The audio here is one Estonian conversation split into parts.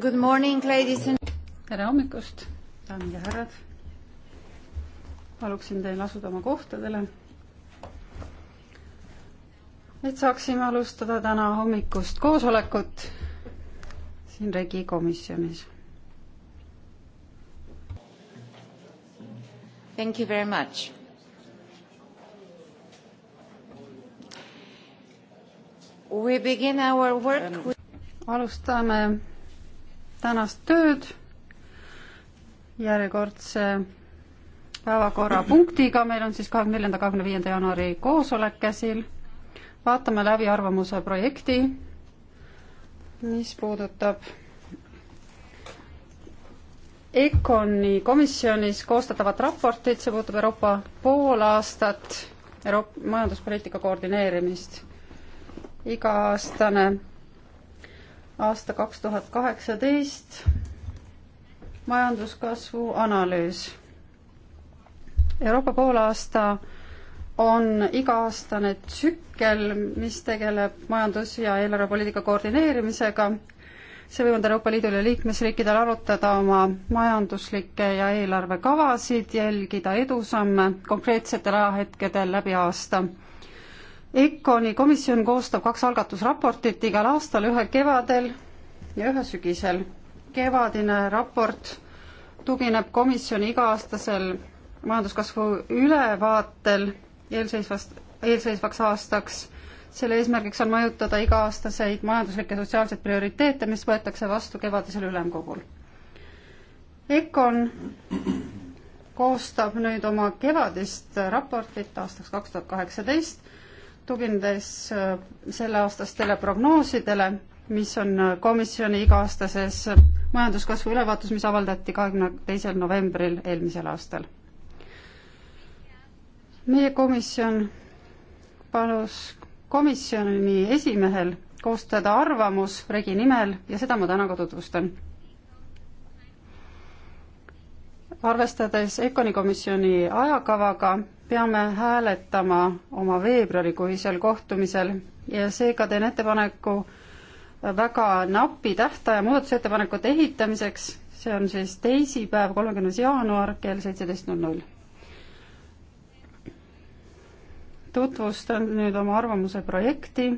Good morning, ladies and tere hommikust, daamid ja härrad. paluksin teil asuda oma kohtadele. et saaksime alustada täna hommikust koosolekut siin Regi komisjonis. Thank you very much. We begin our work with... alustame tänast tööd järjekordse päevakorrapunktiga, meil on siis kahekümne neljanda, kahekümne viienda jaanuari koosolek käsil. vaatame läbi arvamuse projekti, mis puudutab ECONi komisjonis koostatavat raportit, see puudutab Euroopa poolaastat, Euroopa majanduspoliitika koordineerimist. iga-aastane aasta kaks tuhat kaheksateist majanduskasvu analüüs. Euroopa poolaasta on iga-aastane tsükkel, mis tegeleb majandus- ja eelarvepoliitika koordineerimisega. see võimaldab Euroopa Liidul ja liikmesriikidel arutada oma majanduslikke ja eelarvekavasid, jälgida edusamme konkreetsetel ajahetkedel läbi aasta EKONi komisjon koostab kaks algatusraportit igal aastal, ühe kevadel ja ühe sügisel. kevadine raport tugineb komisjoni iga-aastasel majanduskasvu ülevaatel eelseisvast, eelseisvaks aastaks. selle eesmärgiks on mõjutada iga-aastaseid majanduslikke ja sotsiaalseid prioriteete, mis võetakse vastu kevadisel ülemkogul. EKON koostab nüüd oma kevadist raportit aastaks kaks tuhat kaheksateist tuginedes äh, selleaastastele prognoosidele, mis on äh, komisjoni iga-aastases äh, majanduskasvu ülevaatus, mis avaldati kahekümne teisel novembril eelmisel aastal. meie komisjon palus komisjoni esimehel koostada arvamus Regi nimel ja seda ma täna ka tutvustan arvestades Econi komisjoni ajakavaga, peame hääletama oma veebruarikuisel kohtumisel ja seega teen ettepaneku väga napi tähtaja muudatusettepanekute ehitamiseks, see on siis teisipäev, kolmekümnes jaanuar kell seitseteist null null. tutvustan nüüd oma arvamuse projekti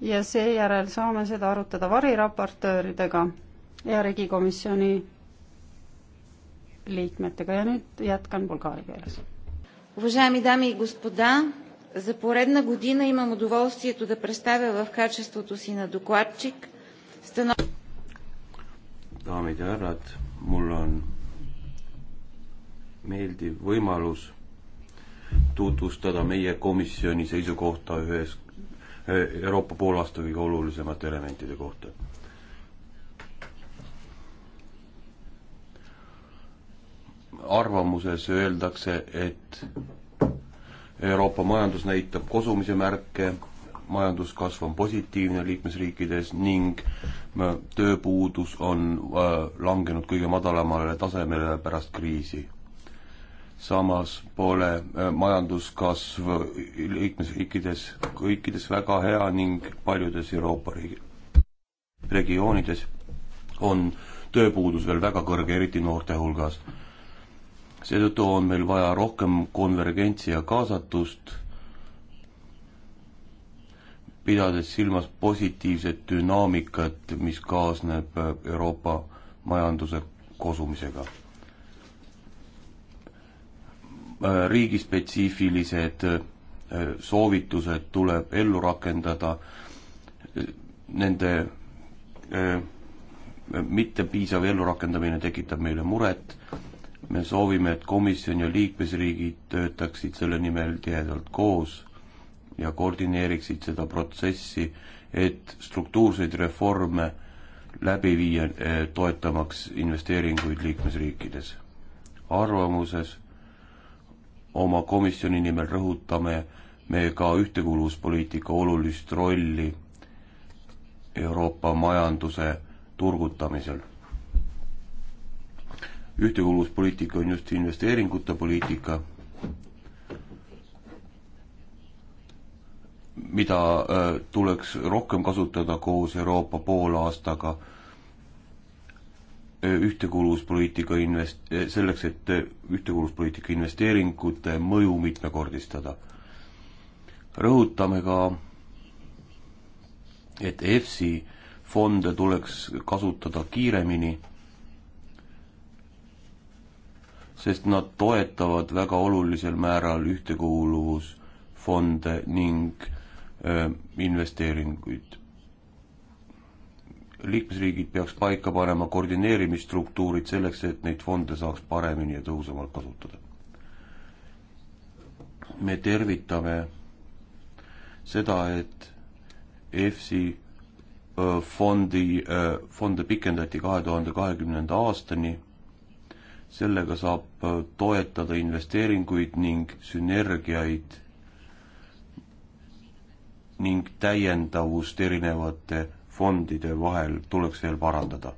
ja seejärel saame seda arutada variraportööridega ja Riigikomisjoni liikmetega ja nüüd jätkan bulgaaria keeles. Уважаеми дами и господа, за поредна година имам удоволствието да представя в качеството си на докладчик станов... Daamid ja härrad, mul on meeldiv võimalus tutvustada meie komisjoni seisukohta ühes Euroopa poolaasta kõige olulisemate elementide kohta arvamuses öeldakse, et Euroopa majandus näitab kosumise märke, majanduskasv on positiivne liikmesriikides ning tööpuudus on äh, langenud kõige madalamale tasemele pärast kriisi. samas pole äh, majanduskasv liikmesriikides kõikides väga hea ning paljudes Euroopa regioonides on tööpuudus veel väga kõrge, eriti noorte hulgas seetõttu on meil vaja rohkem konvergentsi ja kaasatust, pidades silmas positiivset dünaamikat, mis kaasneb Euroopa majanduse kosumisega. riigispetsiifilised soovitused tuleb ellu rakendada, nende eh, mittepiisav ellurakendamine tekitab meile muret me soovime, et komisjon ja liikmesriigid töötaksid selle nimel tihedalt koos ja koordineeriksid seda protsessi, et struktuurseid reforme läbi viia, eh, toetamaks investeeringuid liikmesriikides. arvamuses oma komisjoni nimel rõhutame me ka ühtekuuluvuspoliitika olulist rolli Euroopa majanduse turgutamisel ühtekuuluvuspoliitika on just investeeringute poliitika, mida äh, tuleks rohkem kasutada koos Euroopa poolaastaga, äh, ühtekuuluvuspoliitika invest-, äh, selleks, et ühtekuuluvuspoliitika investeeringute mõju mitmekordistada. rõhutame ka, et EFSI fonde tuleks kasutada kiiremini sest nad toetavad väga olulisel määral ühtekuuluvusfonde ning öö, investeeringuid. liikmesriigid peaks paika panema koordineerimisstruktuurid selleks, et neid fonde saaks paremini ja tõhusamalt kasutada. me tervitame seda, et EFSI fondi, fonde pikendati kahe tuhande kahekümnenda aastani sellega saab äh, toetada investeeringuid ning sünergiaid ning täiendavust erinevate fondide vahel tuleks veel parandada.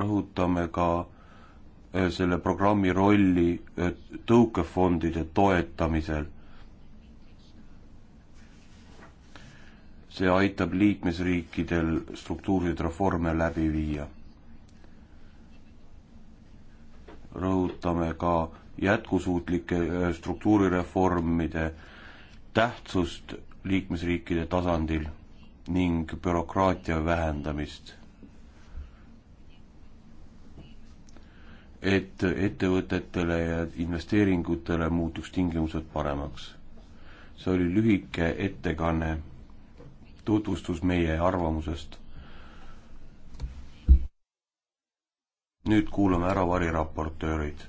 rõhutame ka äh, selle programmi rolli äh, tõukefondide toetamisel. see aitab liikmesriikidel struktuurseid reforme läbi viia rõhutame ka jätkusuutlike äh, struktuurireformide tähtsust liikmesriikide tasandil ning bürokraatia vähendamist. et ettevõtetele ja investeeringutele muutuks tingimused paremaks. see oli lühike ettekanne, tutvustus meie arvamusest nüüd kuulame ära variraportöörid,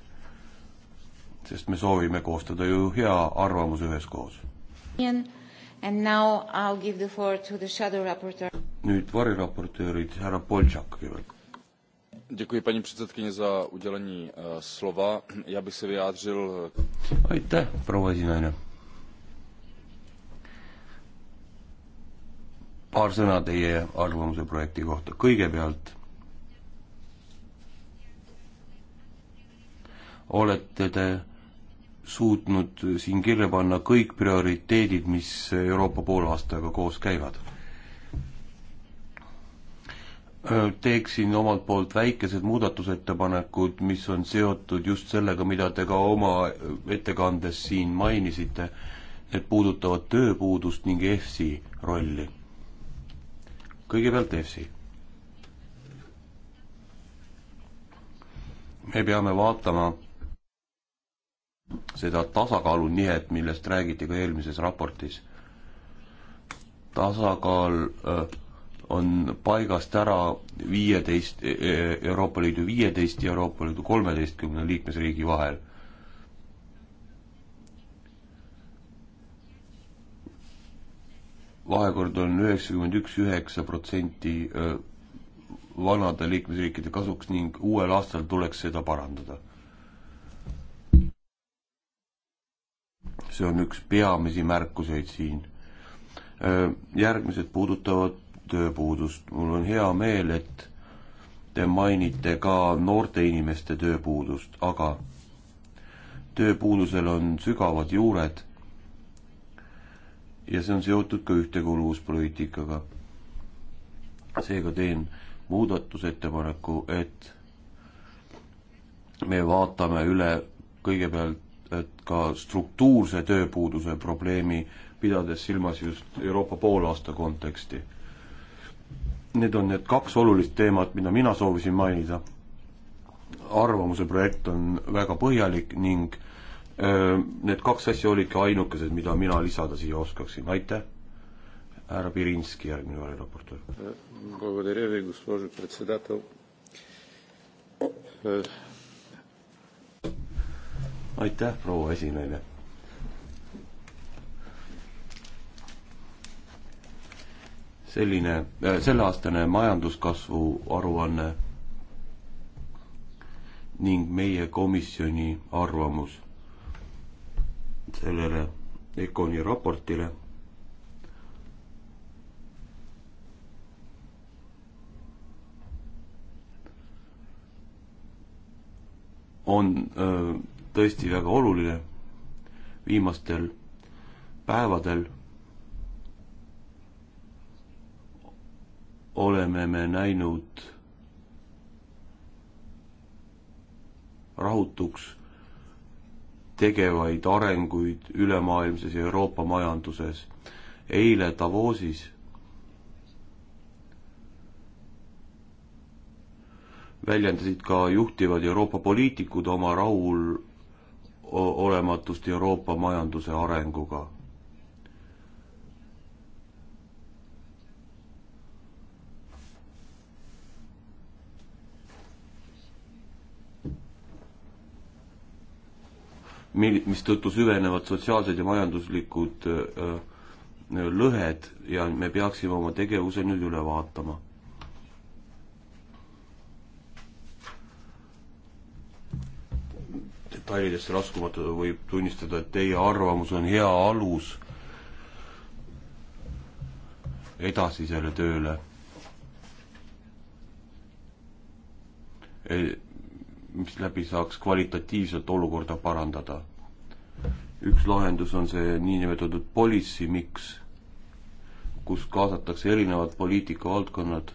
sest me soovime koostada ju hea arvamus üheskoos. nüüd variraportöörid, härra Boltšak kõigepealt. Děkuji paní předsedkyně za udělení uh, slova. Já bych se vyjádřil... Eh, Aitäh, proua esinaine. Paar sõna teie arvamuse projekti kohta. Kõigepealt olete te suutnud siin kirja panna kõik prioriteedid, mis Euroopa poolaastaga koos käivad? teeksin omalt poolt väikesed muudatusettepanekud, mis on seotud just sellega, mida te ka oma ettekandes siin mainisite. Need puudutavad tööpuudust ning EFSI rolli. kõigepealt EFSI. me peame vaatama seda tasakaalunihet, millest räägiti ka eelmises raportis. tasakaal äh, on paigast ära viieteist, e, e, Euroopa Liidu viieteist ja Euroopa Liidu kolmeteistkümne liikmesriigi vahel. vahekord on üheksakümmend üks üheksa protsenti äh, vanade liikmesriikide kasuks ning uuel aastal tuleks seda parandada see on üks peamisi märkuseid siin. järgmised puudutavad tööpuudust. mul on hea meel, et te mainite ka noorte inimeste tööpuudust, aga tööpuudusel on sügavad juured ja see on seotud ka ühtekuuluvuspoliitikaga. seega teen muudatusettepaneku, et me vaatame üle kõigepealt et ka struktuurse tööpuuduse probleemi, pidades silmas just Euroopa poolaasta konteksti. Need on need kaks olulist teemat, mida mina soovisin mainida. arvamuse projekt on väga põhjalik ning öö, need kaks asja olidki ainukesed, mida mina lisada siia oskaksin, aitäh! härra Pirinski, järgmine variraportöör aitäh, proua esinaine. selline, äh, selleaastane majanduskasvu aruanne ning meie komisjoni arvamus sellele Econi raportile on öö, äh, tõesti väga oluline viimastel päevadel oleme me näinud rahutuks tegevaid arenguid ülemaailmses ja Euroopa majanduses. eile Davosis väljendasid ka juhtivad Euroopa poliitikud oma rahul rahulolematust Euroopa majanduse arenguga. mil-, mistõttu süvenevad sotsiaalsed ja majanduslikud öö, lõhed ja me peaksime oma tegevuse nüüd üle vaatama detailidesse laskumata võib tunnistada, et teie arvamus on hea alus edasisele tööle. E, mis läbi saaks kvalitatiivselt olukorda parandada. üks lahendus on see niinimetatud policy mix, kus kaasatakse erinevad poliitikavaldkonnad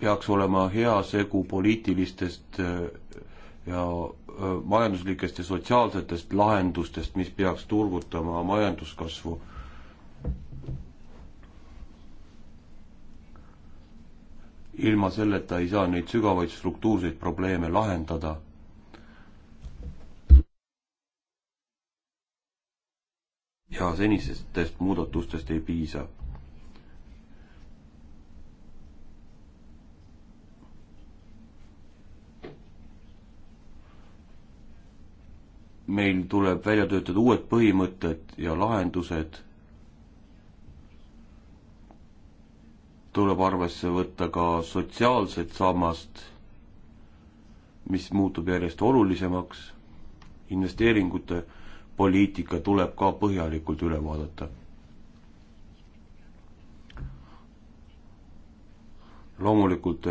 peaks olema hea segu poliitilistest äh, ja äh, majanduslikest ja sotsiaalsetest lahendustest, mis peaks turgutama majanduskasvu. ilma selleta ei saa neid sügavaid struktuurseid probleeme lahendada ja senistest muudatustest ei piisa. meil tuleb välja töötada uued põhimõtted ja lahendused. tuleb arvesse võtta ka sotsiaalset sammast, mis muutub järjest olulisemaks. investeeringute poliitika tuleb ka põhjalikult üle vaadata. loomulikult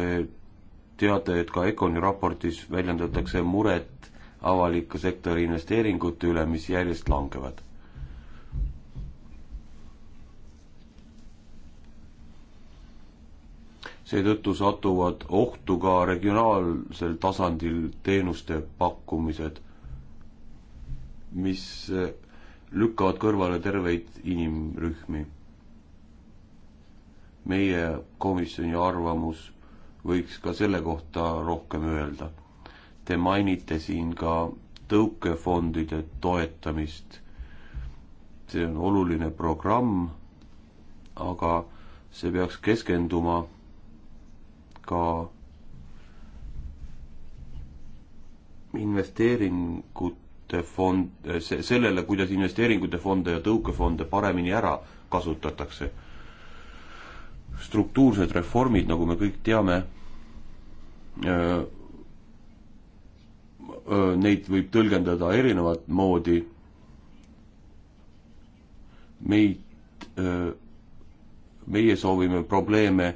teate, et ka Econi raportis väljendatakse muret avaliku sektori investeeringute üle, mis järjest langevad. seetõttu satuvad ohtu ka regionaalsel tasandil teenuste pakkumised, mis eh, lükkavad kõrvale terveid inimrühmi. meie komisjoni arvamus võiks ka selle kohta rohkem öelda Te mainite siin ka tõukefondide toetamist. see on oluline programm, aga see peaks keskenduma ka investeeringute fond, sellele, kuidas investeeringute fonde ja tõukefonde paremini ära kasutatakse. struktuursed reformid, nagu me kõik teame, neid võib tõlgendada erinevat moodi. meid, meie soovime probleeme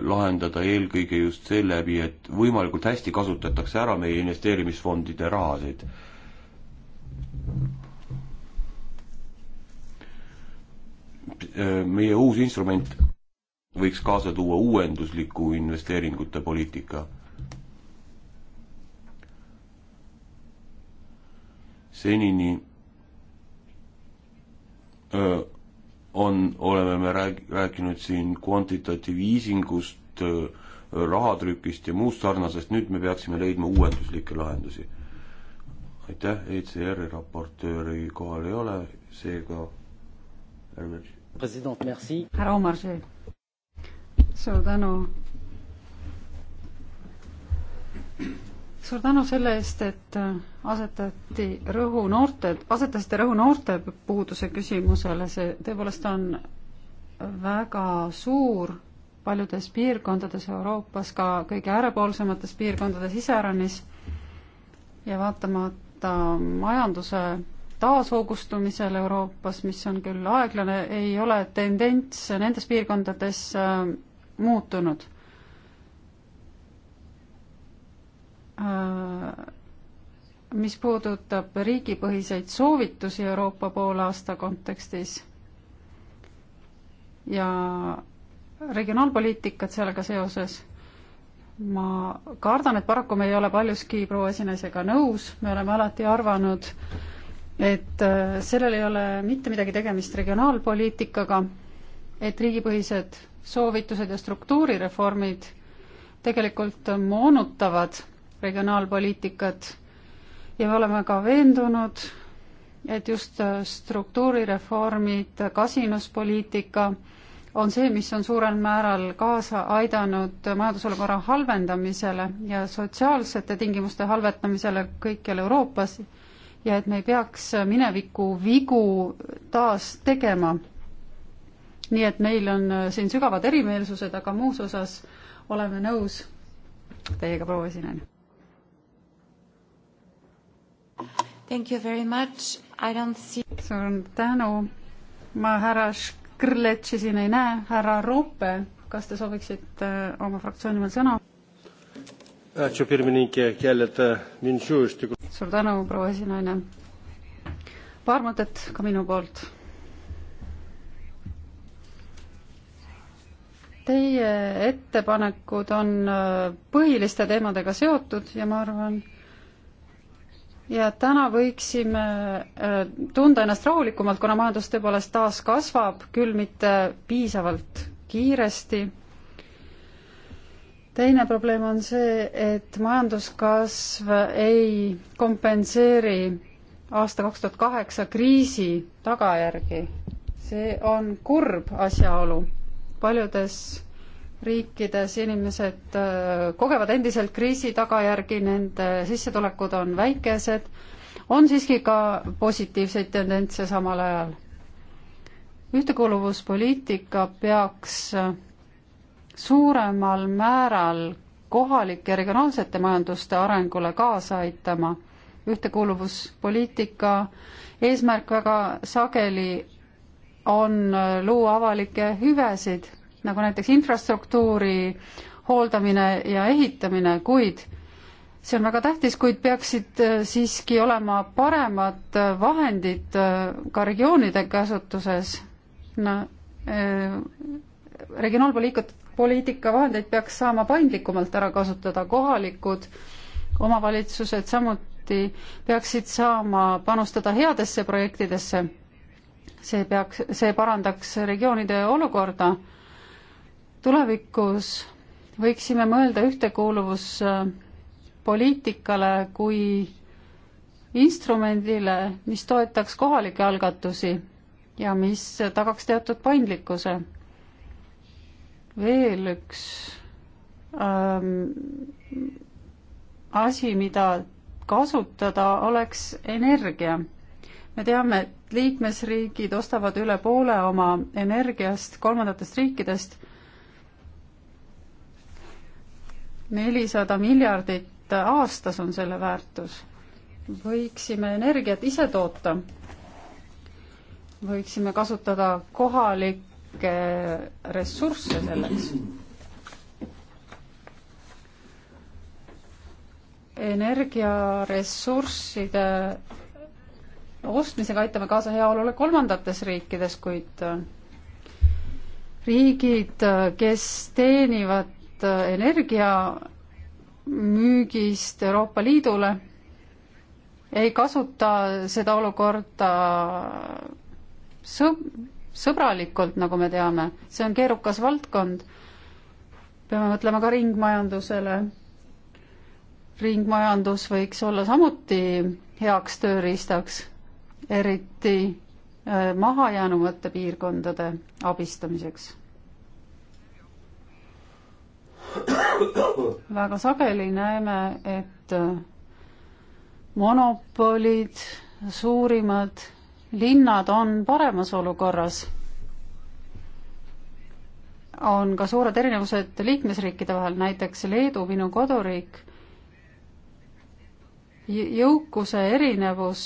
lahendada eelkõige just seeläbi, et võimalikult hästi kasutatakse ära meie investeerimisfondide rahasid. meie uus instrument võiks kaasa tuua uuendusliku investeeringute poliitika senini öö, on, oleme me rääg-, rääkinud siin kvantitatiiviisingust, rahatrükist ja muust sarnasest, nüüd me peaksime leidma uuenduslikke lahendusi. aitäh, ECR-i raportööri kohal ei ole, seega ärme president, merci. härra Omar Sõõr. suur tänu suur tänu selle eest, et äh, asetati rõhu noorte, asetasite rõhu noorte puuduse küsimusele, see tõepoolest on väga suur paljudes piirkondades Euroopas, ka kõige äärepoolsemates piirkondades iseäranis ja vaatamata majanduse taashoogustumisele Euroopas, mis on küll aeglane, ei ole tendents nendes piirkondades äh, muutunud. Äh, mis puudutab riigipõhiseid soovitusi Euroopa poolaasta kontekstis ja regionaalpoliitikat sellega seoses, ma kardan, et paraku me ei ole paljuski proua esinesega nõus, me oleme alati arvanud, et äh, sellel ei ole mitte midagi tegemist regionaalpoliitikaga, et riigipõhised soovitused ja struktuurireformid tegelikult moonutavad regionaalpoliitikat ja me oleme ka veendunud, et just äh, struktuurireformid, äh, kasinuspoliitika on see, mis on suurel määral kaasa aidanud majandusolukorra halvendamisele ja sotsiaalsete tingimuste halvetamisele kõikjal Euroopas ja et me ei peaks äh, mineviku vigu taas tegema. nii et meil on siin sügavad erimeelsused, aga muus osas oleme nõus teiega, proua esinaine. Thank you very much. I don't see. suur tänu. ma härra Škrletši siin ei näe. härra Ruppe, kas te sooviksite äh, oma fraktsiooni nimel sõna? Äh, suur tänu, proua esinaine. paar mõtet ka minu poolt. Teie ettepanekud on äh, põhiliste teemadega seotud ja ma arvan, ja täna võiksime äh, tunda ennast rahulikumalt, kuna majandus tõepoolest taas kasvab, küll mitte piisavalt kiiresti. teine probleem on see, et majanduskasv ei kompenseeri aasta kaks tuhat kaheksa kriisi tagajärgi. see on kurb asjaolu. paljudes riikides inimesed äh, kogevad endiselt kriisi tagajärgi, nende sissetulekud on väikesed, on siiski ka positiivseid tendentse samal ajal. ühtekuuluvuspoliitika peaks äh, suuremal määral kohalike ja regionaalsete majanduste arengule kaasa aitama. ühtekuuluvuspoliitika eesmärk väga sageli on äh, luua avalikke hüvesid nagu näiteks infrastruktuuri hooldamine ja ehitamine, kuid see on väga tähtis, kuid peaksid äh, siiski olema paremad äh, vahendid äh, ka regioonide käsutuses. no regionaalpoliitikat, poliitika vahendeid peaks saama paindlikumalt ära kasutada, kohalikud omavalitsused samuti peaksid saama panustada headesse projektidesse. see peaks, see parandaks regioonide olukorda tulevikus võiksime mõelda ühtekuuluvuspoliitikale kui instrumendile, mis toetaks kohalikke algatusi ja mis tagaks teatud paindlikkuse. veel üks ähm, asi, mida kasutada, oleks energia. me teame, et liikmesriigid ostavad üle poole oma energiast kolmandatest riikidest nelisada miljardit aastas on selle väärtus. võiksime energiat ise toota, võiksime kasutada kohalikke ressursse selleks. energiaressursside ostmisega aitame kaasa heaolule kolmandates riikides, kuid riigid, kes teenivad sellest äh, energia müügist Euroopa Liidule, ei kasuta seda olukorda sõb-, sõbralikult, nagu me teame, see on keerukas valdkond. peame mõtlema ka ringmajandusele. ringmajandus võiks olla samuti heaks tööriistaks, eriti äh, mahajäänu mõttepiirkondade abistamiseks väga sageli näeme, et äh, monopolid, suurimad linnad on paremas olukorras. on ka suured erinevused liikmesriikide vahel, näiteks Leedu, minu koduriik, jõukuse erinevus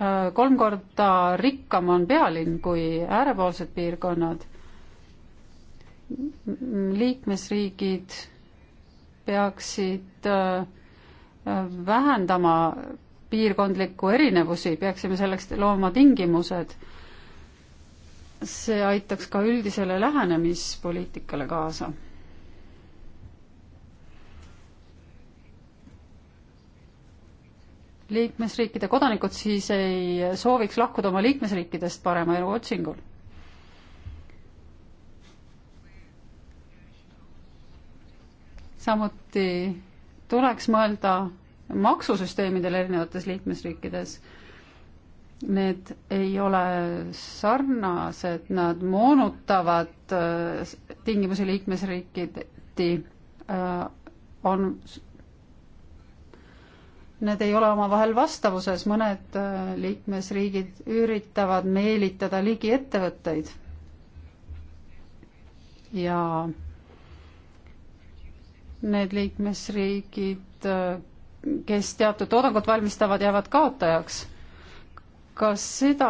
äh, kolm korda rikkam on pealinn kui äärepoolsed piirkonnad liikmesriigid peaksid äh, vähendama piirkondlikku erinevusi, peaksime selleks looma tingimused. see aitaks ka üldisele lähenemispoliitikale kaasa. liikmesriikide kodanikud siis ei sooviks lahkuda oma liikmesriikidest parema elu otsingul samuti tuleks mõelda maksusüsteemidel erinevates liikmesriikides. Need ei ole sarnased, nad moonutavad äh, tingimusi liikmesriikideti, äh, on, need ei ole omavahel vastavuses, mõned äh, liikmesriigid üritavad meelitada ligi ettevõtteid ja need liikmesriigid, kes teatud toodangut valmistavad, jäävad kaotajaks. kas seda,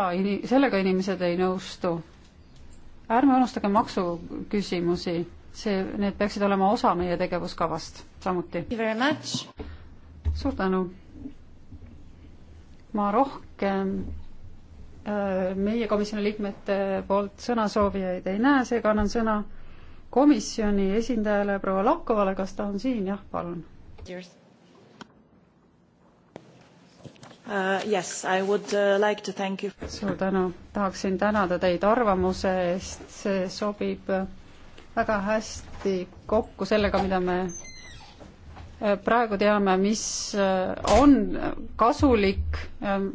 sellega inimesed ei nõustu? ärme unustage maksuküsimusi, see, need peaksid olema osa meie tegevuskavast samuti. suur tänu. ma rohkem äh, meie komisjoni liikmete poolt sõnasoovijaid ei näe, seega annan sõna komisjoni esindajale proua Lakkovale, kas ta on siin, jah, palun. Uh, yes, I would uh, like to thank you. suur tänu, tahaksin tänada teid arvamuse eest, see sobib väga hästi kokku sellega, mida me äh, praegu teame, mis äh, on kasulik. Ähm,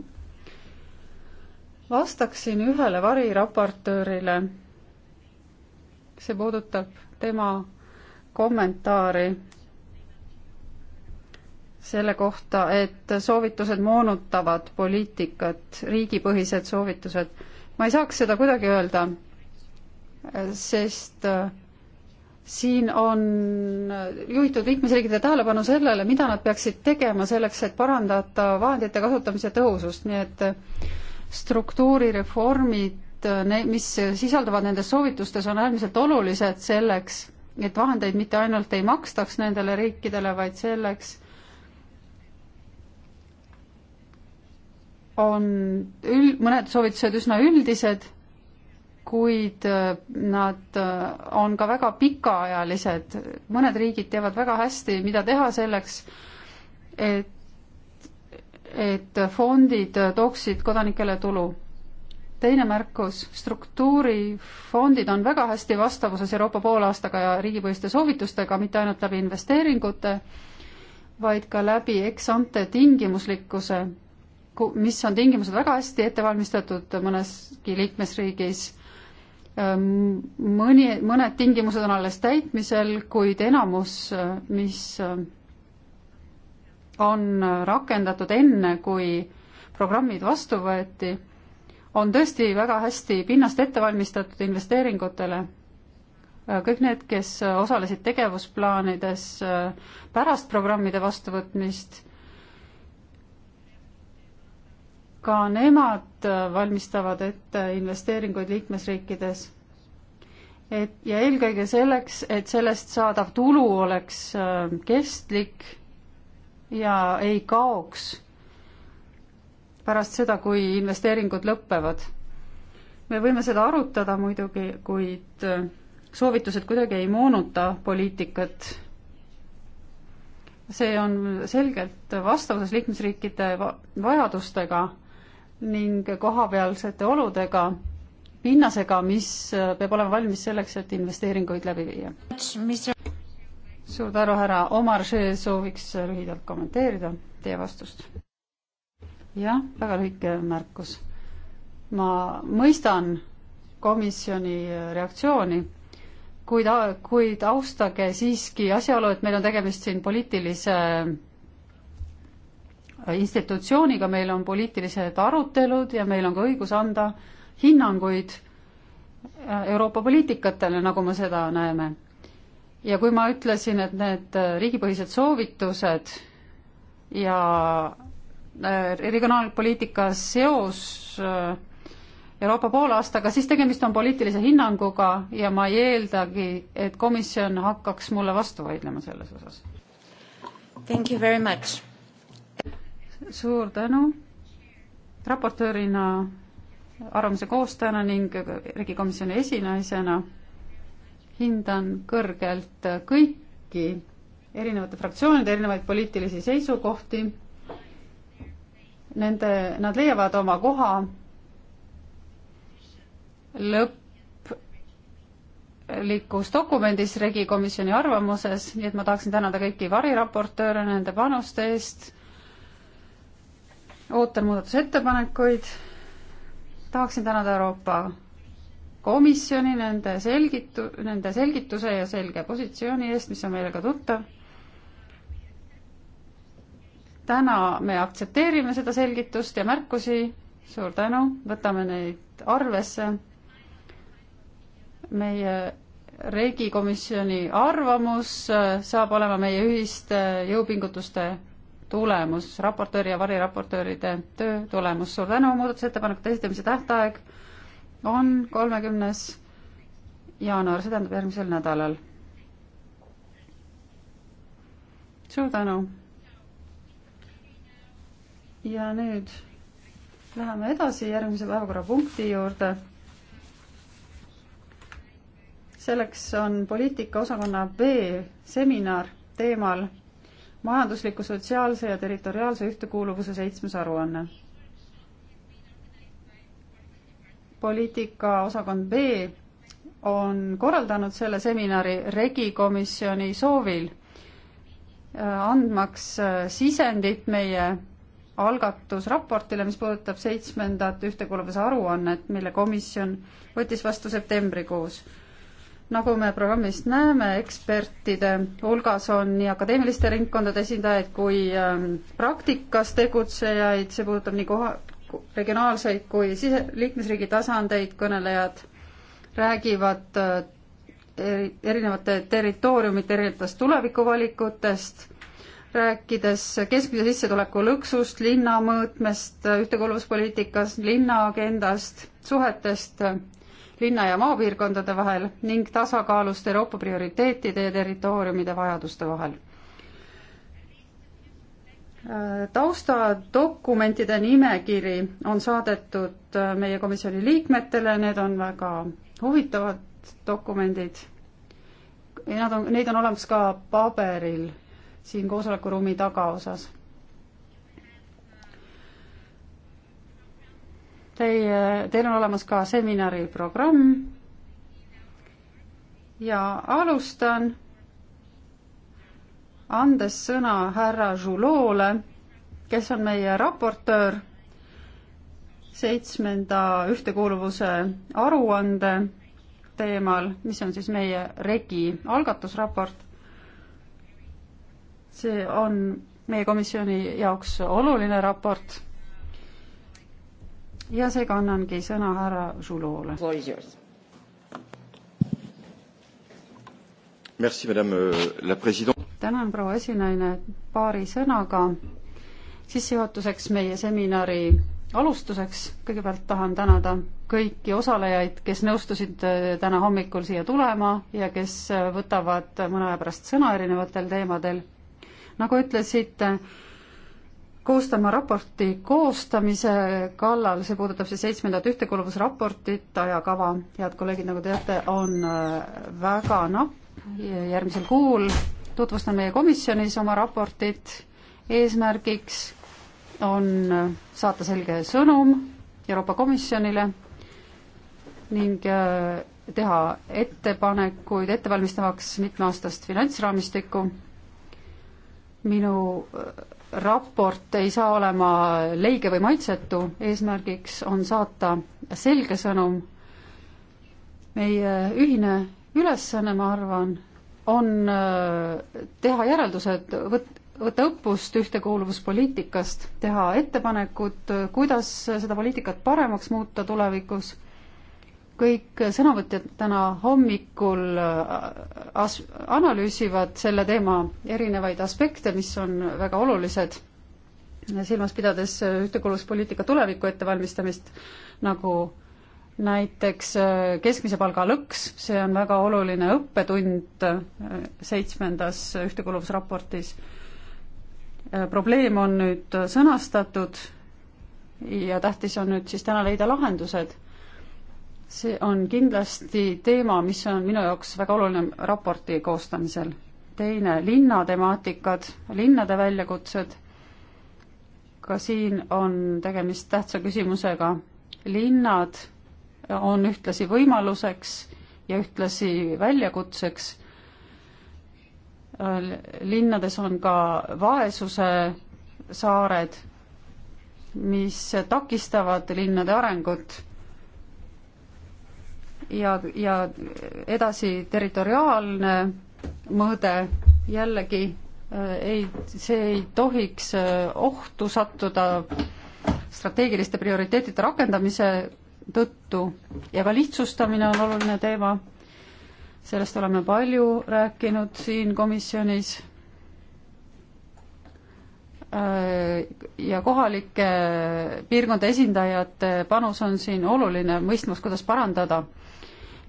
vastaksin ühele variraportöörile see puudutab tema kommentaari selle kohta, et soovitused moonutavad poliitikat, riigipõhised soovitused. ma ei saaks seda kuidagi öelda, sest äh, siin on juhitud liikmesriikide tähelepanu sellele, mida nad peaksid tegema selleks, et parandada vahendite kasutamise tõhusust, nii et struktuurireformid et äh, ne-, mis sisalduvad nendes soovitustes, on äärmiselt olulised selleks, et vahendeid mitte ainult ei makstaks nendele riikidele, vaid selleks on ül-, mõned soovitused üsna üldised, kuid äh, nad äh, on ka väga pikaajalised, mõned riigid teavad väga hästi, mida teha selleks, et, et fondid tooksid kodanikele tulu teine märkus, struktuurifondid on väga hästi vastavuses Euroopa poolaastaga ja riigipõhiste soovitustega, mitte ainult läbi investeeringute, vaid ka läbi ex-ante tingimuslikkuse, mis on tingimused väga hästi ette valmistatud mõneski liikmesriigis. Ehm, mõni, mõned tingimused on alles täitmisel, kuid enamus, mis on rakendatud enne, kui programmid vastu võeti on tõesti väga hästi pinnast ette valmistatud investeeringutele. kõik need, kes osalesid tegevusplaanides äh, pärast programmide vastuvõtmist, ka nemad äh, valmistavad ette investeeringuid liikmesriikides. et ja eelkõige selleks, et sellest saadav tulu oleks äh, kestlik ja ei kaoks pärast seda, kui investeeringud lõpevad. me võime seda arutada muidugi, kuid äh, soovitused kuidagi ei moonuta poliitikat. see on selgelt vastavuses liikmesriikide vajadustega ning kohapealsete oludega, pinnasega, mis äh, peab olema valmis selleks, et investeeringuid läbi viia. suur tänu, härra Omar, see sooviks lühidalt kommenteerida teie vastust jah, väga lühike märkus. ma mõistan komisjoni reaktsiooni, kuid, kuid austage siiski asjaolu, et meil on tegemist siin poliitilise institutsiooniga, meil on poliitilised arutelud ja meil on ka õigus anda hinnanguid Euroopa poliitikatele, nagu me seda näeme. ja kui ma ütlesin, et need riigipõhised soovitused ja Äh, regionaalpoliitika seos äh, Euroopa poolaastaga, siis tegemist on poliitilise hinnanguga ja ma ei eeldagi, et komisjon hakkaks mulle vastu vaidlema selles osas. Thank you very much. suur tänu raportöörina, arvamuse koostajana ning riigikomisjoni esinaisena hindan kõrgelt kõiki erinevate fraktsioonide erinevaid poliitilisi seisukohti nende, nad leiavad oma koha lõplikus dokumendis Regi komisjoni arvamuses, nii et ma tahaksin tänada kõiki variraportööre nende panuste eest. ootan muudatusettepanekuid. tahaksin tänada Euroopa Komisjoni nende selgitu-, nende selgituse ja selge positsiooni eest, mis on meile ka tuttav täna me aktsepteerime seda selgitust ja märkusi, suur tänu, võtame neid arvesse. meie riigikomisjoni arvamus saab olema meie ühiste jõupingutuste tulemus, raportööri ja variraportööride töö tulemus. suur tänu, muudatusettepanekute esitamise tähtaeg on kolmekümnes jaanuar, see tähendab järgmisel nädalal. suur tänu! ja nüüd läheme edasi järgmise päevakorrapunkti juurde. selleks on poliitikaosakonna B seminar teemal majandusliku, sotsiaalse ja territoriaalse ühtekuuluvuse seitsmes aruanne. poliitikaosakond B on korraldanud selle seminari regikomisjoni soovil, eh, andmaks eh, sisendit meie algatus raportile, mis puudutab seitsmendat ühtekuuluvuse aruannet, mille komisjon võttis vastu septembrikuus. nagu me programmist näeme, ekspertide hulgas on nii akadeemiliste ringkondade esindajaid kui ähm, praktikas tegutsejaid, see puudutab nii koha, regionaalseid kui sise, liikmesriigi tasandeid, kõnelejad räägivad äh, erinevate territooriumite erinevatest tulevikuvalikutest rääkides keskmise sissetuleku lõksust, linna mõõtmest, ühtekuuluvuspoliitikast, linna agendast, suhetest linna ja maapiirkondade vahel ning tasakaalust Euroopa prioriteetide ja territooriumide vajaduste vahel. taustadokumentide nimekiri on saadetud meie komisjoni liikmetele, need on väga huvitavad dokumendid. Nad on, neid on olemas ka paberil siin koosolekuruumi tagaosas. Teie, teil on olemas ka seminari programm ja alustan andes sõna härra Žuloole, kes on meie raportöör seitsmenda ühtekuuluvuse aruande teemal, mis on siis meie REGI algatusraport see on meie komisjoni jaoks oluline raport. ja seega annangi sõna härra Žulole. Euh, tänan, proua esinaine, paari sõnaga sissejuhatuseks meie seminari alustuseks kõigepealt tahan tänada kõiki osalejaid, kes nõustusid äh, täna hommikul siia tulema ja kes äh, võtavad mõne aja pärast sõna erinevatel teemadel nagu ütlesite, koostama raporti koostamise kallal, see puudutab siis seitsmendat ühtekuuluvusraportit, ajakava, head kolleegid, nagu teate, on äh, väga napp, järgmisel kuul tutvustan meie komisjonis oma raportit, eesmärgiks on äh, saata selge sõnum Euroopa Komisjonile ning äh, teha ettepanekuid ettevalmistamaks mitmeaastast finantsraamistikku minu äh, raport ei saa olema leige või maitsetu, eesmärgiks on saata selge sõnum. meie ühine ülesanne, ma arvan, on äh, teha järeldused, võt-, võtta õppust ühtekuuluvuspoliitikast, teha ettepanekud, kuidas seda poliitikat paremaks muuta tulevikus kõik sõnavõtjad täna hommikul äh, as-, analüüsivad selle teema erinevaid aspekte, mis on väga olulised, silmas pidades äh, ühtekuuluvuspoliitika tuleviku ettevalmistamist, nagu näiteks äh, keskmise palga lõks, see on väga oluline õppetund seitsmendas ühtekuuluvusraportis. probleem on nüüd sõnastatud ja tähtis on nüüd siis täna leida lahendused see on kindlasti teema, mis on minu jaoks väga oluline raporti koostamisel. teine, linnatemaatikad, linnade väljakutsed, ka siin on tegemist tähtsa küsimusega. linnad on ühtlasi võimaluseks ja ühtlasi väljakutseks. linnades on ka vaesuse saared, mis takistavad linnade arengut ja, ja edasi territoriaalne mõõde jällegi äh, ei, see ei tohiks äh, ohtu sattuda strateegiliste prioriteetide rakendamise tõttu ja ka lihtsustamine on oluline teema. sellest oleme palju rääkinud siin komisjonis äh, ja kohalike piirkonda esindajate panus on siin oluline mõistmaks, kuidas parandada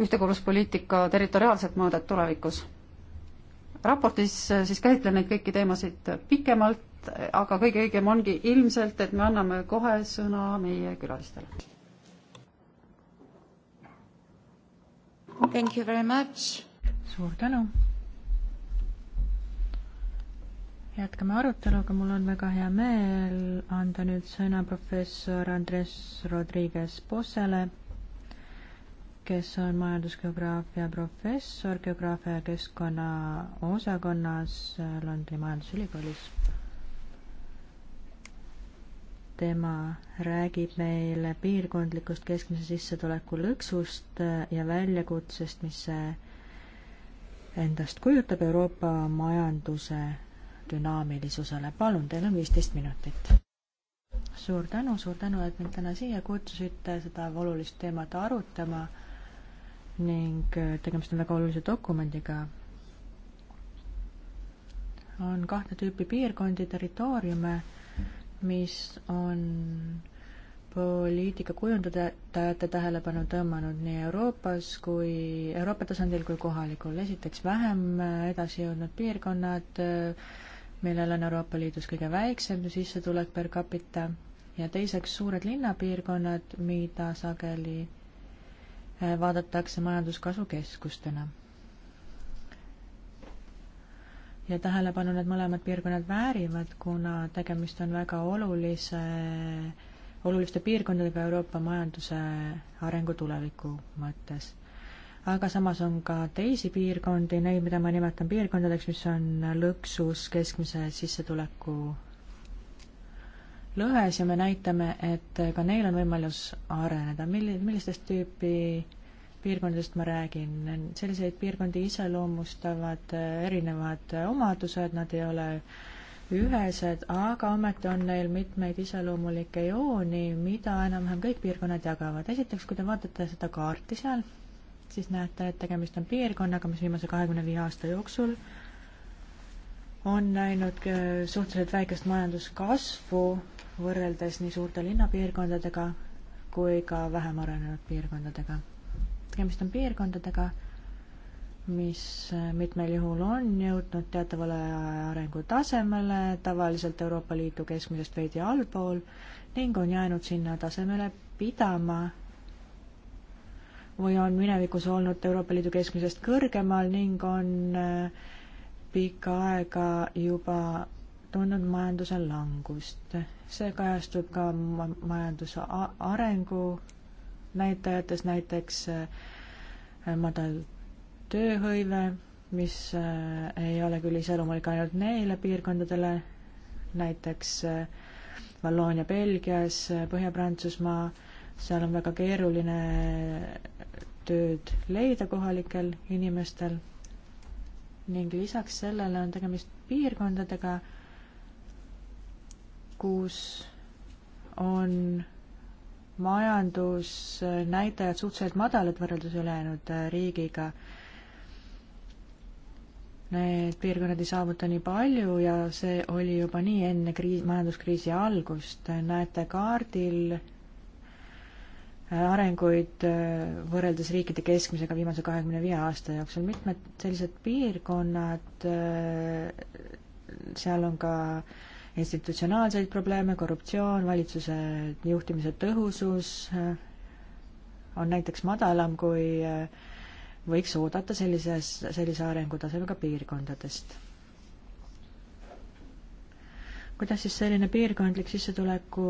ühtekuuluvuspoliitika territoriaalset mõõdet tulevikus. raportis äh, siis käsitlen neid kõiki teemasid pikemalt, aga kõige õigem ongi ilmselt, et me anname kohe sõna meie külalistele. Thank you very much. suur tänu. jätkame aruteluga, mul on väga hea meel anda nüüd sõna professor Andres Rodriguez Possele kes on majandusgeograafia professor geograafia ja keskkonna osakonnas Londoni Majandusülikoolis. tema räägib meile piirkondlikust keskmise sissetuleku lõksust ja väljakutsest, mis see endast kujutab Euroopa majanduse dünaamilisusele. palun, teil on viisteist minutit. suur tänu, suur tänu, et mind täna siia kutsusite seda olulist teemat arutama ning äh, tegemist on väga olulise dokumendiga. on kahte tüüpi piirkondi, territooriume, mis on poliitika kujundajate tähelepanu tõmmanud nii Euroopas kui Euroopa tasandil kui kohalikul. esiteks vähem äh, edasi jõudnud piirkonnad, äh, millel on Euroopa Liidus kõige väiksem sissetulek per capita ja teiseks suured linnapiirkonnad, mida sageli Äh, vaadatakse majanduskasvukeskustena. ja tähelepanu need mõlemad piirkonnad väärivad, kuna tegemist on väga olulise, oluliste piirkondadega Euroopa majanduse arengu tuleviku mõttes aga samas on ka teisi piirkondi, neid, mida ma nimetan piirkondadeks, mis on lõksus keskmise sissetuleku lõhes ja me näitame, et ka neil on võimalus areneda. milli-, millistest tüüpi piirkondadest ma räägin? selliseid piirkondi iseloomustavad erinevad omadused, nad ei ole ühesed, aga ometi on neil mitmeid iseloomulikke jooni, mida enam-vähem kõik piirkonnad jagavad. esiteks, kui te vaatate seda kaarti seal, siis näete, et tegemist on piirkonnaga, mis viimase kahekümne viie aasta jooksul on näinud äh, suhteliselt väikest majanduskasvu võrreldes nii suurte linnapiirkondadega kui ka vähem arenenud piirkondadega. tegemist on piirkondadega, mis äh, mitmel juhul on jõudnud teatavale arengutasemele, tavaliselt Euroopa Liidu keskmisest veidi allpool, ning on jäänud sinna tasemele pidama või on minevikus olnud Euroopa Liidu keskmisest kõrgemal ning on äh, pikka aega juba tundnud majanduse langust. see kajastub ka majanduse arengu näitajates, näiteks äh, madal tööhõive, mis äh, ei ole küll iseloomulik ainult neile piirkondadele, näiteks äh, Valloonia Belgias, Põhja-Prantsusmaa, seal on väga keeruline tööd leida kohalikel inimestel ning lisaks sellele on tegemist piirkondadega, kus on majandusnäitajad suhteliselt madalad võrreldes ülejäänud äh, riigiga. Need piirkonnad ei saavuta nii palju ja see oli juba nii enne kriis, majanduskriisi algust. näete kaardil arenguid äh, võrreldes riikide keskmisega viimase kahekümne viie aasta jooksul. mitmed sellised piirkonnad, äh, seal on ka institutsionaalseid probleeme, korruptsioon, valitsuse juhtimise tõhusus äh, on näiteks madalam, kui võiks oodata sellises, sellise arengutasemega piirkondadest kuidas siis selline piirkondlik sissetuleku,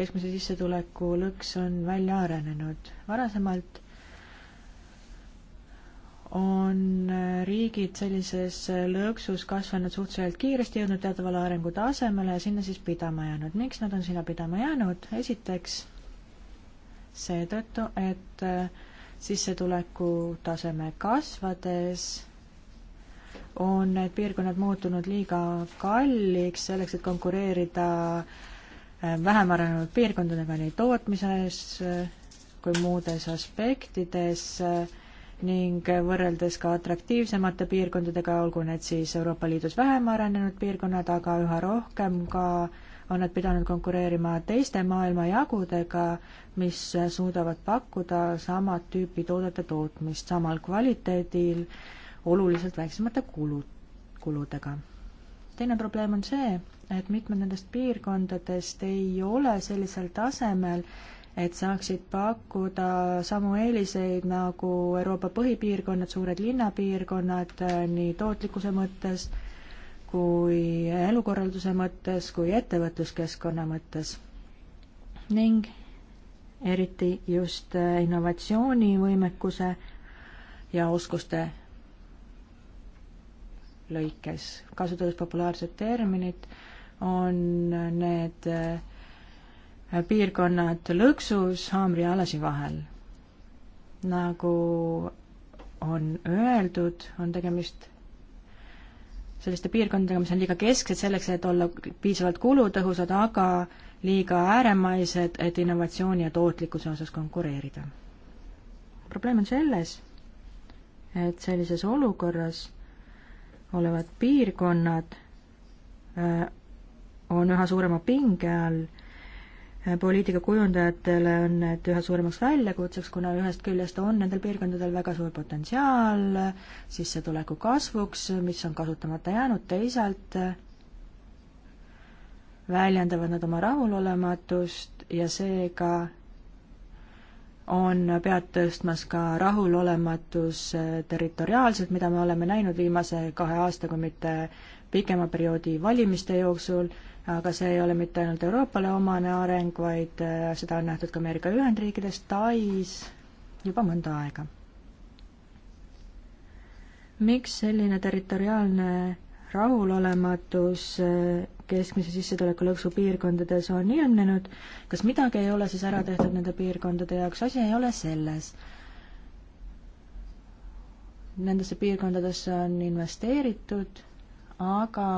keskmise sissetuleku lõks on välja arenenud? varasemalt on riigid sellises lõksus kasvanud suhteliselt kiiresti, jõudnud teatavale arengutasemele ja sinna siis pidama jäänud. miks nad on sinna pidama jäänud? esiteks seetõttu, et sissetuleku taseme kasvades on need piirkonnad muutunud liiga kalliks selleks, et konkureerida äh, vähem arenenud piirkondadega nii tootmises äh, kui muudes aspektides äh, ning võrreldes ka atraktiivsemate piirkondadega, olgu need siis Euroopa Liidus vähem arenenud piirkonnad, aga üha rohkem ka on nad pidanud konkureerima teiste maailmajagudega, mis suudavad pakkuda samat tüüpi toodete tootmist samal kvaliteedil äh, oluliselt väiksemate kulu, kuludega. teine probleem on see, et mitmed nendest piirkondadest ei ole sellisel tasemel, et saaksid pakkuda samu eeliseid nagu Euroopa põhipiirkonnad, suured linnapiirkonnad äh, nii tootlikkuse mõttes kui elukorralduse mõttes kui ettevõtluskeskkonna mõttes. ning eriti just äh, innovatsioonivõimekuse ja oskuste lõikes. kasutades populaarset terminit, on need äh, piirkonnad lõksus haamri ja alasi vahel. nagu on öeldud, on tegemist selliste piirkondadega, mis on liiga kesksed selleks, et olla piisavalt kulutõhusad, aga liiga ääremaised, et innovatsiooni ja tootlikkuse osas konkureerida. probleem on selles, et sellises olukorras olevad piirkonnad äh, on üha suurema pinge all. Äh, poliitikakujundajatele on need üha suuremaks väljakutseks, kuna ühest küljest on nendel piirkondadel väga suur potentsiaal sissetuleku kasvuks, mis on kasutamata jäänud, teisalt äh, väljendavad nad oma rahulolematust ja seega on pead tõstmas ka rahulolematus äh, territoriaalselt, mida me oleme näinud viimase kahe aasta, kui mitte pikema perioodi valimiste jooksul, aga see ei ole mitte ainult Euroopale omane areng, vaid äh, seda on nähtud ka Ameerika Ühendriikides, Tais juba mõnda aega. miks selline territoriaalne rahulolematus äh, keskmise sissetuleku lõksu piirkondades on ilmnenud, kas midagi ei ole siis ära tehtud nende piirkondade jaoks, asi ei ole selles. Nendesse piirkondadesse on investeeritud, aga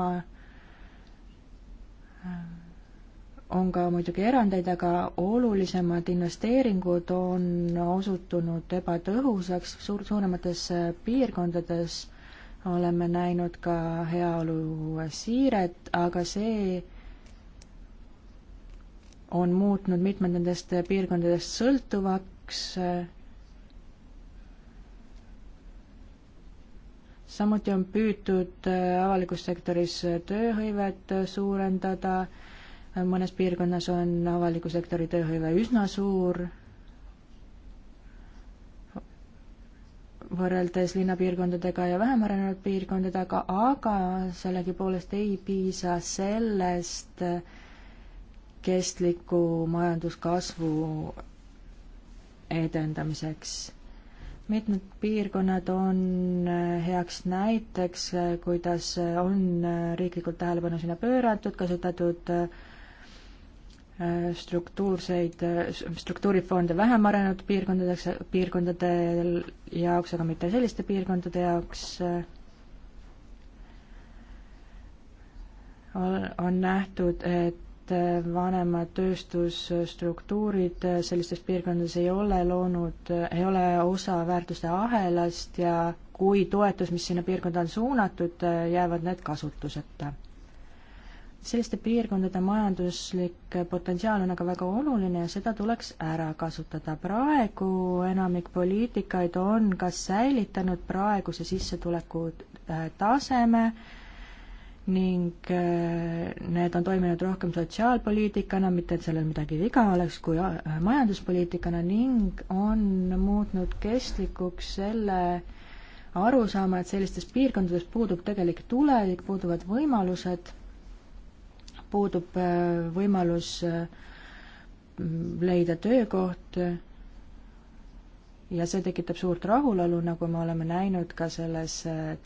äh, on ka muidugi erandeid, aga olulisemad investeeringud on osutunud ebatõhusaks suur, suuremates äh, piirkondades oleme näinud ka heaolu siiret, aga see on muutnud mitmed nendest piirkondadest sõltuvaks. samuti on püütud avalikus sektoris tööhõivet suurendada, mõnes piirkonnas on avaliku sektori tööhõive üsna suur võrreldes linnapiirkondadega ja vähem arenenud piirkondadega, aga sellegipoolest ei piisa sellest kestliku majanduskasvu edendamiseks. mitmed piirkonnad on heaks näiteks, kuidas on riiklikult tähelepanu sinna pööratud, kasutatud äh, struktuurseid, struktuurifonde vähem arenenud piirkondadeks, piirkondade jaoks, aga mitte selliste piirkondade jaoks, on nähtud, et vanemad tööstusstruktuurid sellistes piirkondades ei ole loonud, ei ole osa väärtuste ahelast ja kui toetus, mis sinna piirkonda on suunatud, jäävad need kasutuseta selliste piirkondade majanduslik potentsiaal on aga väga oluline ja seda tuleks ära kasutada. praegu enamik poliitikaid on kas säilitanud praeguse sissetuleku äh, taseme ning äh, need on toiminud rohkem sotsiaalpoliitikana, mitte et sellel midagi viga oleks, kui äh, majanduspoliitikana ning on muutnud kestlikuks selle arusaama, et sellistes piirkondades puudub tegelik tulevik, puuduvad võimalused puudub äh, võimalus äh, leida töökoht äh, ja see tekitab suurt rahulolu, nagu me oleme näinud ka selles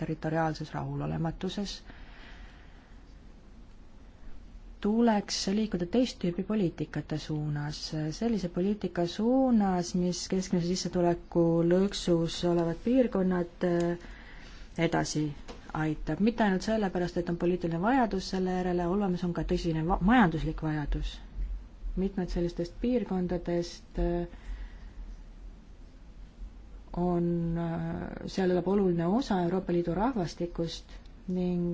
territoriaalses rahulolematuses. tuleks liikuda teist tüüpi poliitikate suunas, sellise poliitika suunas, mis keskmise sissetuleku lõksus olevad piirkonnad edasi aitab, mitte ainult sellepärast, et on poliitiline vajadus selle järele, olemas on ka tõsine va-, majanduslik vajadus. mitmed sellistest piirkondadest äh, on, äh, seal elab oluline osa Euroopa Liidu rahvastikust ning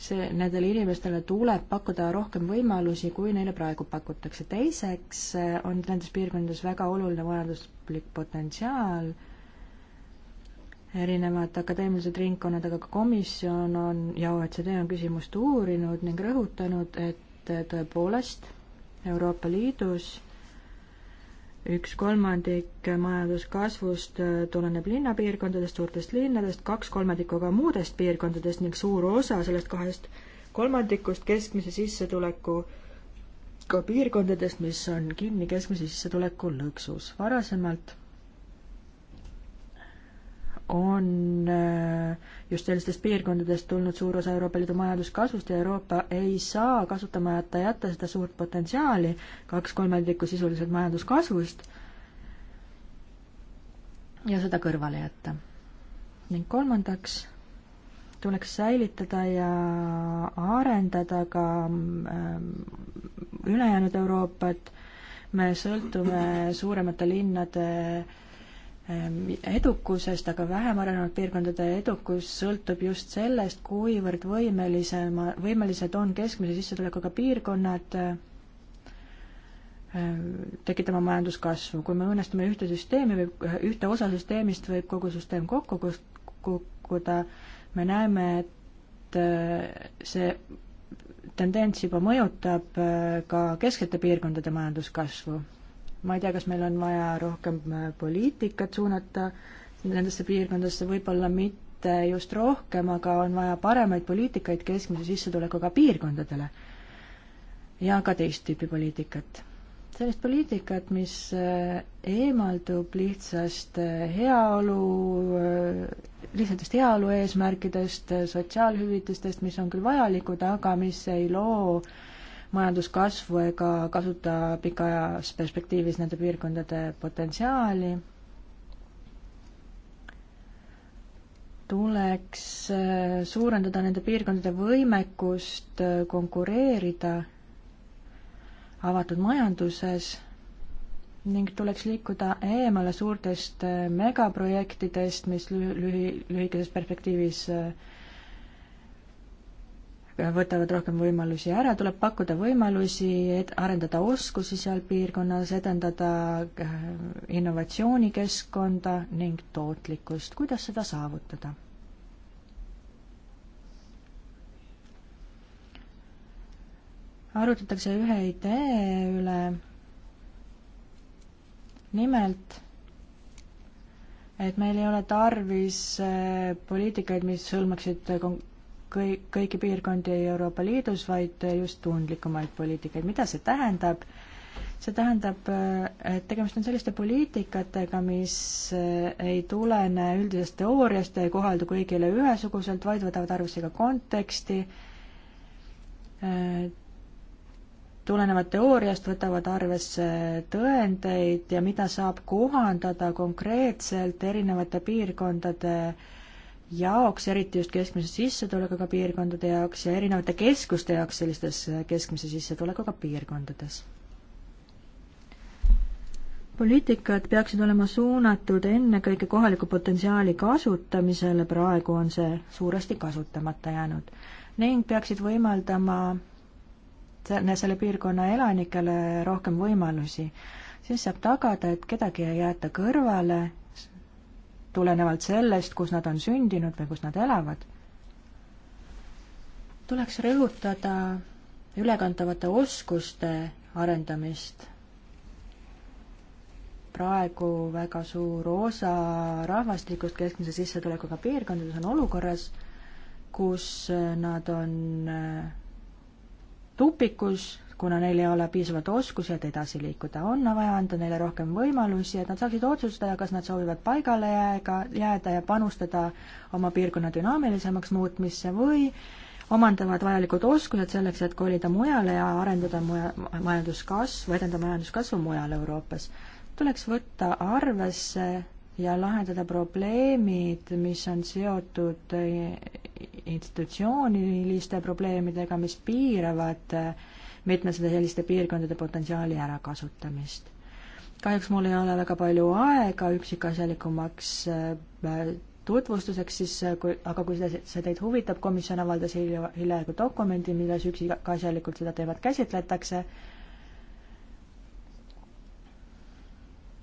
see, nendele inimestele tuleb pakkuda rohkem võimalusi, kui neile praegu pakutakse. teiseks äh, on nendes piirkondades väga oluline majanduslik potentsiaal erinevad akadeemilised ringkonnad, aga ka komisjon on ja OECD on küsimust uurinud ning rõhutanud, et tõepoolest Euroopa Liidus üks kolmandik majanduskasvust tuleneb linnapiirkondadest, suurtest linnadest, kaks kolmandikku aga muudest piirkondadest ning suur osa sellest kahest kolmandikust keskmise sissetuleku ka piirkondadest, mis on kinni keskmise sissetuleku lõksus. varasemalt on äh, just sellistest piirkondadest tulnud suur osa Euroopa Liidu majanduskasvust ja Euroopa ei saa kasutamata jätta seda suurt potentsiaali, kaks kolmandikku sisuliselt majanduskasvust, ja seda kõrvale jätta. ning kolmandaks tuleks säilitada ja arendada ka ähm, ülejäänud Euroopat, me sõltume suuremate linnade äh, Ähm, edukusest, aga vähem arenenud piirkondade edukus sõltub just sellest, kuivõrd võimelisema, võimelised on keskmise sissetulekuga piirkonnad äh, tekitama majanduskasvu. kui me õnnestume ühte süsteemi või äh, ühte osa süsteemist, võib kogu süsteem kokku kukkuda, me näeme, et äh, see tendents juba mõjutab ka kesksete piirkondade majanduskasvu ma ei tea, kas meil on vaja rohkem äh, poliitikat suunata nendesse piirkondadesse, võib-olla mitte just rohkem, aga on vaja paremaid poliitikaid keskmise sissetulekuga piirkondadele ja ka teist tüüpi poliitikat. sellist poliitikat, mis äh, eemaldub lihtsast äh, heaolu, lihtsatest heaolu eesmärkidest, sotsiaalhüvitistest, mis on küll vajalikud, aga mis ei loo äh, majanduskasvu ega kasuta pikaajas perspektiivis nende piirkondade potentsiaali. tuleks äh, suurendada nende piirkondade võimekust äh, konkureerida avatud majanduses ning tuleks liikuda eemale suurtest äh, megaprojektidest, mis lühi, lühi, lühikeses perspektiivis äh, võtavad rohkem võimalusi ära, tuleb pakkuda võimalusi, et arendada oskusi seal piirkonnas, edendada äh, innovatsioonikeskkonda ning tootlikkust. kuidas seda saavutada? arutatakse ühe idee üle, nimelt et meil ei ole tarvis äh, poliitikaid, mis hõlmaksid kõik, kõiki piirkondi Euroopa Liidus, vaid just tundlikumaid poliitikaid. mida see tähendab? see tähendab, et tegemist on selliste poliitikatega, mis ei tulene üldisest teooriast ja ei kohaldu kõigile ühesuguselt, vaid võtavad arvesse ka konteksti, tulenevad teooriast, võtavad arvesse tõendeid ja mida saab kohandada konkreetselt erinevate piirkondade äh, jaoks, eriti just keskmise sissetulekuga piirkondade jaoks ja erinevate keskuste jaoks sellistes äh, keskmise sissetulekuga piirkondades. poliitikad peaksid olema suunatud ennekõike kohaliku potentsiaali kasutamisele, praegu on see suuresti kasutamata jäänud, ning peaksid võimaldama selle piirkonna elanikele rohkem võimalusi siis saab tagada, et kedagi ei jäeta kõrvale tulenevalt sellest, kus nad on sündinud või kus nad elavad, tuleks rõhutada ülekantavate oskuste arendamist. praegu väga suur osa rahvastikust keskmise sissetulekuga piirkondades on olukorras, kus nad on tupikus kuna neil ei ole piisavalt oskusi, et edasi liikuda. on vaja anda neile rohkem võimalusi, et nad saaksid otsustada, kas nad soovivad paigale jääga, jääda ja panustada oma piirkonna dünaamilisemaks muutmisse või omandavad vajalikud oskused selleks, et kolida mujale ja arendada muja, majanduskasvu, edendada majanduskasvu mujal Euroopas. tuleks võtta arvesse ja lahendada probleemid, mis on seotud institutsiooniliste probleemidega, mis piiravad äh, mitmesuguse selliste piirkondade potentsiaali ärakasutamist. kahjuks mul ei ole väga palju aega üksikasjalikumaks äh, tutvustuseks siis, äh, kui, aga kui see, see teid huvitab, komisjon avaldas hilja, hiljaaegu dokumendi, milles üksikasjalikult seda teemat käsitletakse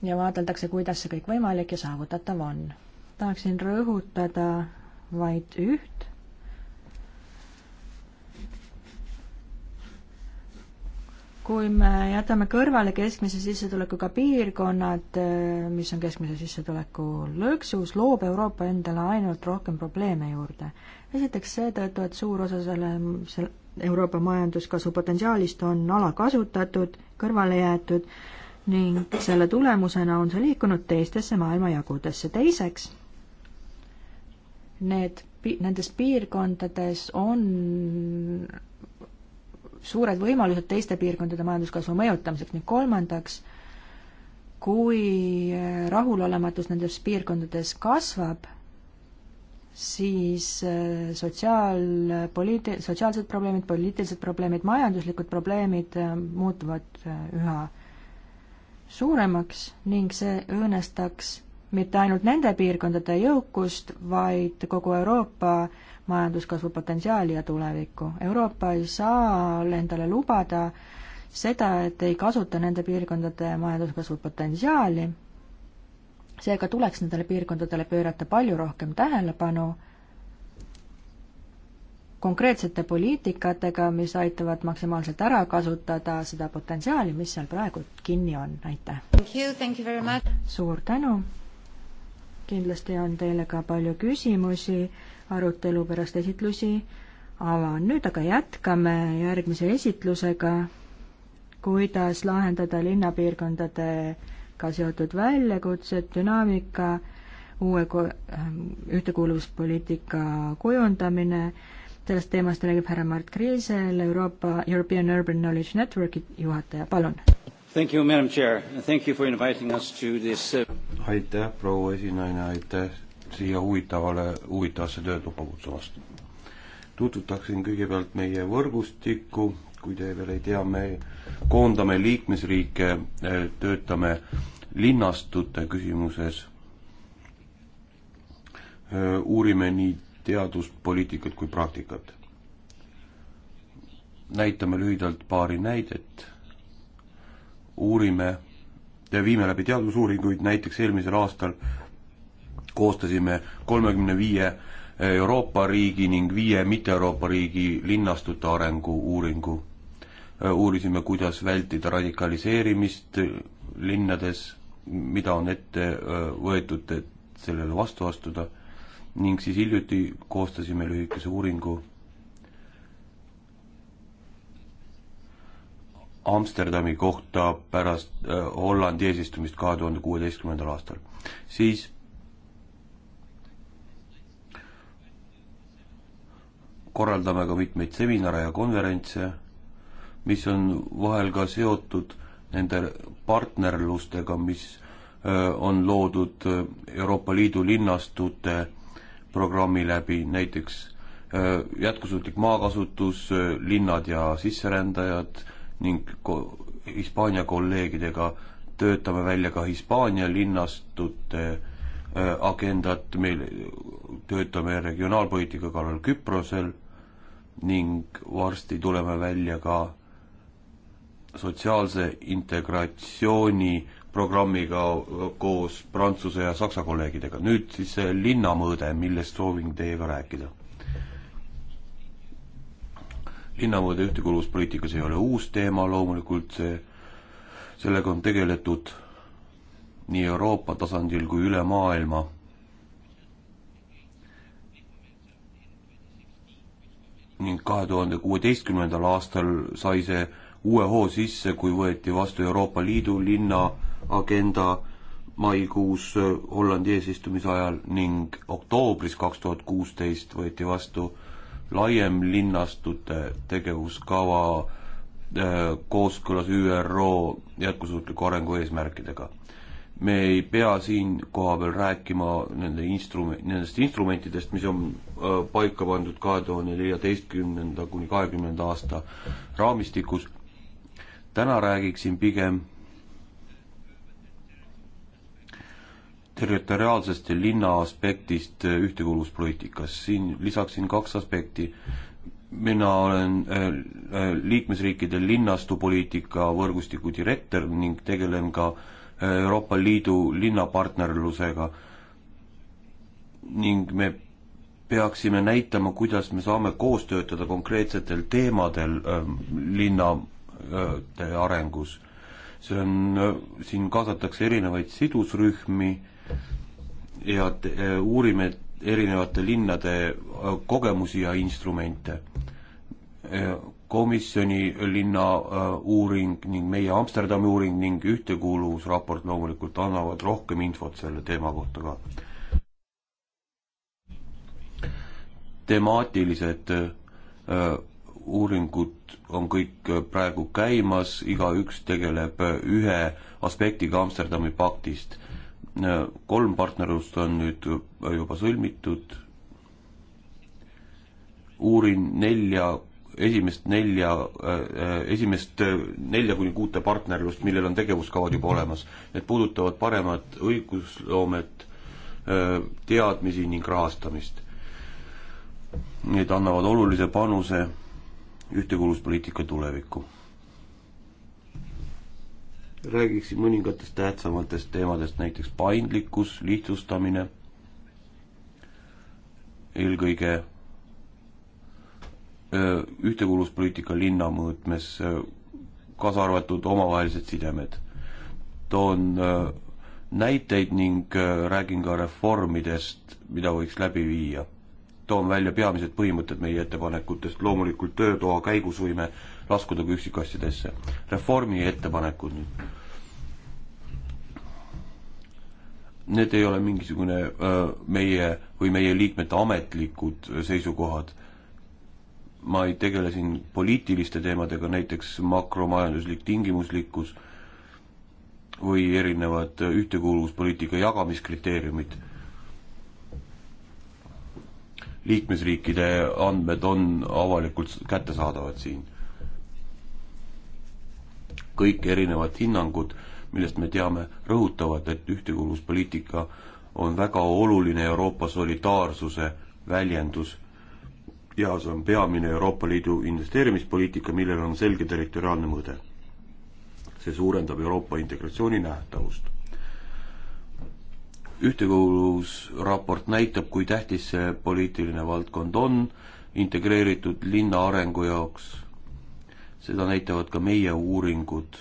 ja vaadeldakse, kuidas see kõik võimalik ja saavutatav on. tahaksin rõhutada vaid üht kui me jätame kõrvale keskmise sissetulekuga piirkonnad, äh, mis on keskmise sissetuleku lõksus, loob Euroopa endale ainult rohkem probleeme juurde. esiteks seetõttu, et suur osa selle, selle Euroopa majanduskasvu potentsiaalist on alakasutatud, kõrvale jäetud ning selle tulemusena on see liikunud teistesse maailmajagudesse. teiseks, need, nendes piirkondades on suured võimalused teiste piirkondade majanduskasvu mõjutamiseks ning kolmandaks, kui äh, rahulolematus nendes piirkondades kasvab, siis äh, sotsiaalpoliit-, sotsiaalsed probleemid, poliitilised probleemid, majanduslikud probleemid äh, muutuvad üha suuremaks ning see õõnestaks mitte ainult nende piirkondade jõukust, vaid kogu Euroopa äh, majanduskasvu potentsiaali ja tulevikku. Euroopa ei saa endale lubada seda, et ei kasuta nende piirkondade majanduskasvu potentsiaali, seega tuleks nendele piirkondadele pöörata palju rohkem tähelepanu konkreetsete poliitikatega, mis aitavad maksimaalselt ära kasutada seda potentsiaali, mis seal praegu kinni on, aitäh! suur tänu! kindlasti on teile ka palju küsimusi arutelu pärast esitlusi avan. nüüd aga jätkame järgmise esitlusega, kuidas lahendada linnapiirkondadega seotud väljakutsed, dünaamika, uue ko-, ähm, ühtekuuluvuspoliitika kujundamine, sellest teemast räägib härra Mart Kriisel, Euroopa, European Urban Knowledge Networki juhataja, palun. Thank you, madam chair, thank you for inviting us to this uh aitäh, proua esinaine, aitäh siia huvitavale, huvitavasse töötuppa kutsumast. tutvutaksin kõigepealt meie võrgustikku, kui te veel ei tea, me koondame liikmesriike, eh, töötame linnastute küsimuses, eh, uurime nii teadust, poliitikat kui praktikat. näitame lühidalt paari näidet, uurime, viime läbi teadusuuringuid, näiteks eelmisel aastal koostasime kolmekümne viie Euroopa riigi ning viie mitte-Euroopa riigi linnastute arengu uuringu. Äh, uurisime, kuidas vältida radikaliseerimist äh, linnades, mida on ette äh, võetud, et sellele vastu astuda, ning siis hiljuti koostasime lühikese uuringu Amsterdami kohta pärast Hollandi eesistumist kahe tuhande kuueteistkümnendal aastal. siis korraldame ka mitmeid seminare ja konverentse, mis on vahel ka seotud nende partnerlustega, mis on loodud Euroopa Liidu linnastute programmi läbi, näiteks jätkusuutlik maakasutus, linnad ja sisserändajad ning ko Hispaania kolleegidega töötame välja ka Hispaania linnastute agendat, meil töötame regionaalpoliitika kallal Küprosel ning varsti tuleme välja ka sotsiaalse integratsiooni programmiga koos Prantsuse ja Saksa kolleegidega. nüüd siis see linnamõõde, millest soovin teiega rääkida. linnamõõde ühtekuuluvuspoliitikas ei ole uus teema, loomulikult see, sellega on tegeletud nii Euroopa tasandil kui üle maailma ning kahe tuhande kuueteistkümnendal aastal sai see uue hoo sisse, kui võeti vastu Euroopa Liidu linna agenda maikuus äh, Hollandi eesistumise ajal ning oktoobris kaks tuhat kuusteist võeti vastu laiem linnastute tegevuskava äh, kooskõlas ÜRO jätkusuutliku arengu eesmärkidega me ei pea siin kohapeal rääkima nende instrument, nendest instrumentidest, mis on paika pandud kahe tuhande neljateistkümnenda kuni kahekümnenda aasta raamistikus. täna räägiksin pigem territoriaalsest ja linna aspektist ühtekuuluvuspoliitikas, siin lisaksin kaks aspekti. mina olen liikmesriikide linnastupoliitika võrgustiku direktor ning tegelen ka äh, Euroopa Liidu linnapartnerlusega ning me peaksime näitama, kuidas me saame koos töötada konkreetsetel teemadel äh, linnade äh, arengus. see on äh,, siin kaasatakse erinevaid sidusrühmi ja te, äh, uurime erinevate linnade äh, kogemusi ja instrumente äh, komisjoni linna äh, uuring ning meie Amsterdami uuring ning ühtekuuluvusraport loomulikult annavad rohkem infot selle teema kohta ka. temaatilised äh, uuringud on kõik äh, praegu käimas, igaüks tegeleb ühe aspektiga Amsterdami paktist. kolm partnerlust on nüüd juba sõlmitud, uurin nelja esimest nelja, äh, äh, esimest äh, nelja kuni kuute partnerlust, millel on tegevuskavad juba olemas. Need puudutavad paremat õigusloomet, teadmisi ning rahastamist. Need annavad olulise panuse ühtekuuluvuspoliitika tulevikku. räägiksin mõningatest tähtsamatest teemadest, näiteks paindlikkus, lihtsustamine, eelkõige ühtekuuluvuspoliitika linna mõõtmes, kaasa arvatud omavahelised sidemed. toon näiteid ning räägin ka reformidest, mida võiks läbi viia. toon välja peamised põhimõtted meie ettepanekutest, loomulikult töötoa käigus võime laskuda ka üksikasjadesse. reformi ettepanekud nüüd. Need ei ole mingisugune öö, meie või meie liikmete ametlikud seisukohad ma ei tegele siin poliitiliste teemadega, näiteks makromajanduslik tingimuslikkus või erinevad ühtekuuluvuspoliitika jagamiskriteeriumid. liikmesriikide andmed on avalikult kättesaadavad siin. kõik erinevad hinnangud, millest me teame, rõhutavad, et ühtekuuluvuspoliitika on väga oluline Euroopa solidaarsuse väljendus ja see on peamine Euroopa Liidu investeerimispoliitika, millel on selge territoriaalne mõõde. see suurendab Euroopa integratsiooni nähtavust. ühtekuuluvusraport näitab, kui tähtis see poliitiline valdkond on integreeritud linna arengu jaoks, seda näitavad ka meie uuringud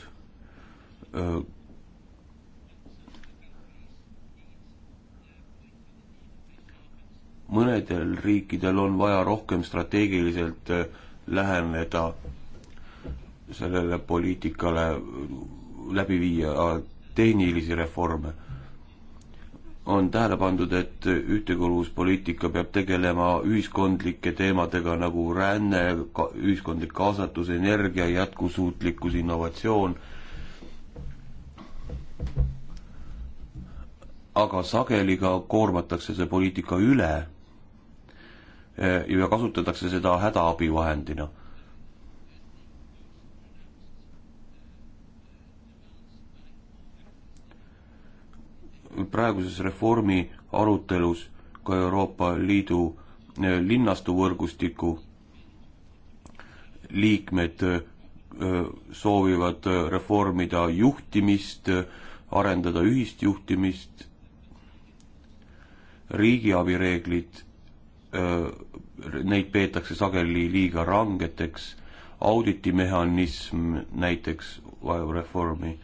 mõnedel riikidel on vaja rohkem strateegiliselt äh, läheneda sellele poliitikale, äh, läbi viia tehnilisi reforme. on tähele pandud, et ühtekuuluvuspoliitika peab tegelema ühiskondlike teemadega nagu ränne, ühiskondlik kaasatus, energia, jätkusuutlikkus, innovatsioon aga sageli ka koormatakse see poliitika üle Eh, ja kasutatakse seda hädaabivahendina. praeguses reformi arutelus ka Euroopa Liidu eh, linnastuvõrgustiku liikmed eh, soovivad reformida juhtimist, arendada ühist juhtimist, riigiabireeglid neid peetakse sageli liiga rangeteks, auditimehhanism näiteks vajab reformi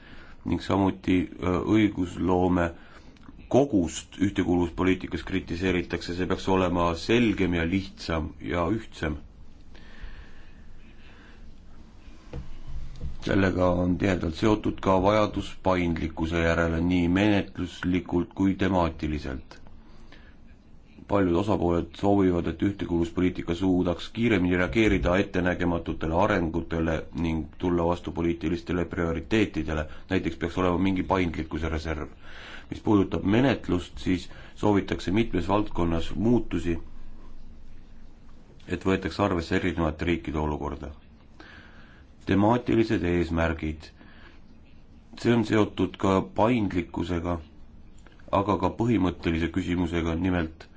ning samuti õigusloome kogust ühtekuuluvuspoliitikas kritiseeritakse, see peaks olema selgem ja lihtsam ja ühtsem. sellega on tihedalt seotud ka vajadus paindlikkuse järele nii menetluslikult kui temaatiliselt paljud osapooled soovivad, et ühtekuuluvuspoliitika suudaks kiiremini reageerida ettenägematutele arengutele ning tulla vastu poliitilistele prioriteetidele, näiteks peaks olema mingi paindlikkuse reserv. mis puudutab menetlust, siis soovitakse mitmes valdkonnas muutusi, et võetakse arvesse erinevate riikide olukorda. temaatilised eesmärgid, see on seotud ka paindlikkusega, aga ka põhimõttelise küsimusega, nimelt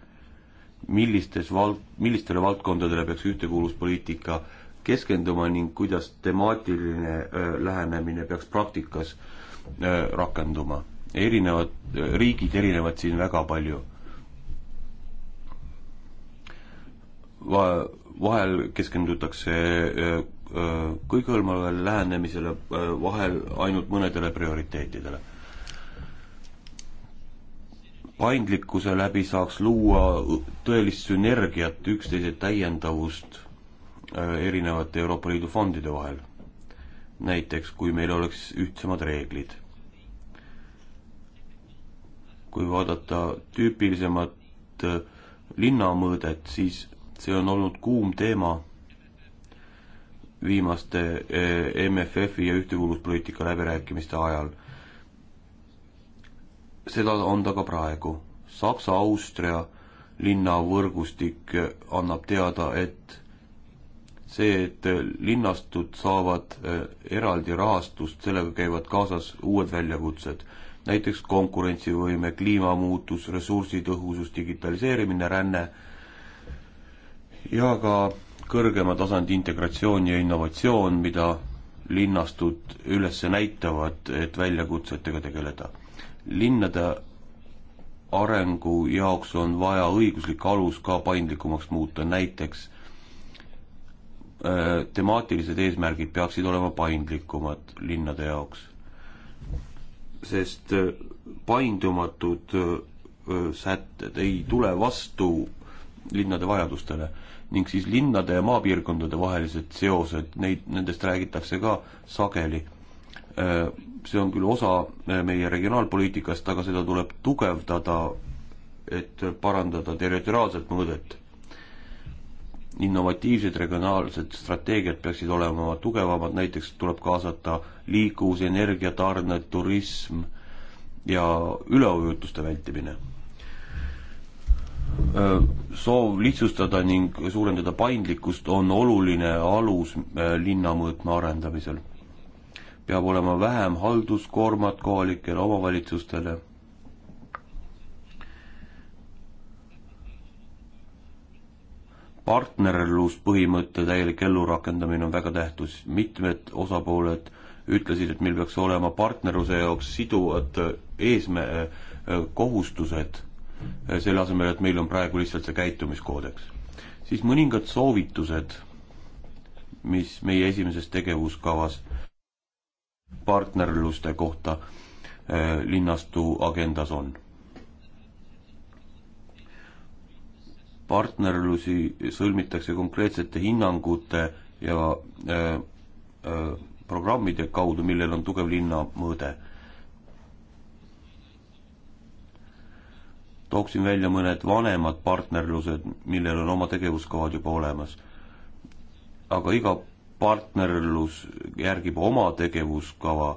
millistes val-, millistele valdkondadele peaks ühtekuuluvuspoliitika keskenduma ning kuidas temaatiline öö, lähenemine peaks praktikas öö, rakenduma. erinevad, riigid erinevad siin väga palju. Va-, vahel keskendutakse kõikehõlmavale lähenemisele, vahel ainult mõnedele prioriteetidele paindlikkuse läbi saaks luua tõelist sünergiat, üksteise täiendavust äh, erinevate Euroopa Liidu fondide vahel. näiteks, kui meil oleks ühtsemad reeglid. kui vaadata tüüpilisemat äh, linnamõõdet, siis see on olnud kuum teema viimaste äh, MFF-i ja ühtekuuluvuspoliitika läbirääkimiste ajal seda on ta ka praegu. Saksa-Austria linnavõrgustik annab teada, et see, et linnastud saavad eh, eraldi rahastust, sellega käivad kaasas uued väljakutsed, näiteks konkurentsivõime, kliimamuutus, ressursitõhusus, digitaliseerimine, ränne ja ka kõrgema tasandi integratsioon ja innovatsioon, mida linnastud üles näitavad, et väljakutsetega tegeleda linnade arengu jaoks on vaja õiguslik alus ka paindlikumaks muuta, näiteks äh, temaatilised eesmärgid peaksid olema paindlikumad linnade jaoks, sest äh, paindumatud äh, sätted ei tule vastu linnade vajadustele ning siis linnade ja maapiirkondade vahelised seosed, neid, nendest räägitakse ka sageli see on küll osa äh, meie regionaalpoliitikast, aga seda tuleb tugevdada, et parandada territoriaalset mõõdet. innovatiivsed regionaalsed strateegiad peaksid olema tugevamad, näiteks tuleb kaasata liikuvus, energiatarned, turism ja üleujutuste vältimine äh, soov lihtsustada ning suurendada paindlikkust on oluline alus äh, linna mõõtme arendamisel peab olema vähem halduskoormat kohalikele omavalitsustele. partnerluspõhimõtte täielik ellurakendamine on väga tähtis, mitmed osapooled ütlesid, et meil peaks olema partnerluse jaoks siduvad eesmä-, kohustused, selle asemel, et meil on praegu lihtsalt see käitumiskoodeks. siis mõningad soovitused, mis meie esimeses tegevuskavas partnerluste kohta äh, linnastu agendas on. partnerlusi sõlmitakse konkreetsete hinnangute ja öö, äh, öö, äh, programmide kaudu, millel on tugev linna mõõde. tooksin välja mõned vanemad partnerlused, millel on oma tegevuskavad juba olemas. aga iga partnerlus järgib oma tegevuskava,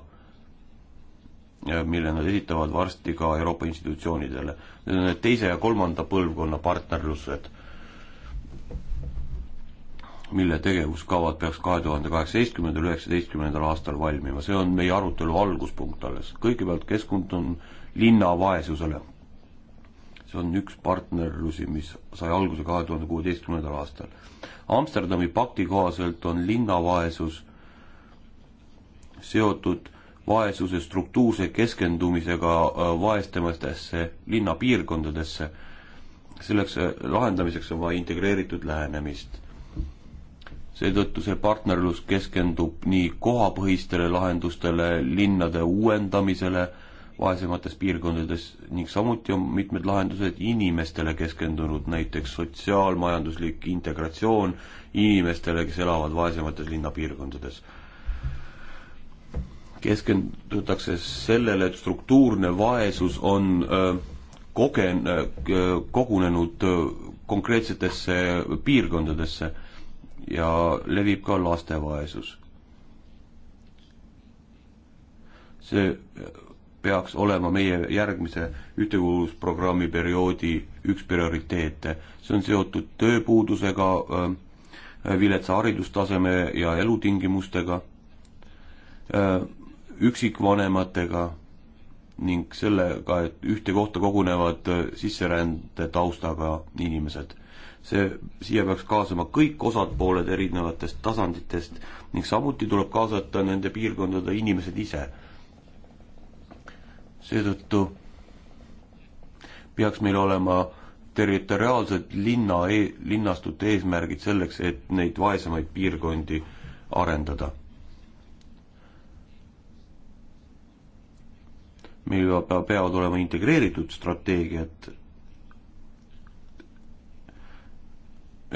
äh, mille nad esitavad varsti ka Euroopa institutsioonidele. Need on need teise ja kolmanda põlvkonna partnerlused, mille tegevuskavad peaks kahe tuhande kaheksateistkümnendal, üheksateistkümnendal aastal valmima, see on meie arutelu alguspunkt alles. kõigepealt keskkond on linna vaesusele. see on üks partnerlusi, mis sai alguse kahe tuhande kuueteistkümnendal aastal Amsterdami pakti kohaselt on linnavaesus seotud vaesuse struktuurse keskendumisega äh, vaestematesse linnapiirkondadesse. selleks äh, lahendamiseks on vaja integreeritud lähenemist. seetõttu see partnerlus keskendub nii kohapõhistele lahendustele, linnade uuendamisele vaesemates piirkondades ning samuti on mitmed lahendused inimestele keskendunud, näiteks sotsiaalmajanduslik integratsioon inimestele, kes elavad vaesemates linnapiirkondades. keskendutakse sellele, et struktuurne vaesus on öö, äh, kogen-, äh, kogunenud äh, konkreetsetesse piirkondadesse ja levib ka laste vaesus. see peaks olema meie järgmise ühtekuuluvusprogrammi perioodi üks prioriteete. see on seotud tööpuudusega, äh, viletsa haridustaseme ja elutingimustega, äh, üksikvanematega ning sellega, et ühte kohta kogunevad äh, sisserände taustaga inimesed. see, siia peaks kaasama kõik osapooled erinevatest tasanditest ning samuti tuleb kaasata nende piirkondade inimesed ise seetõttu peaks meil olema territoriaalsed linna e, linnastute eesmärgid selleks, et neid vaesemaid piirkondi arendada. meil peavad olema integreeritud strateegiad,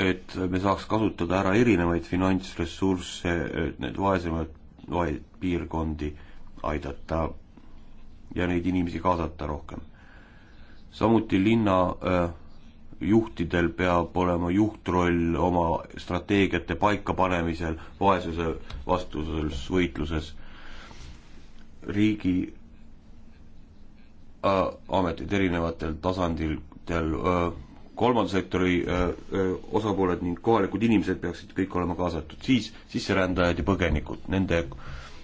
et me saaks kasutada ära erinevaid finantsressursse, et need vaesemad vaid piirkondi aidata ja neid inimesi kaasata rohkem. samuti linna äh, juhtidel peab olema juhtroll oma strateegiate paikapanemisel vaesuse vastuses võitluses. riigi äh, ametid erinevatel tasanditel äh,, kolmanda sektori äh, äh osapooled ning kohalikud inimesed peaksid kõik olema kaasatud, siis sisserändajad ja põgenikud, nende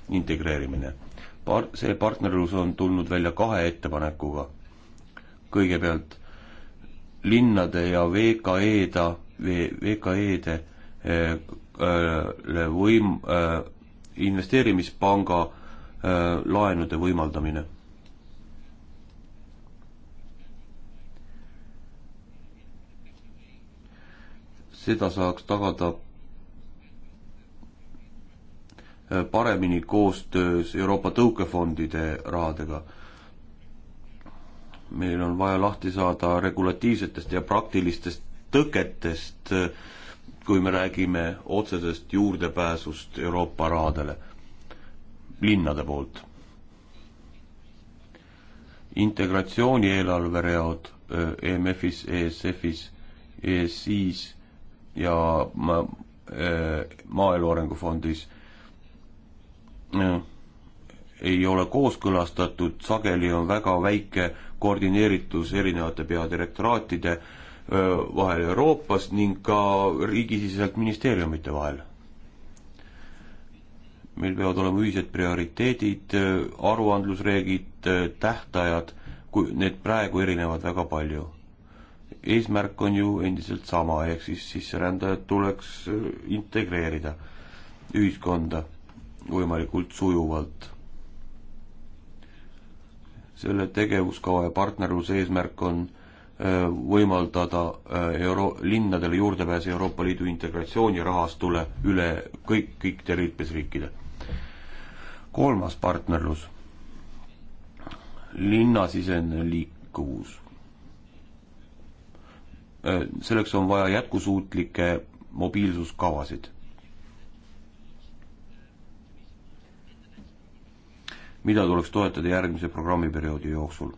integreerimine par-, see partnerlus on tulnud välja kahe ettepanekuga. kõigepealt linnade ja VKE-da, VKE-de äh, äh, võim-, äh, investeerimispanga laenude võimaldamine. seda saaks tagada paremini koostöös Euroopa tõukefondide rahadega. meil on vaja lahti saada regulatiivsetest ja praktilistest tõketest, kui me räägime otsesest juurdepääsust Euroopa rahadele linnade poolt. integratsiooni eelarvereod eh, EMF-is, ESF-is, ESI-s ja eh, Maaelu Arengu Fondis Äh, ei ole kooskõlastatud, sageli on väga väike koordineeritus erinevate peadirektoraatide äh, vahel Euroopas ning ka riigisiseselt ministeeriumite vahel. meil peavad olema ühised prioriteedid, äh, aruandlusreeglid, tähtajad, kui need praegu erinevad väga palju. eesmärk on ju endiselt sama, ehk siis sisserändajad tuleks integreerida ühiskonda võimalikult sujuvalt. selle tegevuskava ja partnerluse eesmärk on äh, võimaldada äh, euro-, linnadele juurdepääs Euroopa Liidu integratsioonirahastule üle kõik, kõikide liikmesriikide. kolmas partnerlus, linnasisene liikuvus. Äh, selleks on vaja jätkusuutlikke mobiilsuskavasid mida tuleks toetada järgmise programmiperioodi jooksul.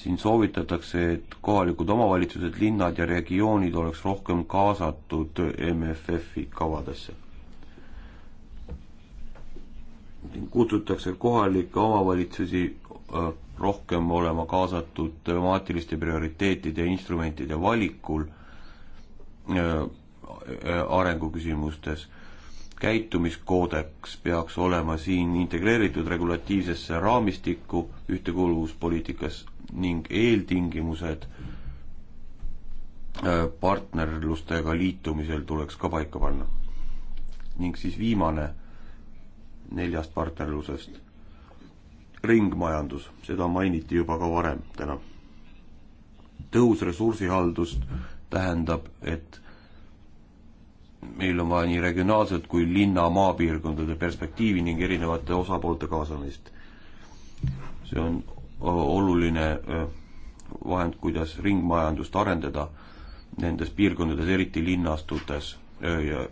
siin soovitatakse, et kohalikud omavalitsused, linnad ja regioonid oleks rohkem kaasatud MFF-i kavadesse. kutsutakse kohalikke omavalitsusi äh, rohkem olema kaasatud temaatiliste prioriteetide ja instrumentide valikul äh, äh, arenguküsimustes käitumiskoodeks peaks olema siin integreeritud regulatiivsesse raamistikku ühtekuuluvuspoliitikas ning eeltingimused äh, partnerlustega liitumisel tuleks ka paika panna. ning siis viimane neljast partnerlusest, ringmajandus, seda mainiti juba ka varem täna. tõhus ressursihaldus tähendab, et meil on vaja nii regionaalset kui linna maapiirkondade perspektiivi ning erinevate osapoolte kaasamist. see on äh, oluline äh, vahend, kuidas ringmajandust arendada nendes piirkondades, eriti linnastutes äh, ja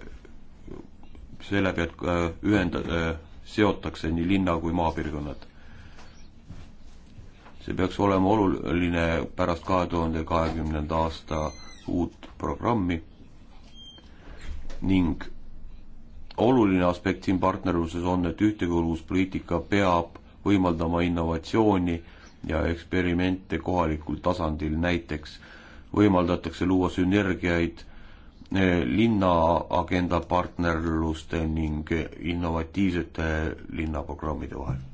seeläbi, et ühenda-, seotakse nii linna kui maapiirkonnad. see peaks olema oluline pärast kahe tuhande kahekümnenda aasta uut programmi ning oluline aspekt siin partnerluses on, et ühtekuuluvuspoliitika peab võimaldama innovatsiooni ja eksperimente kohalikul tasandil, näiteks võimaldatakse luua sünergiaid eh, linna agenda partnerluste ning innovatiivsete linnaprogrammide vahel.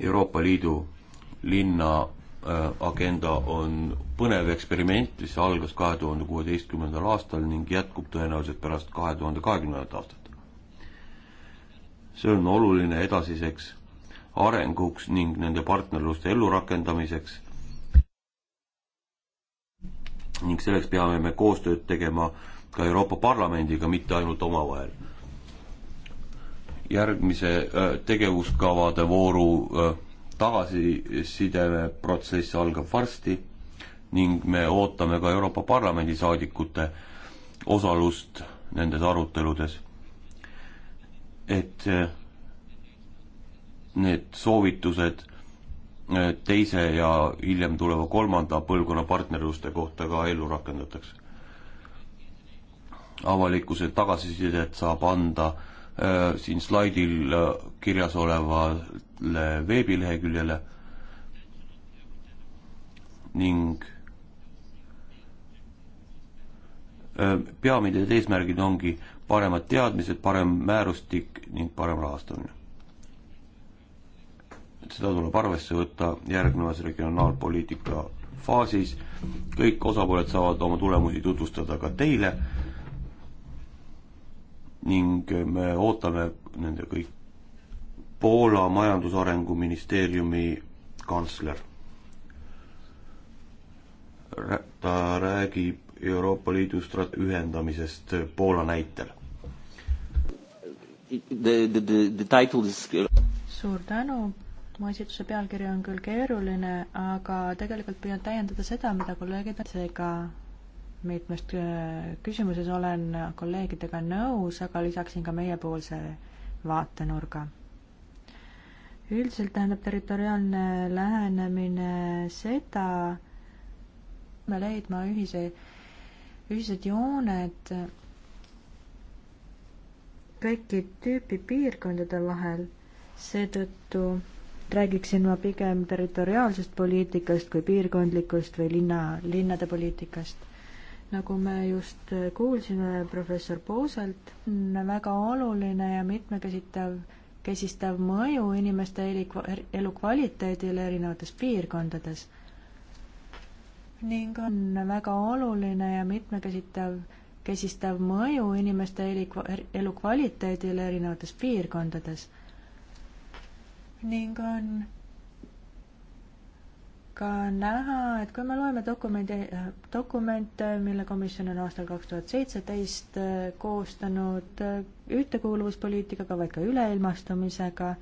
Euroopa Liidu linna Äh, agenda on põnev eksperiment, mis algas kahe tuhande kuueteistkümnendal aastal ning jätkub tõenäoliselt pärast kahe tuhande kahekümnendat aastat. see on oluline edasiseks arenguks ning nende partnerluste ellurakendamiseks ning selleks peame me koostööd tegema ka Euroopa Parlamendiga, mitte ainult omavahel. järgmise äh, tegevuskavade vooru äh, tagasisideprotsess algab varsti ning me ootame ka Euroopa Parlamendi saadikute osalust nendes aruteludes. et eh, need soovitused eh, teise ja hiljem tuleva kolmanda põlvkonna partnerluste kohta ka ellu rakendatakse. avalikkuse tagasisidet saab anda eh, siin slaidil kirjas olevalt kahele veebileheküljele ning peamised eesmärgid ongi paremad teadmised, parem määrustik ning parem rahastamine. seda tuleb arvesse võtta järgnevas regionaalpoliitika faasis. kõik osapooled saavad oma tulemusi tutvustada ka teile ning me ootame nende kõik Poola majandusarengu ministeeriumi kantsler. ta räägib Euroopa Liidu strat-, ühendamisest Poola näitel. Is... suur tänu, mu esituse pealkiri on küll keeruline, aga tegelikult püüan täiendada seda, mida kolleegid, seega mitmes äh, küsimuses olen kolleegidega nõus, aga lisaksin ka meiepoolse vaatenurga üldiselt tähendab territoriaalne lähenemine seda, me leidma ühise, ühised jooned kõiki tüüpi piirkondade vahel, seetõttu räägiksin ma pigem territoriaalsest poliitikast kui piirkondlikust või linna, linnade poliitikast. nagu me just kuulsime professor Pooselt, on väga oluline ja mitmekesitav mitmekesistav mõju inimeste elukvaliteedile erinevates piirkondades ning on väga oluline ja mitmekesitav, kesistav mõju inimeste elukvaliteedile erinevates piirkondades ning on ka näha, et kui me loeme dokumendi, äh, dokumente, mille komisjon on aastal kaks tuhat seitseteist äh, koostanud äh, ühtekuuluvuspoliitikaga, vaid ka üleilmastumisega,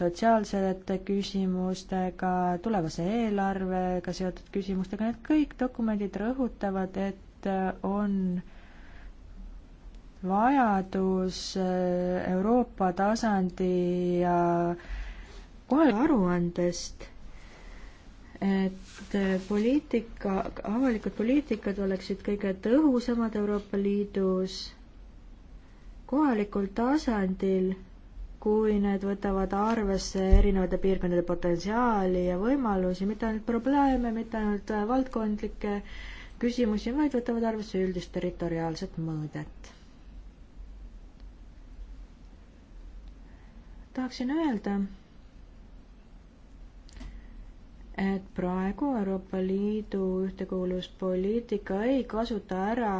sotsiaalsete küsimustega, tulevase eelarvega seotud küsimustega, need kõik dokumendid rõhutavad, et on vajadus Euroopa tasandi ja kohaliku aruandest et poliitika, avalikud poliitikad oleksid kõige tõhusamad Euroopa Liidus kohalikul tasandil, kui need võtavad arvesse erinevate piirkondade potentsiaali ja võimalusi, mitte ainult probleeme, mitte ainult valdkondlikke küsimusi, vaid võtavad arvesse üldist territoriaalset mõõdet. tahaksin öelda et praegu Euroopa Liidu ühtekuuluvuspoliitika ei kasuta ära,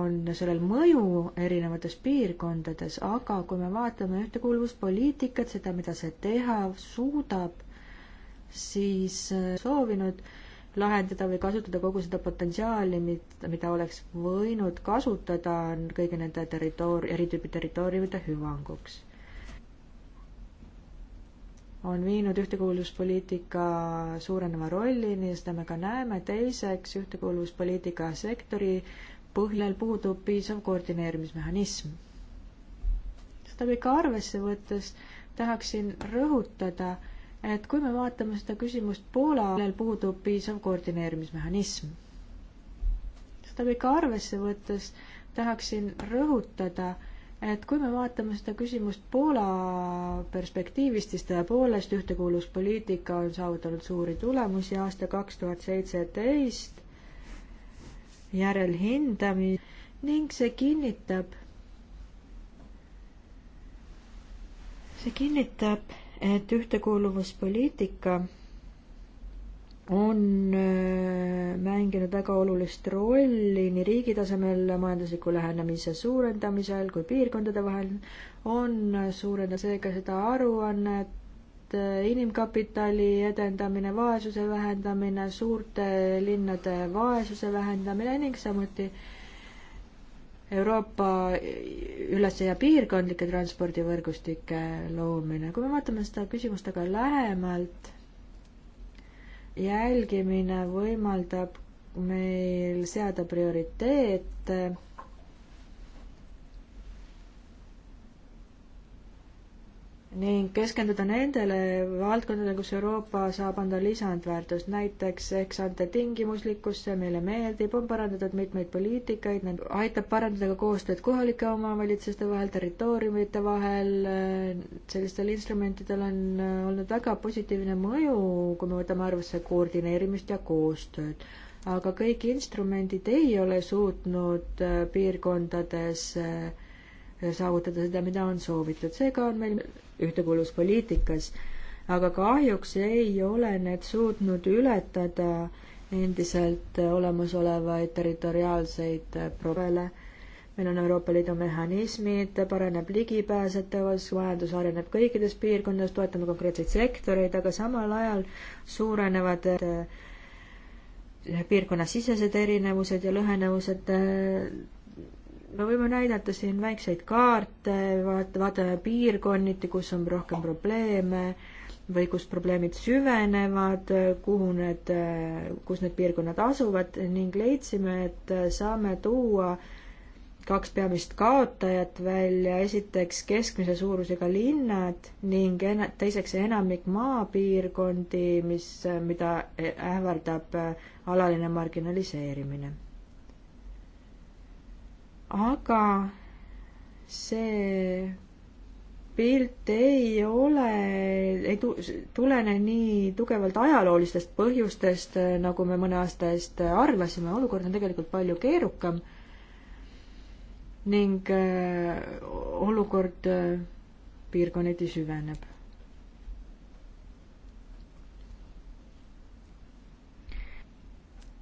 on sellel mõju erinevates piirkondades, aga kui me vaatame ühtekuuluvuspoliitikat, seda, mida see teha suudab, siis äh, soovinud lahendada või kasutada kogu seda potentsiaali, mida oleks võinud kasutada kõigi nende territoor-, eri tüüpi territooriumide hüvanguks on viinud ühtekuuluvuspoliitika suureneva rollini ja seda me ka näeme. teiseks, ühtekuuluvuspoliitika sektori põhjal puudub piisav koordineerimismehhanism. seda kõike arvesse võttes tahaksin rõhutada, et kui me vaatame seda küsimust Poola, kellel puudub piisav koordineerimismehhanism. seda kõike arvesse võttes tahaksin rõhutada, et kui me vaatame seda küsimust Poola perspektiivist, siis tõepoolest ühtekuuluvuspoliitika on saavutanud suuri tulemusi aasta kaks tuhat seitseteist järelhindamine ning see kinnitab, see kinnitab, et ühtekuuluvuspoliitika on äh, mänginud väga olulist rolli nii riigi tasemel majandusliku lähenemise suurendamisel kui piirkondade vahel, on suurenda seega seda aruannet, äh, inimkapitali edendamine, vaesuse vähendamine, suurte linnade vaesuse vähendamine ning samuti Euroopa üles- ja piirkondlike transpordivõrgustike loomine. kui me vaatame seda küsimust aga lähemalt, jälgimine võimaldab meil seada prioriteete ning keskenduda nendele valdkondadele, kus Euroopa saab anda lisandväärtust, näiteks eks anda tingimuslikkus, see meile meeldib, on parandatud mitmeid poliitikaid, aitab parandada ka koostööd kohalike omavalitsuste vahel, territooriumite vahel, sellistel instrumentidel on olnud väga positiivne mõju, kui me võtame arvesse koordineerimist ja koostööd. aga kõik instrumendid ei ole suutnud piirkondades äh, Äh, saavutada seda, mida on soovitud. seega on meil ühtekuuluvuspoliitikas, aga kahjuks ei ole need suutnud ületada endiselt olemasolevaid territoriaalseid probleeme. meil on Euroopa Liidu mehhanismid, paraneb ligipääsetavus, majandus areneb kõikides piirkondades, toetame konkreetseid sektoreid, aga samal ajal suurenevad äh, piirkonnasisesed erinevused ja lõhenevused äh, me võime näidata siin väikseid kaarte, vaata, vaatame piirkonniti, kus on rohkem probleeme või kus probleemid süvenevad, kuhu need, kus need piirkonnad asuvad ning leidsime, et saame tuua kaks peamist kaotajat välja, esiteks keskmise suurusega linnad ning ena-, teiseks enamik maapiirkondi, mis, mida ähvardab alaline marginaliseerimine aga see pilt ei ole, ei tulene nii tugevalt ajaloolistest põhjustest, nagu me mõne aasta eest arvasime, olukord on tegelikult palju keerukam ning äh, olukord äh, piirkonniti süveneb.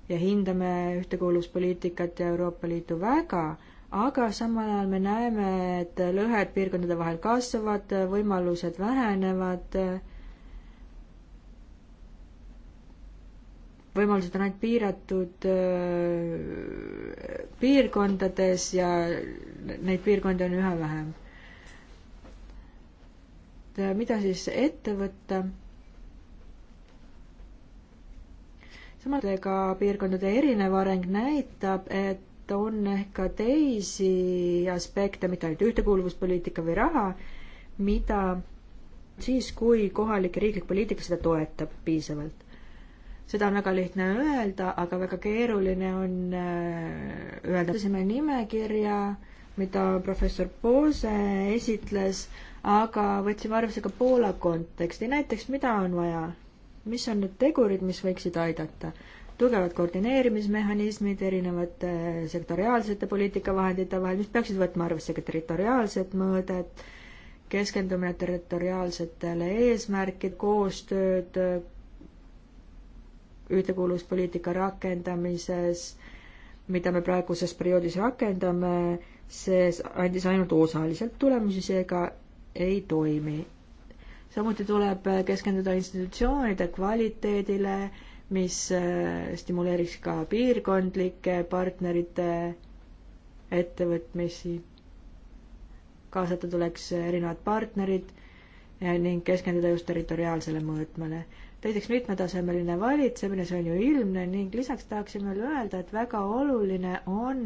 ja hindame ühtekuuluvuspoliitikat ja Euroopa Liitu väga, aga samal ajal me näeme, et lõhed piirkondade vahel kasvavad, võimalused vähenevad, võimalused on ainult piiratud äh, piirkondades ja neid piirkondi on üha vähem. mida siis ette võtta? samadega piirkondade erinev areng näitab, et et on ehk ka teisi aspekte, mitte ainult ühtekuuluvuspoliitika või raha, mida siis, kui kohalik ja riiklik poliitika seda toetab piisavalt. seda on väga lihtne öelda, aga väga keeruline on äh, öelda, võtsime nimekirja, mida professor Poose esitles, aga võtsime arvesse ka Poola konteksti, näiteks mida on vaja, mis on need tegurid, mis võiksid aidata tugevad koordineerimismehhanismid erinevate äh, sektoriaalsete poliitikavahendite vahel, mis peaksid võtma arvesse ka territoriaalset mõõdet, keskendumine territoriaalsetele eesmärkid, koostööd äh, ühtekuuluvuspoliitika rakendamises, mida me praeguses perioodis rakendame, see andis ainult osaliselt tulemusi, seega ei toimi. samuti tuleb äh, keskenduda institutsioonide kvaliteedile, mis äh, stimuleeriks ka piirkondlike partnerite ettevõtmisi. kaasata tuleks erinevad partnerid äh, ning keskenduda just territoriaalsele mõõtmele. teiseks, mitmetasemeline valitsemine, see on ju ilmne ning lisaks tahaksin veel öelda, et väga oluline on,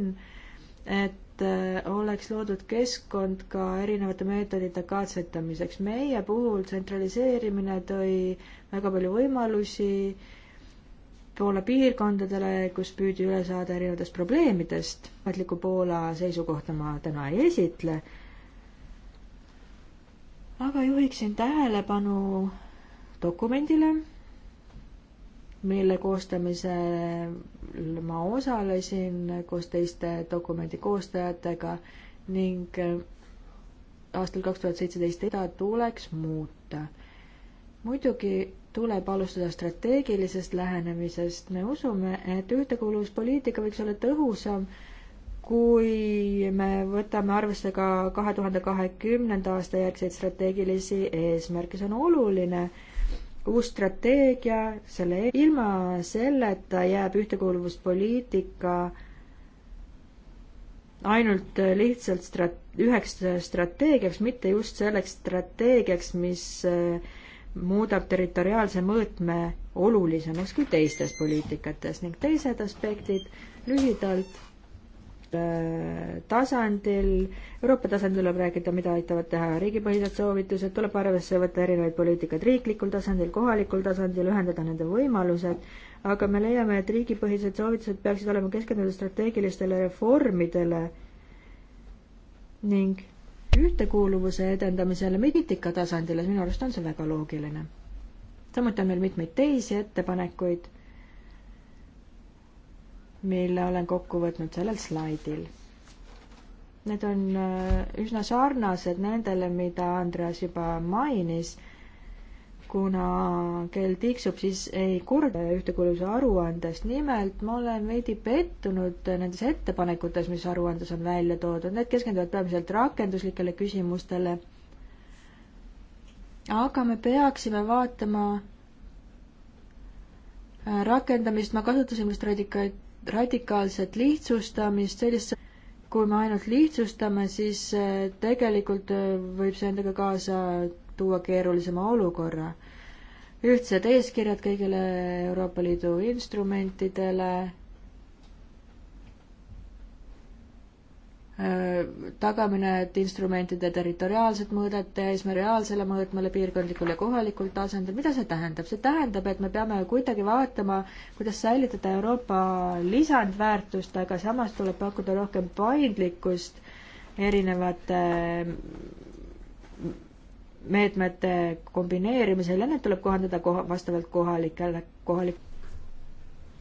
et äh, oleks loodud keskkond ka erinevate meetodite katsetamiseks. meie puhul tsentraliseerimine tõi väga palju võimalusi äh, Poola piirkondadele, kus püüdi üle saada erinevatest probleemidest. ametliku Poola seisukohta ma täna ei esitle. aga juhiksin tähelepanu dokumendile, mille koostamisel ma osalesin koos teiste dokumendi koostajatega ning aastal kaks tuhat seitseteist seda tuleks muuta muidugi tuleb alustada strateegilisest lähenemisest, me usume, et ühtekuuluvuspoliitika võiks olla tõhusam, kui me võtame arvesse ka kahe tuhande kahekümnenda aasta järgseid strateegilisi eesmärke, see on oluline uus strateegia, selle, ilma selleta jääb ühtekuuluvuspoliitika ainult lihtsalt strat-, üheks strateegiaks, mitte just selleks strateegiaks, mis äh, muudab territoriaalse mõõtme olulisemaks kui teistes poliitikates ning teised aspektid lühidalt äh, tasandil, Euroopa tasandil tuleb rääkida, mida aitavad teha riigipõhised soovitused, tuleb arvesse võtta erinevaid poliitikaid riiklikul tasandil, kohalikul tasandil, ühendada nende võimalused, aga me leiame, et riigipõhised soovitused peaksid olema keskendunud strateegilistele reformidele ning ühtekuuluvuse edendamisele poliitika tasandile, minu arust on see väga loogiline. samuti on meil mitmeid teisi ettepanekuid, mille olen kokku võtnud sellel slaidil. Need on äh, üsna sarnased nendele, mida Andreas juba mainis kuna kell tiksub, siis ei korda ühtekuuluvuse aruandest. nimelt ma olen veidi pettunud nendes ettepanekutes, mis aruandes on välja toodud. Need keskenduvad peamiselt rakenduslikele küsimustele. aga me peaksime vaatama äh, rakendamist, ma kasutasin vist radika-, radikaalset lihtsustamist, sellist kui me ainult lihtsustame, siis äh, tegelikult äh, võib see endaga kaasa tuua keerulisema olukorra. ühtsed eeskirjad kõigile Euroopa Liidu instrumentidele, tagamine, et instrumentide territoriaalset mõõdet esmereaalsele mõõtmele piirkondlikul ja kohalikul tasandil, mida see tähendab? see tähendab, et me peame kuidagi vaatama, kuidas säilitada Euroopa lisandväärtust, aga samas tuleb pakkuda rohkem paindlikkust erinevate meetmete kombineerimisel ja need tuleb kohandada koha, vastavalt kohalikele, kohalik-.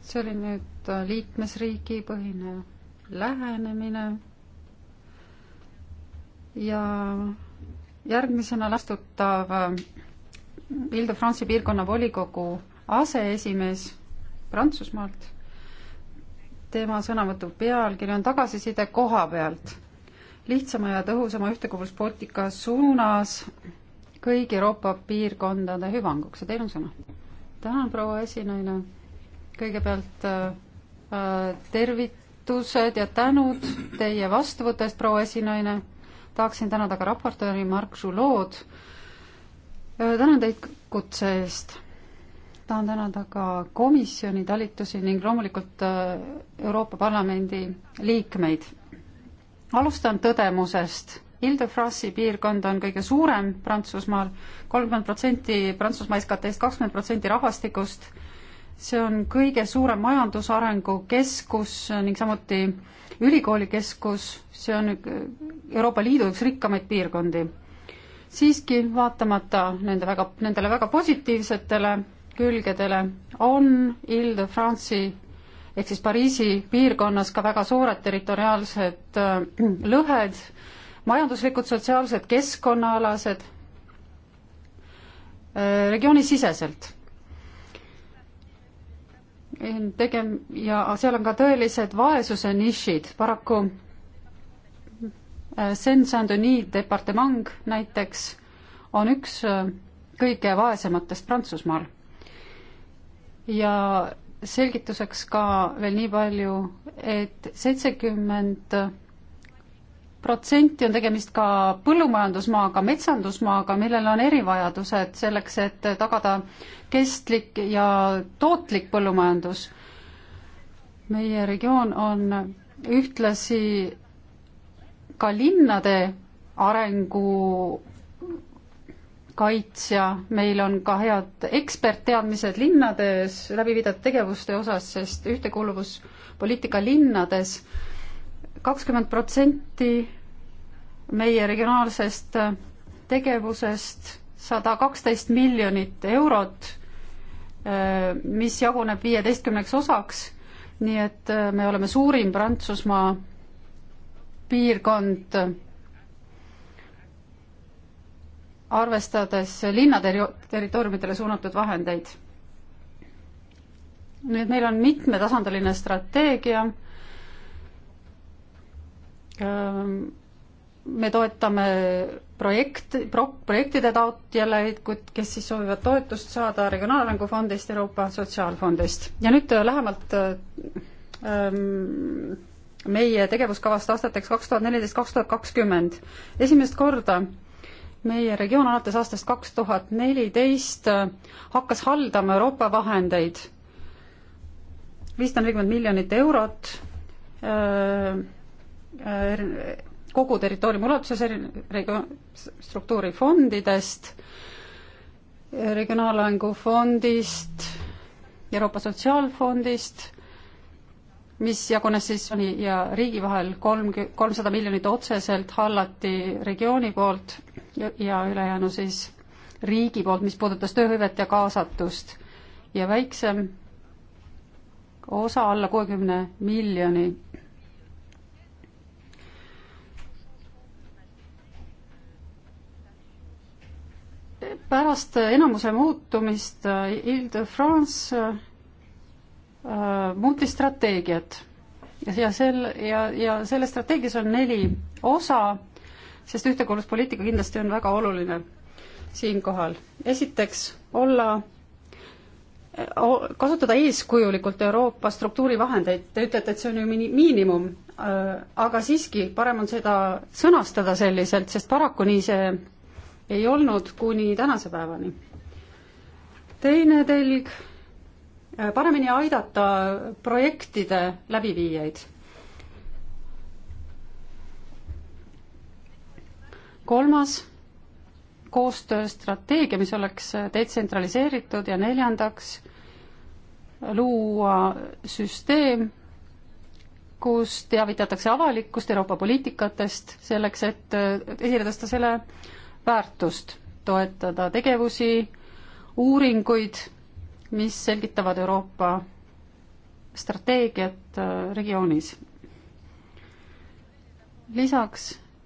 see oli nüüd äh, liikmesriigi põhine lähenemine ja järgmisena vastutav äh, Ilde-France'i piirkonna volikogu aseesimees Prantsusmaalt. tema sõnavõtu pealkiri on tagasiside koha pealt lihtsama ja tõhusama ühtekuuluvuspoliitika suunas kõigi Euroopa piirkondade hüvanguks ja teil on sõna. tänan, proua esinaine. kõigepealt äh, äh, tervitused ja tänud teie vastuvõtu eest, proua esinaine. tahaksin tänada ka raportööri Mark Žulood. Äh, tänan teid kutse eest. tahan tänada ka komisjoni talitusi ning loomulikult äh, Euroopa Parlamendi liikmeid. alustan tõdemusest Ile-de-France'i piirkond on kõige suurem Prantsusmaal, kolmkümmend protsenti Prantsusmaa SKT-st, kakskümmend protsenti rahvastikust. see on kõige suurem majandusarengu keskus ning samuti ülikoolikeskus, see on Euroopa Liidu üks rikkamaid piirkondi. siiski, vaatamata nende väga, nendele väga positiivsetele külgedele, on Ile-de-France'i ehk siis Pariisi piirkonnas ka väga suured territoriaalsed äh, lõhed majanduslikud, sotsiaalsed, keskkonnaalased, äh, regioonisiseselt. tegem- ja seal on ka tõelised vaesuse nišid, paraku äh, Saint-Saint-Denis departement näiteks on üks äh, kõige vaesematest Prantsusmaal. ja selgituseks ka veel nii palju et, et seitsekümmend protsenti on tegemist ka põllumajandusmaaga, metsandusmaaga, millel on erivajadused selleks, et tagada kestlik ja tootlik põllumajandus. meie regioon on ühtlasi ka linnade arengu kaitsja, meil on ka head ekspertteadmised linnades läbi viidatud tegevuste osas, sest ühtekuuluvuspoliitika linnades äh, kakskümmend protsenti meie regionaalsest äh, tegevusest, sada kaksteist miljonit eurot, äh, mis jaguneb viieteistkümneks osaks, nii et äh, me oleme suurim Prantsusmaa piirkond, arvestades linnade territooriumitele suunatud vahendeid. nii et meil on mitmetasandiline strateegia Ähm, me toetame projekt, pro-, projektide taotlejaid, kes siis soovivad toetust saada Regionaalarengu fondist, Euroopa Sotsiaalfondist. ja nüüd äh, lähemalt äh, ähm, meie tegevuskavast aastateks kaks tuhat neliteist, kaks tuhat kakskümmend. esimest korda meie regioon alates aastast kaks tuhat neliteist äh, hakkas haldama Euroopa vahendeid, viissada nelikümmend miljonit eurot äh,, Äh, kogu territooriumi ulatuses struktuurifondidest, regionaalarengu fondist, Euroopa Sotsiaalfondist, mis jagunes siis ja riigi vahel kolm, kolmsada miljonit otseselt hallati regiooni poolt ja, ja ülejäänu siis riigi poolt, mis puudutas tööhõivet ja kaasatust. ja väiksem osa alla kuuekümne miljoni pärast enamuse muutumist äh, Ile-de-France äh, muutis strateegiat ja sel- ja, ja selles strateegias on neli osa, sest ühtekuuluvuspoliitika kindlasti on väga oluline siinkohal. esiteks olla äh, kasutada eeskujulikult Euroopa struktuurivahendeid, te ütlete, et see on ju mini-, miinimum, äh, aga siiski parem on seda sõnastada selliselt, sest paraku nii see ei olnud kuni tänase päevani. teine telg, äh, paremini aidata projektide läbiviijaid kolmas, koostööstrateegia, mis oleks äh, detsentraliseeritud ja neljandaks, luua süsteem, kus teavitatakse avalikkust Euroopa poliitikatest, selleks et äh, esile tõsta selle väärtust, toetada tegevusi, uuringuid, mis selgitavad Euroopa strateegiat äh, regioonis. lisaks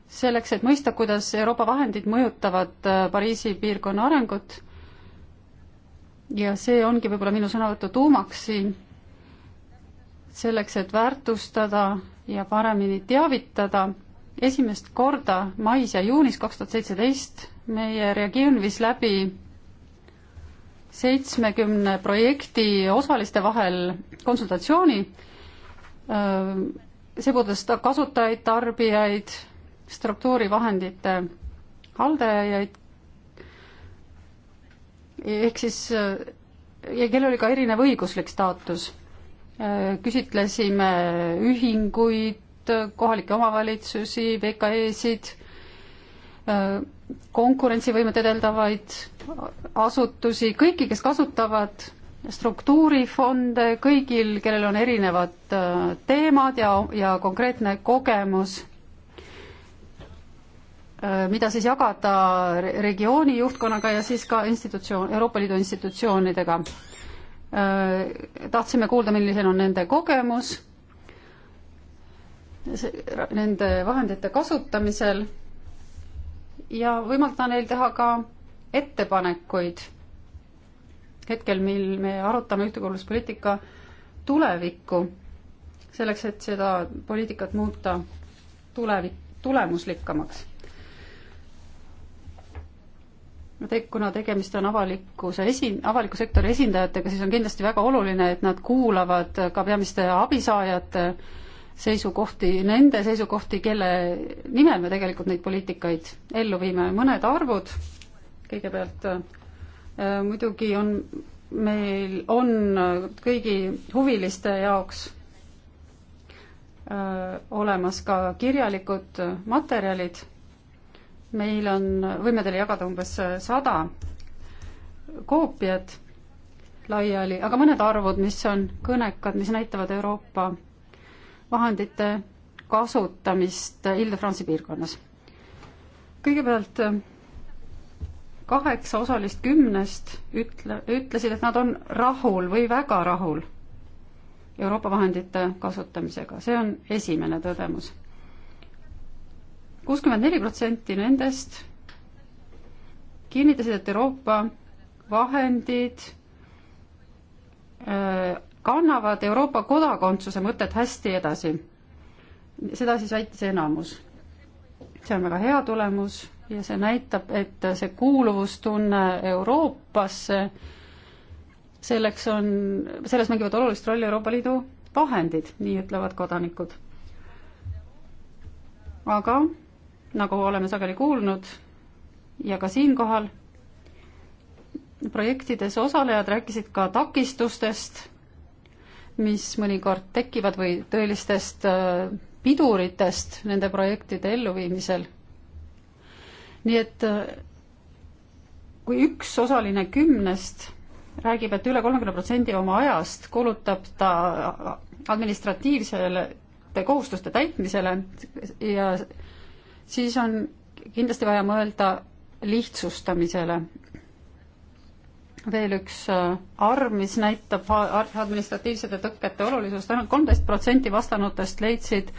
selleks, et mõista, kuidas Euroopa vahendid mõjutavad äh, Pariisi piirkonna arengut ja see ongi võib-olla minu sõnavõtu tuumaks siin, selleks, et väärtustada ja paremini teavitada esimest korda mais ja juunis kaks tuhat seitseteist meie regioon viis läbi seitsmekümne projekti osaliste vahel konsultatsiooni. see puudutas kasutajaid, tarbijaid, struktuurivahendite haldajaid ehk siis ja kellel oli ka erinev õiguslik staatus. küsitlesime ühinguid, kohalikke omavalitsusi, VKE-sid, konkurentsivõimet edeldavaid asutusi, kõiki, kes kasutavad struktuurifonde, kõigil, kellel on erinevad äh, teemad ja, ja konkreetne kogemus, äh, mida siis jagada regiooni juhtkonnaga ja siis ka institutsioon, Euroopa Liidu institutsioonidega äh, tahtsime kuulda, milline on nende kogemus nende vahendite kasutamisel ja võimaldada neil teha ka ettepanekuid hetkel, mil me arutame ühtekuuluvuspoliitika tulevikku, selleks, et seda poliitikat muuta tulevik, tulemuslikkamaks. Te-, kuna tegemist on avalikkuse esi-, avaliku sektori esindajatega, siis on kindlasti väga oluline, et nad kuulavad ka peamiste abisaajate äh, seisukohti, nende seisukohti, kelle nimel me tegelikult neid poliitikaid ellu viime. mõned arvud kõigepealt äh, muidugi on meil, on kõigi huviliste jaoks öö, äh, olemas ka kirjalikud materjalid. meil on, võime teile jagada umbes äh, sada koopiat laiali, aga mõned arvud, mis on kõnekad, mis näitavad Euroopa vahendite kasutamist Ilde-Fransi piirkonnas. kõigepealt äh, kaheksa osalist kümnest ütle, ütlesid, et nad on rahul või väga rahul Euroopa vahendite kasutamisega, see on esimene tõdemus. kuuskümmend neli protsenti nendest kinnitasid, et Euroopa vahendid äh, kannavad Euroopa kodakondsuse mõtet hästi edasi. seda siis väitis enamus. see on väga hea tulemus ja see näitab, et see kuuluvustunne Euroopasse, selleks on, selles mängivad olulist rolli Euroopa Liidu vahendid, nii ütlevad kodanikud. aga nagu oleme sageli kuulnud ja ka siinkohal, projektides osalejad rääkisid ka takistustest mis mõnikord tekivad või tõelistest äh, piduritest nende projektide elluviimisel. nii et äh, kui üks osaline kümnest räägib, et üle kolmekümne protsendi oma ajast kulutab ta administratiivsele kohustuste täitmisele ja siis on kindlasti vaja mõelda lihtsustamisele veel üks äh, arv, mis näitab administratiivsete tõkete olulisust ainult, ainult kolmteist protsenti vastanutest leidsid,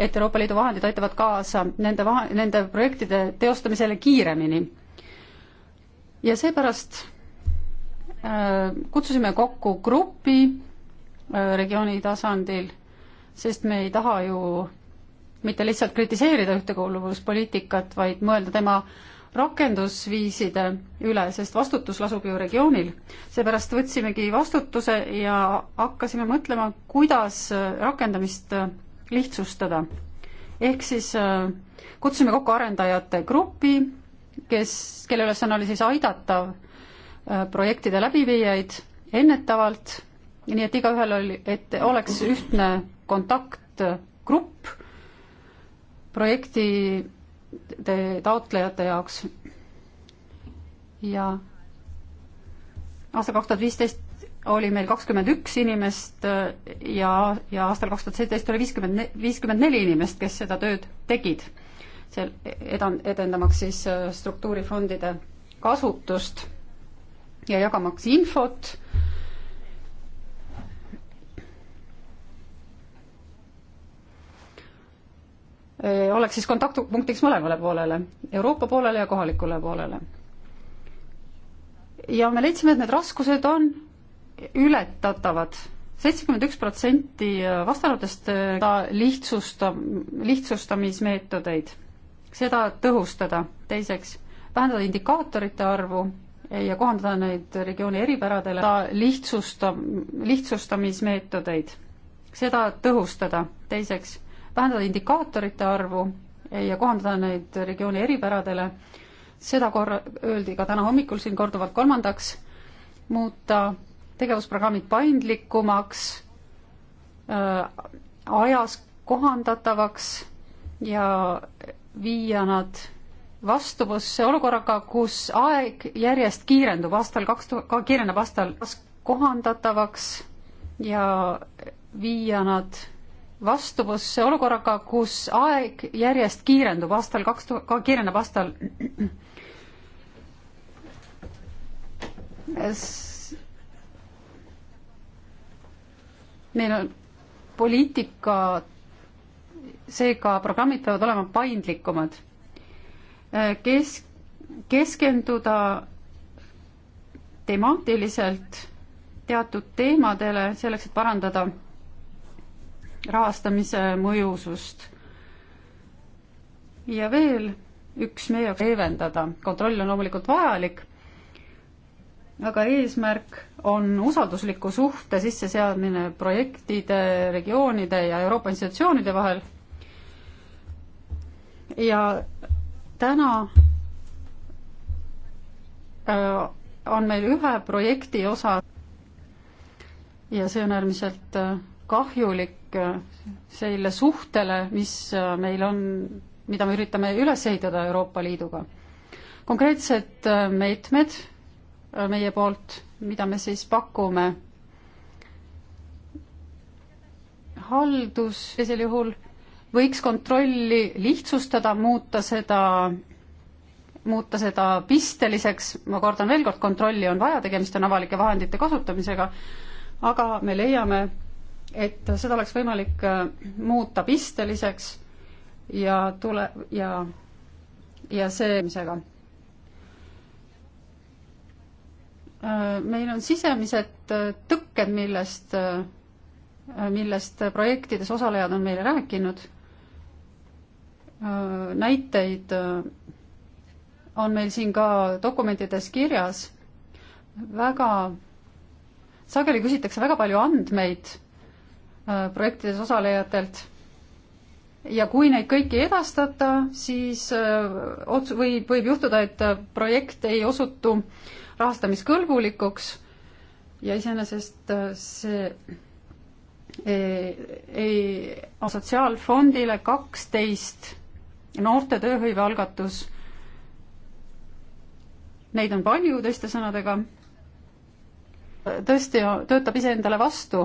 et Euroopa Liidu vahendid aitavad kaasa nende vahe, nende projektide teostamisele kiiremini. ja seepärast äh, kutsusime kokku grupi äh, regiooni tasandil, sest me ei taha ju mitte lihtsalt kritiseerida ühtekuuluvuspoliitikat, vaid mõelda tema äh, rakendusviiside üle, sest vastutus lasub ju regioonil. seepärast võtsimegi vastutuse ja hakkasime mõtlema, kuidas rakendamist lihtsustada. ehk siis äh, kutsusime kokku arendajate grupi, kes, kelle ülesanne oli siis aidata äh, projektide läbiviijaid ennetavalt, nii et igaühel oli, et oleks ühtne kontaktgrupp projekti taotlejate jaoks. ja aastal kaks tuhat viisteist oli meil kakskümmend üks inimest äh, ja, ja aastal kaks tuhat seitseteist oli viiskümmend, viiskümmend neli inimest, kes seda tööd tegid. seal edan-, edendamaks siis äh, struktuurifondide kasutust ja jagamaks infot äh, Äh, oleks siis kontaktpunktiks mõlemale poolele, Euroopa poolele ja kohalikule poolele. ja me leidsime, et need raskused on ületatavad. seitsekümmend üks protsenti vastanutest äh, lihtsusta, lihtsustamismeetodeid, seda tõhustada. teiseks, vähendada indikaatorite arvu ja kohandada neid regiooni eripäradele, lihtsusta, lihtsustamismeetodeid, seda tõhustada. teiseks vähendada indikaatorite arvu ja kohandada neid regiooni eripäradele, seda korra-, öeldi ka täna hommikul siin korduvalt, kolmandaks, muuta tegevusprogrammid paindlikumaks, äh, ajas kohandatavaks ja viia nad vastuvusse olukorraga, kus aeg järjest kiirendub aastal kaks tuhat, kiireneb aastal kohandatavaks ja viia nad vastuvusse olukorraga, kus aeg järjest kiirendub aastal kaks tuhat, kiireneb aastal meil on poliitika, seega programmid peavad olema paindlikumad. Kes-, keskenduda temaatiliselt teatud teemadele selleks, et parandada rahastamise mõjusust. ja veel üks meie jaoks leevendada, kontroll on loomulikult vajalik, aga eesmärk on usaldusliku suhte sisseseadmine projektide, regioonide ja Euroopa institutsioonide vahel. ja täna äh, on meil ühe projekti osa ja see on äärmiselt äh, kahjulik äh, selle suhtele, mis äh, meil on, mida me üritame üles ehitada Euroopa Liiduga. konkreetsed äh, meetmed meie poolt, mida me siis pakume, haldus sellisel juhul võiks kontrolli lihtsustada, muuta seda, muuta seda pisteliseks, ma kordan veel kord, kontrolli on vaja, tegemist on avalike vahendite kasutamisega, aga me leiame, et seda oleks võimalik äh, muuta pisteliseks ja tule, ja, ja seemisega. Äh, meil on sisemised äh, tõkked, millest, millest projektides osalejad on meile rääkinud. näiteid on meil siin ka dokumentides kirjas. väga sageli küsitakse väga palju andmeid Äh, projektides osalejatelt. ja kui neid kõiki ei edastata, siis äh, ots-, võib, võib juhtuda, et äh, projekt ei osutu rahastamiskõlbulikuks ja iseenesest see ei, ei, sotsiaalfondile kaksteist noorte tööhõive algatus, neid on palju teiste sõnadega, tõesti töötab iseendale vastu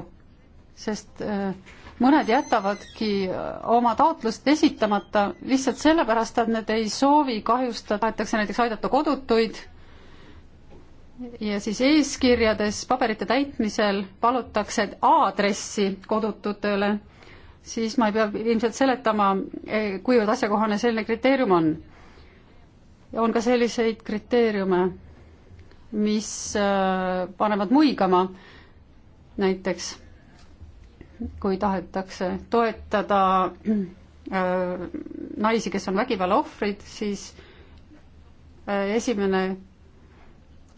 sest äh, mõned jätavadki äh, oma taotlust esitamata lihtsalt sellepärast, et nad ei soovi kahjustada, tahetakse näiteks aidata kodutuid ja siis eeskirjades paberite täitmisel palutakse aadressi kodututele, siis ma ei pea ilmselt seletama, e, kuivõrd asjakohane selline kriteerium on. on ka selliseid kriteeriume, mis äh, panevad muigama näiteks kui tahetakse toetada äh, naisi, kes on vägivalla ohvrid, siis äh, esimene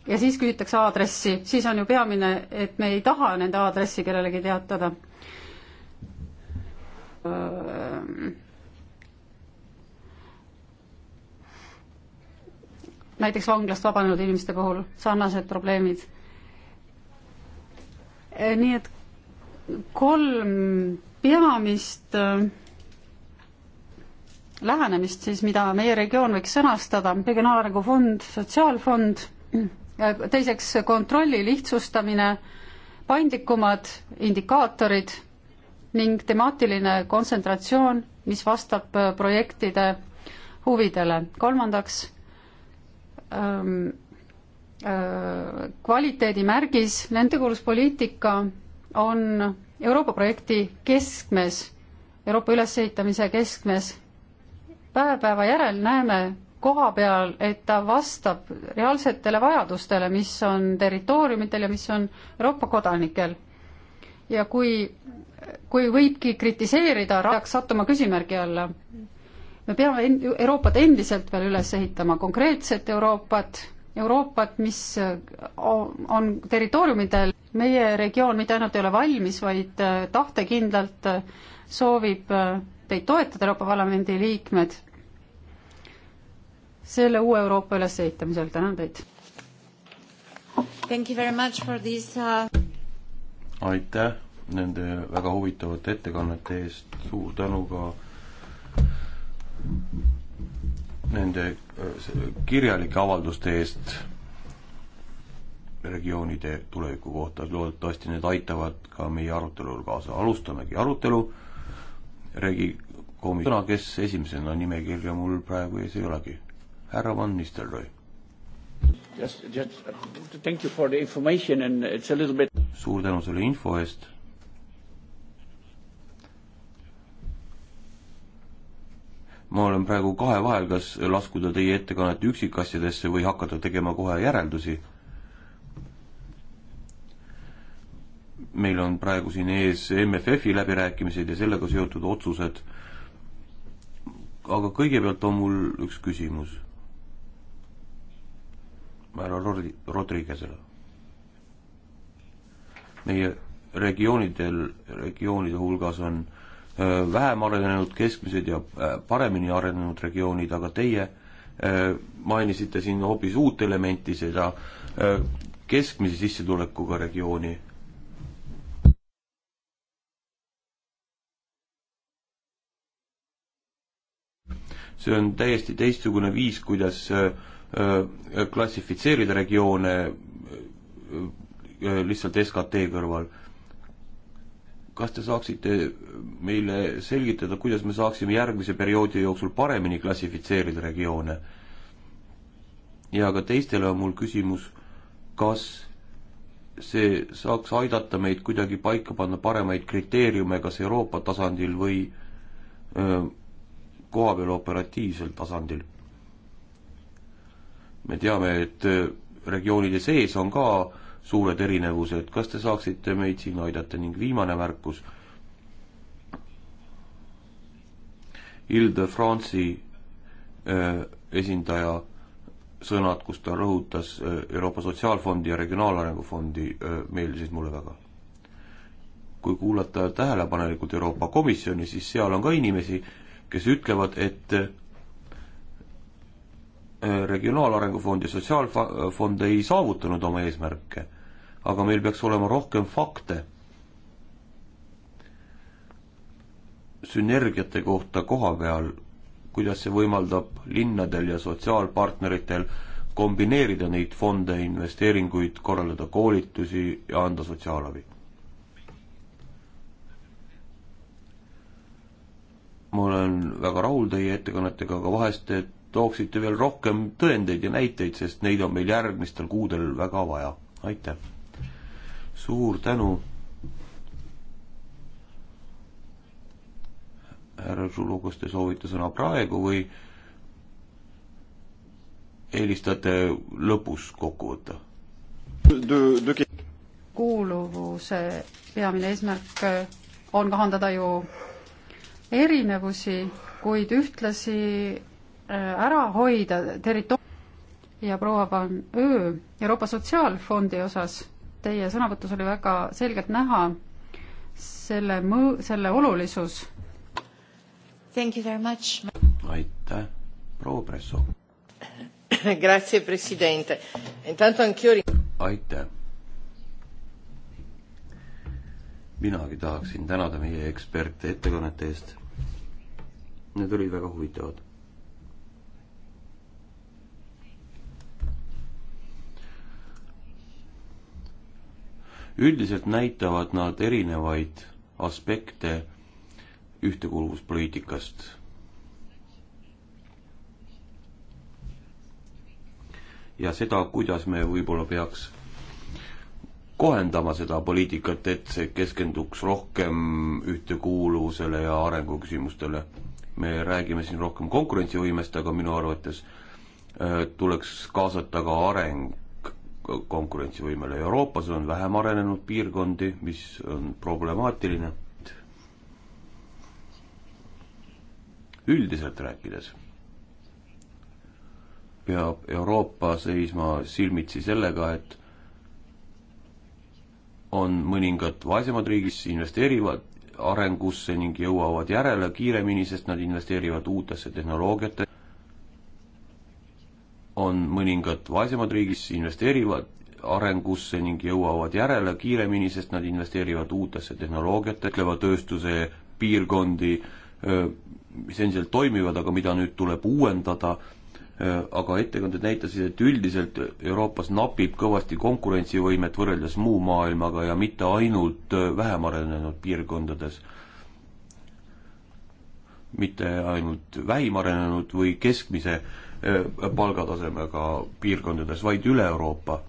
ja siis küsitakse aadressi, siis on ju peamine, et me ei taha nende aadressi kellelegi teatada. Äh, näiteks vanglast vabanenud inimeste puhul sarnased probleemid. nii et kolm peamist äh, lähenemist siis, mida meie regioon võiks sõnastada, regionaalarengu fond, sotsiaalfond, teiseks kontrolli lihtsustamine, paindlikumad indikaatorid ning temaatiline kontsentratsioon, mis vastab äh, projektide huvidele. kolmandaks ähm,, äh, kvaliteedimärgis, nendekuuluspoliitika on Euroopa projekti keskmes, Euroopa ülesehitamise keskmes. päev päeva järel näeme koha peal, et ta vastab reaalsetele vajadustele, mis on territooriumitel ja mis on Euroopa kodanikel. ja kui, kui võibki kritiseerida, peaks sattuma küsimärgi alla. me peame Euroopat endiselt veel üles ehitama, konkreetset Euroopat Euroopat, mis on territooriumidel, meie regioon mitte ainult ei ole valmis, vaid äh, tahtekindlalt äh, soovib äh, teid toetada, Euroopa Parlamendi liikmed, selle uue Euroopa ülesehitamisel, tänan teid! Uh, aitäh nende väga huvitavate ettekannete eest, suur tänu ka nende äh, kirjalike avalduste eest regioonide tuleviku kohta, loodetavasti need aitavad ka meie arutelul kaasa. alustamegi arutelu, regi komi-, sõna, kes esimesena nimekirja mul praegu ees ei olegi. härra Van Nistelrooy. Just, just thank you for the information and it's a little bit suur tänu selle info eest ma olen praegu kahe vahel, kas laskuda teie ettekannet üksikasjadesse või hakata tegema kohe järeldusi. meil on praegu siin ees MFF-i läbirääkimised ja sellega seotud otsused. aga kõigepealt on mul üks küsimus. härra Rod-, Rodriguez'ele. meie regioonidel, regioonide hulgas on äh, Äh, vähem arenenud, keskmised ja äh, paremini arenenud regioonid, aga teie äh, mainisite siin hoopis uut elementi, seda keskmise sissetulekuga regiooni. see on täiesti teistsugune viis, kuidas klassifitseerida regioone lihtsalt SKT kõrval kas te saaksite meile selgitada, kuidas me saaksime järgmise perioodi jooksul paremini klassifitseerida regioone? ja ka teistele on mul küsimus, kas see saaks aidata meid kuidagi paika panna paremaid kriteeriume kas Euroopa tasandil või kohapeal operatiivsel tasandil? me teame, et regioonide sees on ka öö, suured erinevused, kas te saaksite meid siin aidata ning viimane märkus. Ile-de-France'i äh, esindaja sõnad, kus ta rõhutas äh, Euroopa Sotsiaalfondi ja Regionaalarengu Fondi, äh, meeldisid mulle väga. kui kuulata tähelepanelikult Euroopa Komisjoni, siis seal on ka inimesi, kes ütlevad, et Regionaalarengu Fond ja Sotsiaalfond ei saavutanud oma eesmärke aga meil peaks olema rohkem fakte sünergiate kohta koha peal, kuidas see võimaldab linnadel ja sotsiaalpartneritel kombineerida neid fonde, investeeringuid, korraldada koolitusi ja anda sotsiaalabi. ma olen väga rahul teie ettekannetega, aga vahest te tooksite veel rohkem tõendeid ja näiteid, sest neid on meil järgmistel kuudel väga vaja. aitäh! suur tänu, härra Žulu, kas te soovite sõna praegu või eelistate lõpus kokku võtta? kuuluvuse peamine eesmärk on kahandada ju erinevusi, kuid ühtlasi äh, ära hoida territoor- ja proua Van Öö Euroopa Sotsiaalfondi osas teie sõnavõtus oli väga selgelt näha selle mõ-, selle olulisus. aitäh, proua Presso. aitäh. minagi tahaksin tänada meie eksperte ettekannete eest. Need olid väga huvitavad üldiselt näitavad nad erinevaid aspekte ühtekuuluvuspoliitikast. ja seda, kuidas me võib-olla peaks kohendama seda poliitikat, et see keskenduks rohkem ühtekuuluvusele ja arenguküsimustele. me räägime siin rohkem konkurentsivõimest, aga minu arvates äh, tuleks kaasata ka areng konkurentsivõimele. Euroopas on vähem arenenud piirkondi, mis on problemaatiline. üldiselt rääkides peab Euroopa seisma silmitsi sellega, et on mõningad vaesemad riigid, kes investeerivad arengusse ning jõuavad järele kiiremini, sest nad investeerivad uutesse tehnoloogiate on mõningad vaesemad riigis, investeerivad arengusse ning jõuavad järele kiiremini, sest nad investeerivad uutesse tehnoloogiate, ütlevad tööstuse piirkondi, mis endiselt toimivad, aga mida nüüd tuleb uuendada, aga ettekanded näitasid, et üldiselt Euroopas napib kõvasti konkurentsivõimet võrreldes muu maailmaga ja mitte ainult vähem arenenud piirkondades. mitte ainult vähim arenenud või keskmise äh, Äh, palgatasemega piirkondades, vaid üle Euroopa.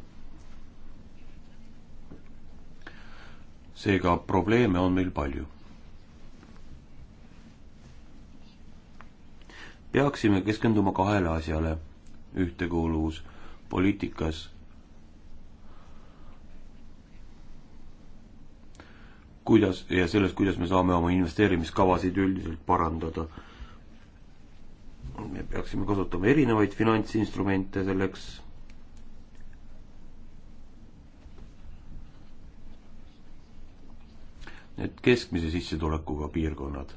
seega probleeme on meil palju. peaksime keskenduma kahele asjale ühtekuuluvuspoliitikas. kuidas ja selles, kuidas me saame oma investeerimiskavasid üldiselt parandada me peaksime kasutama erinevaid finantsinstrumente selleks. Need keskmise sissetulekuga piirkonnad.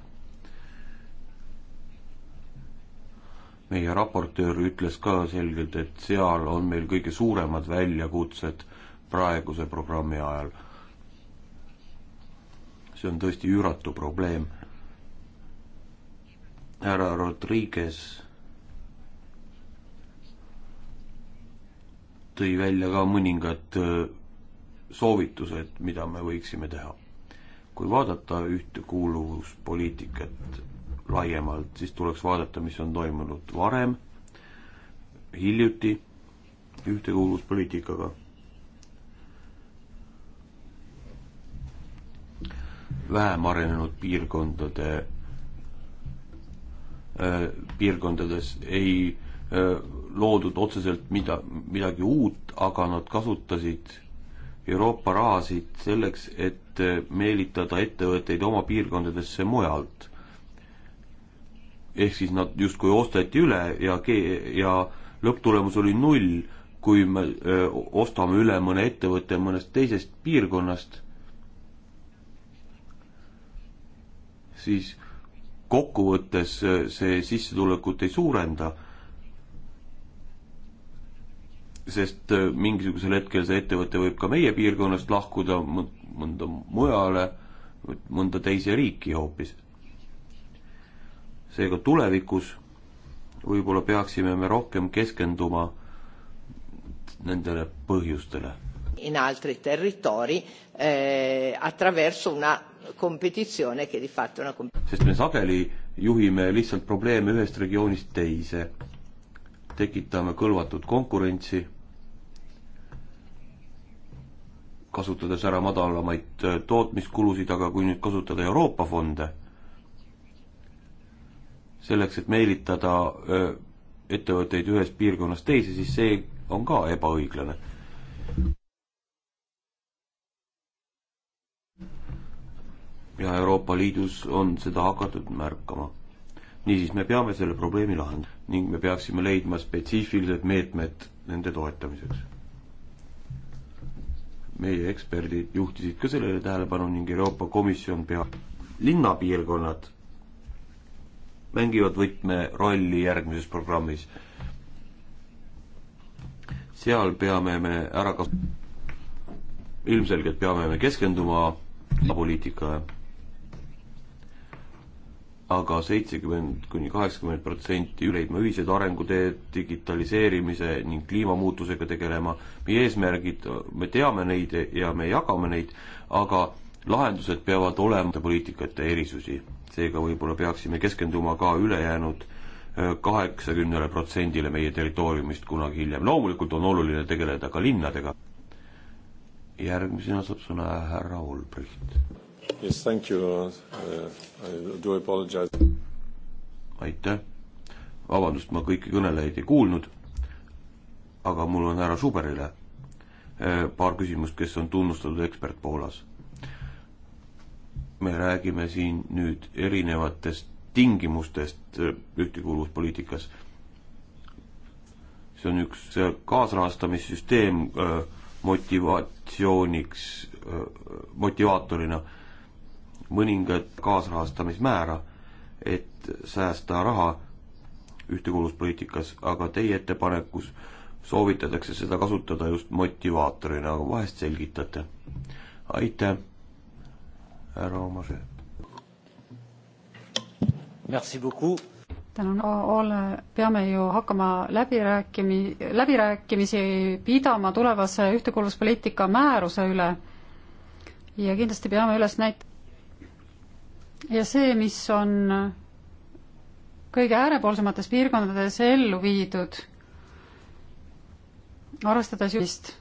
meie raportöör ütles ka selgelt, et seal on meil kõige suuremad väljakutsed praeguse programmi ajal. see on tõesti üüratu probleem härra Rodriguez tõi välja ka mõningad äh, soovitused, mida me võiksime teha. kui vaadata ühtekuuluvuspoliitikat laiemalt, siis tuleks vaadata, mis on toimunud varem, hiljuti ühtekuuluvuspoliitikaga. vähem arenenud piirkondade Äh, piirkondades ei äh, loodud otseselt mida, midagi uut, aga nad kasutasid Euroopa rahasid selleks, et äh, meelitada ettevõtteid oma piirkondadesse mujalt. ehk siis nad justkui osteti üle ja ke-, ja lõpptulemus oli null, kui me öö, ostame üle mõne ettevõtte mõnest teisest piirkonnast, siis kokkuvõttes äh, see sissetulekut ei suurenda, sest äh, mingisugusel hetkel see ettevõte võib ka meie piirkonnast lahkuda mõnda mujale, mõnda teise riiki hoopis. seega tulevikus võib-olla peaksime me rohkem keskenduma nendele põhjustele in altri territori eh, attraverso una competizione che di fatto è una competizione. sest me sageli juhime lihtsalt probleeme ühest regioonist teise, tekitame kõlvatut konkurentsi, kasutades ära madalamaid äh, tootmiskulusid, aga kui nüüd kasutada Euroopa fonde, selleks, et meelitada äh, ettevõtteid ühest piirkonnast teise, siis see on ka ebaõiglane. ja Euroopa Liidus on seda hakatud märkama. niisiis, me peame selle probleemi lahendama ning me peaksime leidma spetsiifilised meetmed nende toetamiseks. meie eksperdid juhtisid ka sellele tähelepanu ning Euroopa Komisjon peab linnapiirkonnad mängivad võtmerolli järgmises programmis. seal peame me ära kas-, ilmselgelt peame me keskenduma poliitikale aga seitsekümmend kuni kaheksakümmend protsenti leidma ühised arenguteed digitaliseerimise ning kliimamuutusega tegelema. meie eesmärgid, me teame neid ja me jagame neid, aga lahendused peavad olema poliitikate erisusi. seega võib-olla peaksime keskenduma ka ülejäänud äh, kaheksakümnele protsendile meie territooriumist kunagi hiljem. loomulikult on oluline tegeleda ka linnadega. järgmisena saab sõna härra Olbricht Yes, thank you uh,. I do apologize. aitäh. vabandust, ma kõiki kõnelejaid ei kuulnud. aga mul on härra Suberile äh, paar küsimust, kes on tunnustatud ekspert Poolas. me räägime siin nüüd erinevatest tingimustest äh, ühtekuuluvuspoliitikas. see on üks kaasrahastamissüsteem äh, motivatsiooniks, motivaatorina mõningat kaasrahastamismäära, et säästa raha ühtekuuluvuspoliitikas, aga teie ettepanekus soovitatakse seda kasutada just motivaatorina, aga vahest selgitate. aitäh, härra Omase. tänan, Ole, peame ju hakkama läbirääkimi, läbirääkimisi pidama tulevase ühtekuuluvuspoliitika määruse üle ja kindlasti peame üles näit-, ja see, mis on kõige äärepoolsemates piirkondades ellu viidud, arvestades just,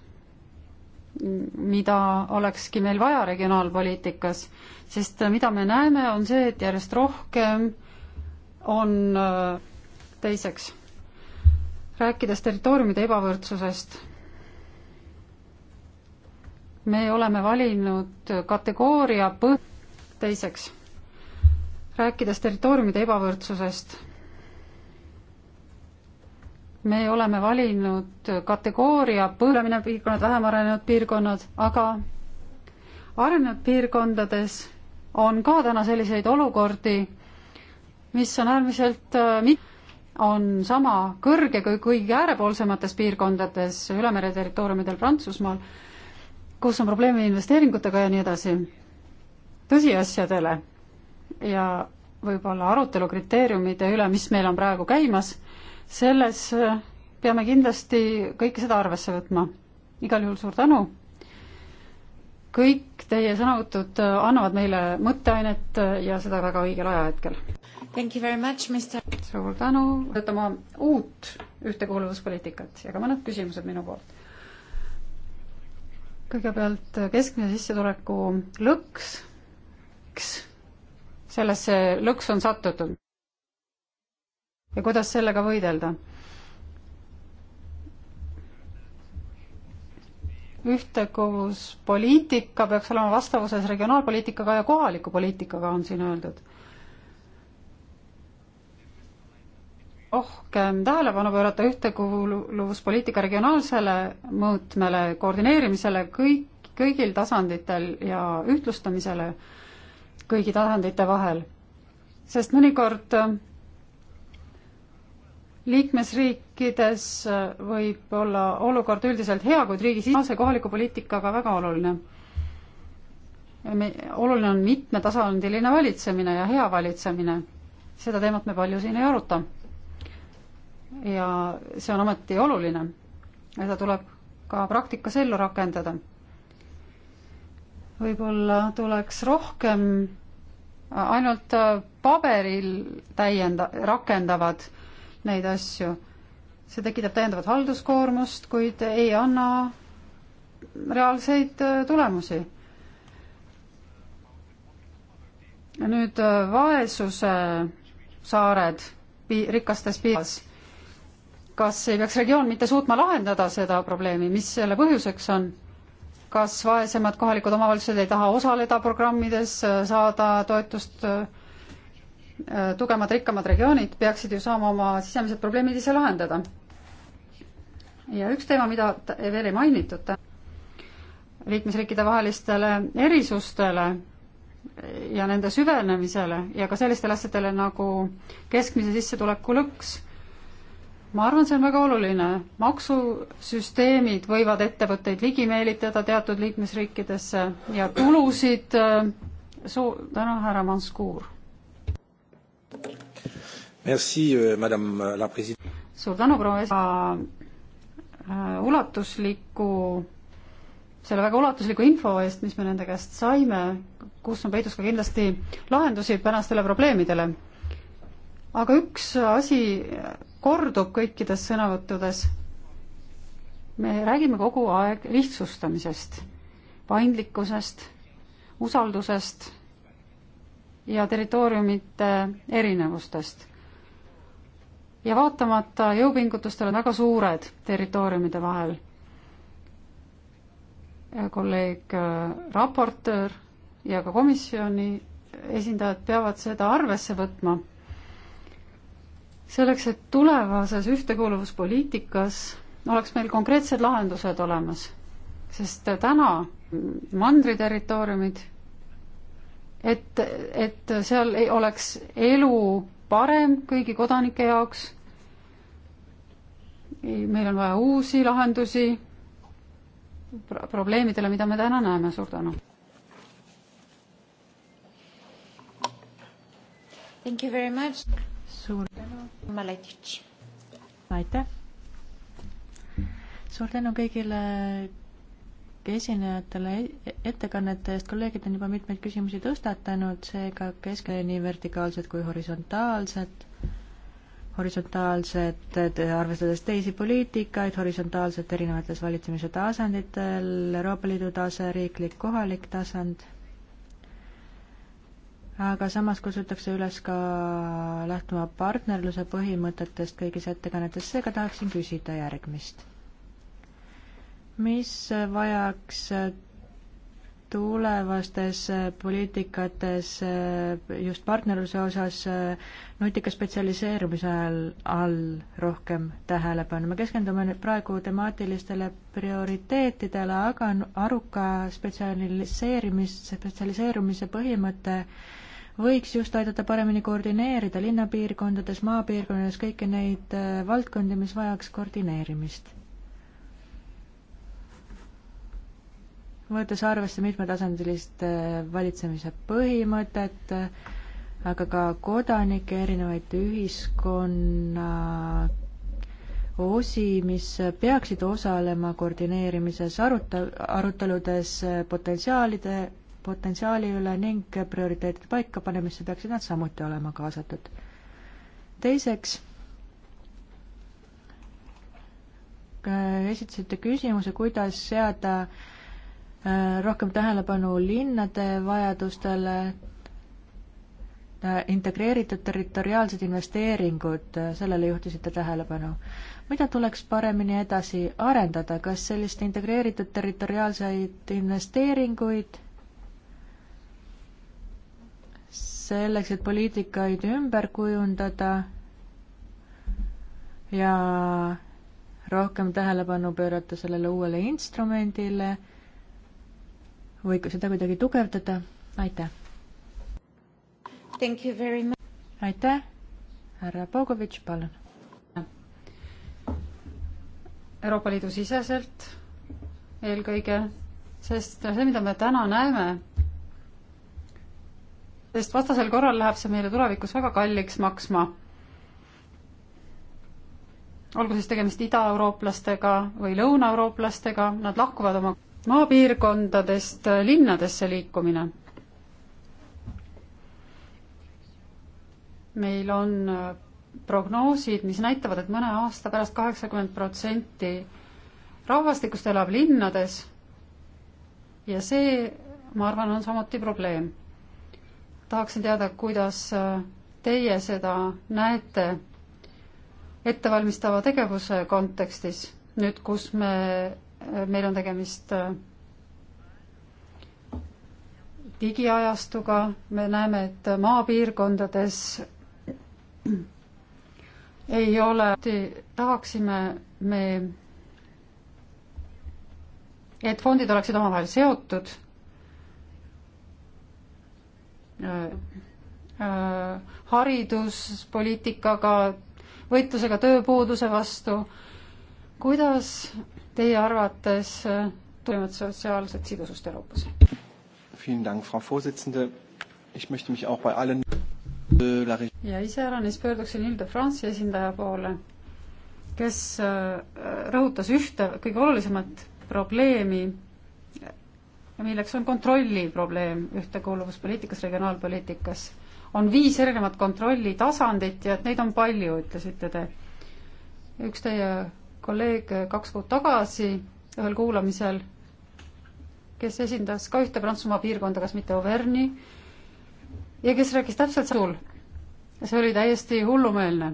mida olekski meil vaja regionaalpoliitikas, sest mida me näeme, on see, et järjest rohkem on teiseks, rääkides territooriumide ebavõrdsusest, me oleme valinud kategooria põh-, teiseks rääkides territooriumide ebavõrdsusest, me oleme valinud kategooria põlemine piirkonnad, vähem arenenud piirkonnad, aga arenenud piirkondades on ka täna selliseid olukordi, mis on äärmiselt, äh, on sama kõrge kui kõigi äärepoolsemates piirkondades, üle mere territooriumidel Prantsusmaal, kus on probleeme investeeringutega ja nii edasi, tõsiasjadele ja võib-olla arutelu kriteeriumide üle, mis meil on praegu käimas, selles äh, peame kindlasti kõike seda arvesse võtma. igal juhul suur tänu. kõik teie sõnavõtud äh, annavad meile mõtteainet äh, ja seda väga õigel ajahetkel. Thank you very much, Mr. suur tänu, võtame uut ühtekuuluvuspoliitikat ja ka mõned küsimused minu poolt. kõigepealt keskmise sissetuleku lõks, eks sellesse lõksu on sattutud. ja kuidas sellega võidelda? ühtekoguspoliitika peaks olema vastavuses regionaalpoliitikaga ja kohaliku poliitikaga, on siin öeldud. rohkem tähelepanu pöörata ühtekuuluvuspoliitika regionaalsele mõõtmele, koordineerimisele kõik, kõigil tasanditel ja ühtlustamisele kõigi tasandite vahel, sest mõnikord äh, liikmesriikides äh, võib olla olukord üldiselt hea, kuid riigi sisese kohaliku poliitikaga väga oluline. oluline on mitmetasandiline valitsemine ja hea valitsemine. seda teemat me palju siin ei aruta. ja see on ometi oluline. seda tuleb ka praktikas ellu rakendada. võib-olla tuleks rohkem ainult äh, paberil täienda-, rakendavad neid asju. see tekitab täiendavat halduskoormust, kuid ei anna reaalseid äh, tulemusi. nüüd äh, vaesuse saared pi-, rikastes piirides. kas ei peaks regioon mitte suutma lahendada seda probleemi, mis selle põhjuseks on? kas vaesemad kohalikud omavalitsused ei taha osaleda programmides, saada toetust, äh, tugevamad, rikkamad regioonid peaksid ju saama oma sisemised probleemid ise lahendada. ja üks teema, mida veel ei mainitud, liikmesriikide vahelistele erisustele ja nende süvenemisele ja ka sellistele asjadele nagu keskmise sissetuleku lõks ma arvan, see on väga oluline. maksusüsteemid võivad ettevõtteid ligi meelitada teatud liikmesriikidesse ja tulusid äh, soo-, täna härra Manskuur. Merci, euh, madame la president. suur tänu, proua esa-, äh, ulatusliku, selle väga ulatusliku info eest, mis me nende käest saime, kus on peidus ka kindlasti lahendusi tänastele probleemidele. aga üks asi kordub kõikides sõnavõttudes. me räägime kogu aeg lihtsustamisest, paindlikkusest, usaldusest ja territooriumite erinevustest. ja vaatamata jõupingutustel on väga suured territooriumide vahel. kolleeg äh, raportöör ja ka komisjoni esindajad peavad seda arvesse võtma selleks, et tulevases ühtekuuluvuspoliitikas oleks meil konkreetsed lahendused olemas, sest täna mandriterritooriumid, et, et seal ei oleks elu parem kõigi kodanike jaoks, meil on vaja uusi lahendusi probleemidele, mida me täna näeme, suur tänu! Thank you very much! suur tänu. Maletitš. aitäh. suur tänu kõigile esinejatele ettekannete eest, kolleegid on juba mitmeid küsimusi tõstatanud, seega keskendume nii vertikaalsed kui horisontaalsed, horisontaalsed arvestades teisi poliitikaid, horisontaalsed erinevates valitsemise tasanditel, Euroopa Liidu tase, riiklik, kohalik tasand aga samas kutsutakse üles ka lähtuma partnerluse põhimõtetest kõigis ettekannetes, seega tahaksin küsida järgmist. mis vajaks tulevastes poliitikates just partnerluse osas nutika spetsialiseerumise ajal all rohkem tähelepanu. me keskendume nüüd praegu temaatilistele prioriteetidele, aga aruka spetsialiseerimis, spetsialiseerumise põhimõte äh, võiks just aidata paremini koordineerida linnapiirkondades, maapiirkondades kõiki neid äh, valdkondi, mis vajaks koordineerimist. võttes arvesse mitmetasandilist äh, valitsemise põhimõtet, äh, aga ka kodanike erinevaid ühiskonna osi, mis peaksid osalema koordineerimises aruta-, aruteludes potentsiaalide potentsiaali üle ning prioriteetide paikapanemisse peaksid nad samuti olema kaasatud. teiseks, esitasite küsimuse, kuidas seada äh, rohkem tähelepanu linnade vajadustele, äh, integreeritud territoriaalsed investeeringud, äh, sellele juhtisite tähelepanu. mida tuleks paremini edasi arendada, kas sellist integreeritud territoriaalseid investeeringuid selleks, et poliitikaid ümber kujundada ja rohkem tähelepanu pöörata sellele uuele instrumendile või ka seda kuidagi tugevdada. aitäh! aitäh, härra Pogovitš, palun! Euroopa Liidu siseselt eelkõige, sest see, mida me täna näeme, sest vastasel korral läheb see meile tulevikus väga kalliks maksma. olgu siis tegemist idaeurooplastega või lõunaeurooplastega, nad lahkuvad oma maapiirkondadest linnadesse liikumine. meil on prognoosid, mis näitavad, et mõne aasta pärast kaheksakümmend protsenti rahvastikust elab linnades ja see, ma arvan, on samuti probleem tahaksin teada, kuidas äh, teie seda näete ettevalmistava tegevuse kontekstis, nüüd kus me, äh, meil on tegemist äh, digiajastuga, me näeme, et maapiirkondades ei ole, tahaksime me, et fondid oleksid omavahel seotud Äh, äh, hariduspoliitikaga, võitlusega tööpuuduse vastu. kuidas teie arvates äh, toimuvad sotsiaalset sidusust Euroopas? ja iseäranis pöörduksin Hilde Franzi esindaja poole, kes rõhutas ühte kõige olulisemat probleemi milleks on kontrolli probleem ühtekuuluvuspoliitikas, regionaalpoliitikas. on viis erinevat kontrolli tasandit ja et neid on palju, ütlesite te. üks teie kolleeg kaks kuud tagasi ühel kuulamisel, kes esindas ka ühte Prantsusmaa piirkonda, kas mitte Auvergne'i, ja kes rääkis täpselt sul. see oli täiesti hullumeelne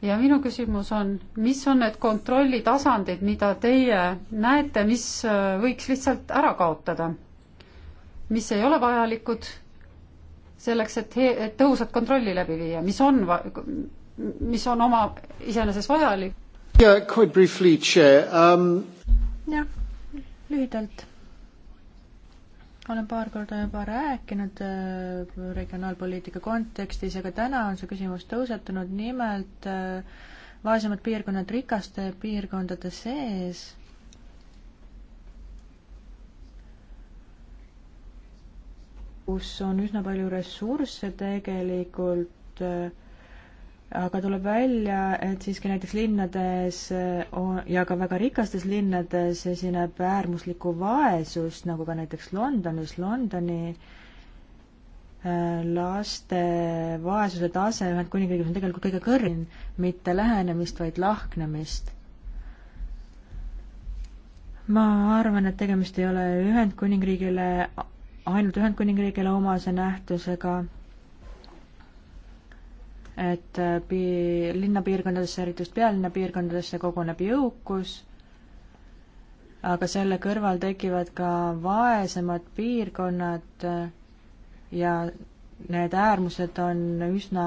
ja minu küsimus on, mis on need kontrollitasandid, mida teie näete, mis äh, võiks lihtsalt ära kaotada? mis ei ole vajalikud selleks, et, et tõhusat kontrolli läbi viia, mis on, mis on oma iseenesest vajalik yeah,? Um, jah, lühidalt olen paar korda juba rääkinud äh, regionaalpoliitika kontekstis, aga täna on see küsimus tõusetunud nimelt äh, vaesemad piirkonnad rikaste piirkondade sees. kus on üsna palju ressursse tegelikult äh, aga tuleb välja, et siiski näiteks linnades ja ka väga rikastes linnades esineb äärmuslikku vaesust, nagu ka näiteks Londonis, Londoni äh, laste vaesuse tase Ühendkuningriigis on tegelikult kõige kõrgem, mitte lähenemist, vaid lahknemist ma arvan, et tegemist ei ole Ühendkuningriigile, ainult Ühendkuningriigile omase nähtusega, et äh, pi-, linnapiirkondadesse, eriti just pealinnapiirkondadesse koguneb jõukus, aga selle kõrval tekivad ka vaesemad piirkonnad äh, ja need äärmused on üsna,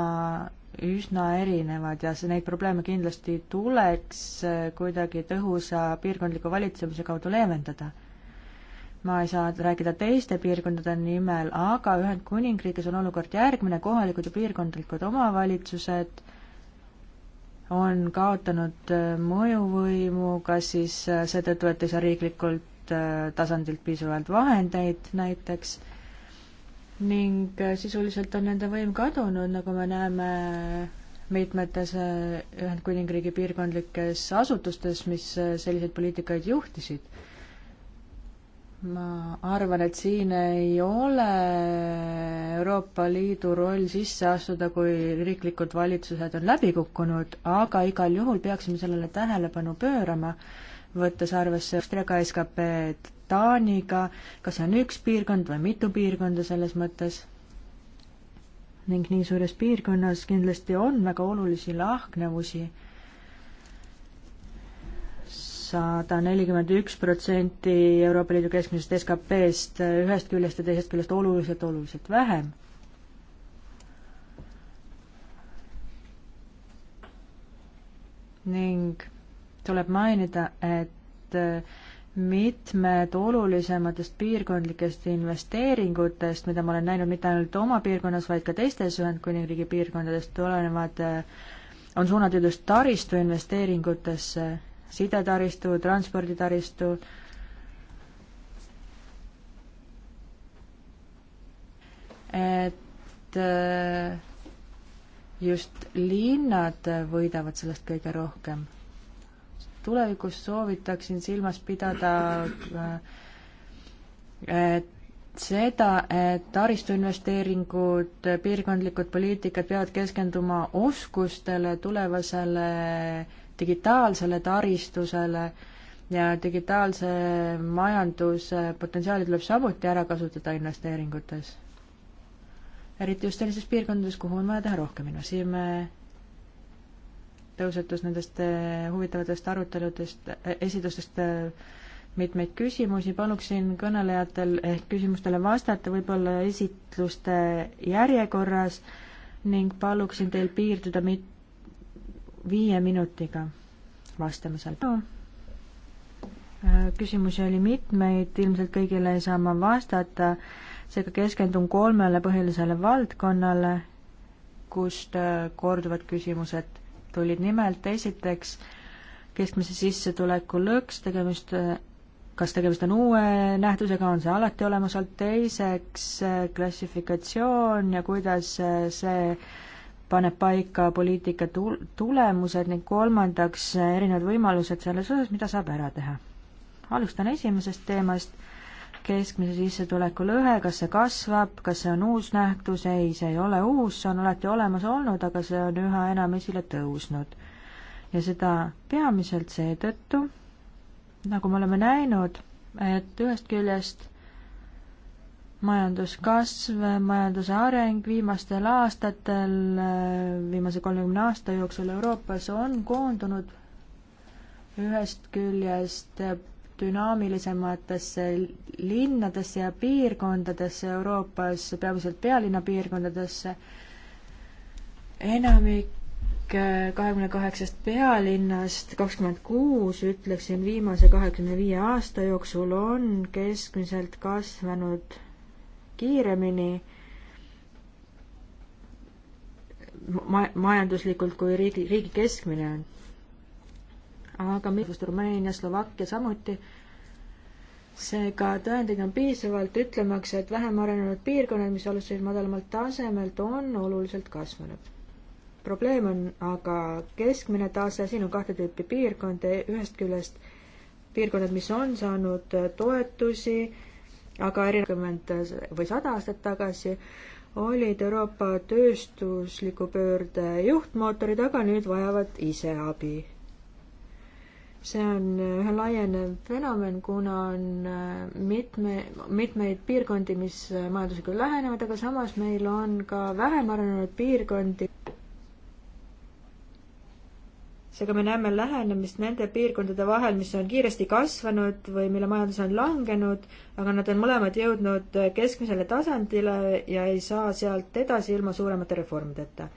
üsna erinevad ja see, neid probleeme kindlasti tuleks äh, kuidagi tõhusa piirkondliku valitsemise kaudu leevendada ma ei saa rääkida teiste piirkondade nimel, aga Ühendkuningriigis on olukord järgmine, kohalikud ja piirkondlikud omavalitsused on kaotanud äh, mõjuvõimu, kas siis äh, seetõttu, et ei saa riiklikult äh, tasandilt piisavalt vahendeid näiteks, ning sisuliselt on nende võim kadunud, nagu me näeme mitmetes Ühendkuningriigi piirkondlikes asutustes, mis selliseid poliitikaid juhtisid ma arvan, et siin ei ole Euroopa Liidu roll sisse astuda, kui riiklikud valitsused on läbi kukkunud, aga igal juhul peaksime sellele tähelepanu pöörama, võttes arvesse Austriaga SKP-d Taaniga, kas see on üks piirkond või mitu piirkonda selles mõttes. ning nii suures piirkonnas kindlasti on väga olulisi lahknevusi sada nelikümmend üks protsenti Euroopa Liidu keskmisest SKP-st ühest küljest ja teisest küljest oluliselt, oluliselt vähem. ning tuleb mainida, et äh, mitmed olulisematest piirkondlikest investeeringutest, mida ma olen näinud mitte ainult oma piirkonnas, vaid ka teistes Ühendkuningriigi piirkondades, tulenevad, äh, on suunatud just taristu investeeringutesse sidetaristu, transporditaristu. et äh, just linnad võidavad sellest kõige rohkem. tulevikus soovitaksin silmas pidada äh, et seda, et taristuinvesteeringud, piirkondlikud poliitikad peavad keskenduma oskustele, tulevasele äh, digitaalsele taristusele ja digitaalse majanduse potentsiaali tuleb samuti ära kasutada investeeringutes. eriti just sellises piirkondades, kuhu on vaja teha rohkem investeeringuid tõusetus nendest eh, huvitavatest aruteludest, eh, esitlustest eh, mitmeid küsimusi, paluksin kõnelejatel ehk küsimustele vastata võib-olla esitluste järjekorras ning paluksin teil piirduda mit-, viie minutiga vastamisel. Äh, küsimusi oli mitmeid, ilmselt kõigile ei saa ma vastata, seega keskendun kolmele põhilisele valdkonnale, kust äh, korduvad küsimused tulid nimelt esiteks keskmise sissetuleku lõks, tegemist, äh, kas tegemist on uue nähtusega, on see alati olemas olnud, teiseks klassifikatsioon ja kuidas see paneb paika poliitika tulemused ning kolmandaks erinevad võimalused selles osas, mida saab ära teha. alustan esimesest teemast, keskmise sissetuleku lõhe, kas see kasvab, kas see on uus nähtus, ei, see ei ole uus, see on alati olemas olnud, aga see on üha enam esile tõusnud. ja seda peamiselt seetõttu, nagu me oleme näinud, et ühest küljest majanduskasv, majanduse areng viimastel aastatel, viimase kolmekümne aasta jooksul Euroopas on koondunud ühest küljest dünaamilisematesse linnadesse ja piirkondadesse Euroopas, peamiselt pealinna piirkondadesse, enamik kahekümne kaheksast pealinnast, kakskümmend kuus, ütleksin, viimase kahekümne viie aasta jooksul on keskmiselt kasvanud kiiremini ma-, majanduslikult kui riigi, riigi keskmine. aga mingisugust Rumeenia, Slovakkia samuti, seega tõendeid on piisavalt, ütlemaks, et vähem arenenud piirkonnad, mis alustasid madalamalt tasemelt, on oluliselt kasvanud. probleem on aga keskmine tase, siin on kahte tüüpi piirkondi, ühest küljest piirkonnad, mis on saanud toetusi, aga erinevalt või sada aastat tagasi olid Euroopa tööstusliku pöörde juhtmootorid, aga nüüd vajavad ise abi. see on ühe laienev fenomen, kuna on äh, mitme, mitmeid piirkondi, mis majandusega lähenevad, aga samas meil on ka vähem arenenud piirkondi, seega me näeme lähenemist nende piirkondade vahel, mis on kiiresti kasvanud või mille majandus on langenud, aga nad on mõlemad jõudnud keskmisele tasandile ja ei saa sealt edasi ilma suuremate reformideta.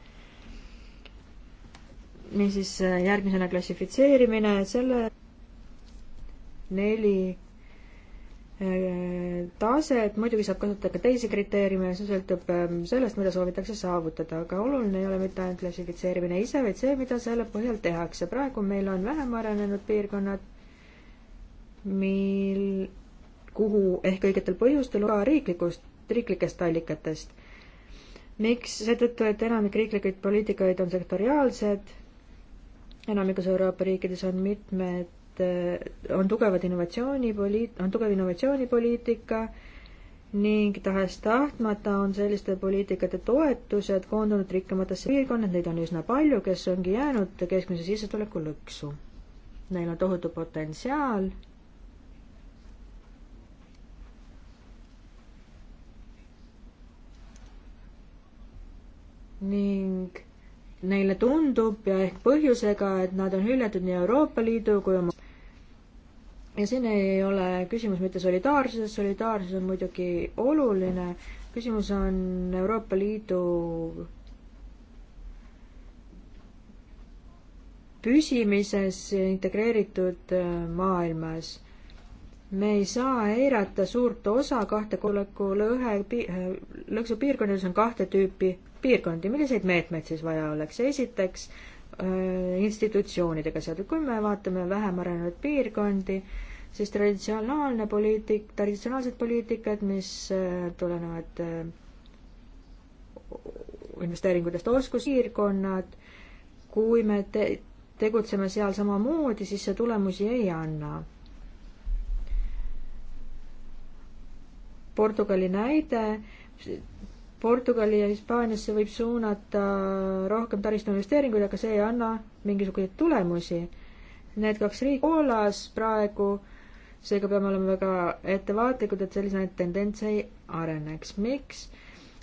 niisiis järgmisena klassifitseerimine, selle neli taset, muidugi saab kasutada ka teisi kriteeriume, see sõltub ähm, sellest, mida soovitakse saavutada, aga oluline ei ole mitte ainult klassifitseerimine ise, vaid see, mida selle põhjal tehakse. praegu meil on vähem arenenud piirkonnad, mil, kuhu ehk õigetel põhjustel ka riiklikust, riiklikest allikatest. miks? seetõttu, et enamik riiklikuid poliitikaid on sektoriaalsed, enamikus Euroopa riikides on mitmed et äh, on tugevad innovatsioonipoliit-, on tugev innovatsioonipoliitika ning tahes-tahtmata on selliste poliitikate toetused koondunud rikkamatesse piirkonnad, neid on üsna palju, kes ongi jäänud keskmise sissetuleku lõksu. Neil on tohutu potentsiaal ning neile tundub ja ehk põhjusega, et nad on hüljatud nii Euroopa Liidu kui oma ja siin ei ole küsimus mitte solidaarsuses, solidaarsus on muidugi oluline, küsimus on Euroopa Liidu püsimises integreeritud äh, maailmas. me ei saa eirata suurt osa kahte kolleku lõhe pi,, äh, lõksu piirkondades on kahte tüüpi piirkondi, milliseid meetmeid siis vaja oleks, esiteks äh, institutsioonidega seotud, kui me vaatame vähem arenenud piirkondi, siis traditsionaalne poliitik, traditsionaalsed poliitikad, mis äh, tulenevad äh, investeeringutest, oskuspiirkonnad, kui me te tegutseme seal samamoodi, siis see tulemusi ei anna. Portugali näide, Portugali ja Hispaaniasse võib suunata rohkem taristuinvesteeringuid, aga see ei anna mingisuguseid tulemusi. Need kaks riiki Poolas praegu äh, seega peame olema väga ettevaatlikud, et selliseid tendentse ei areneks. miks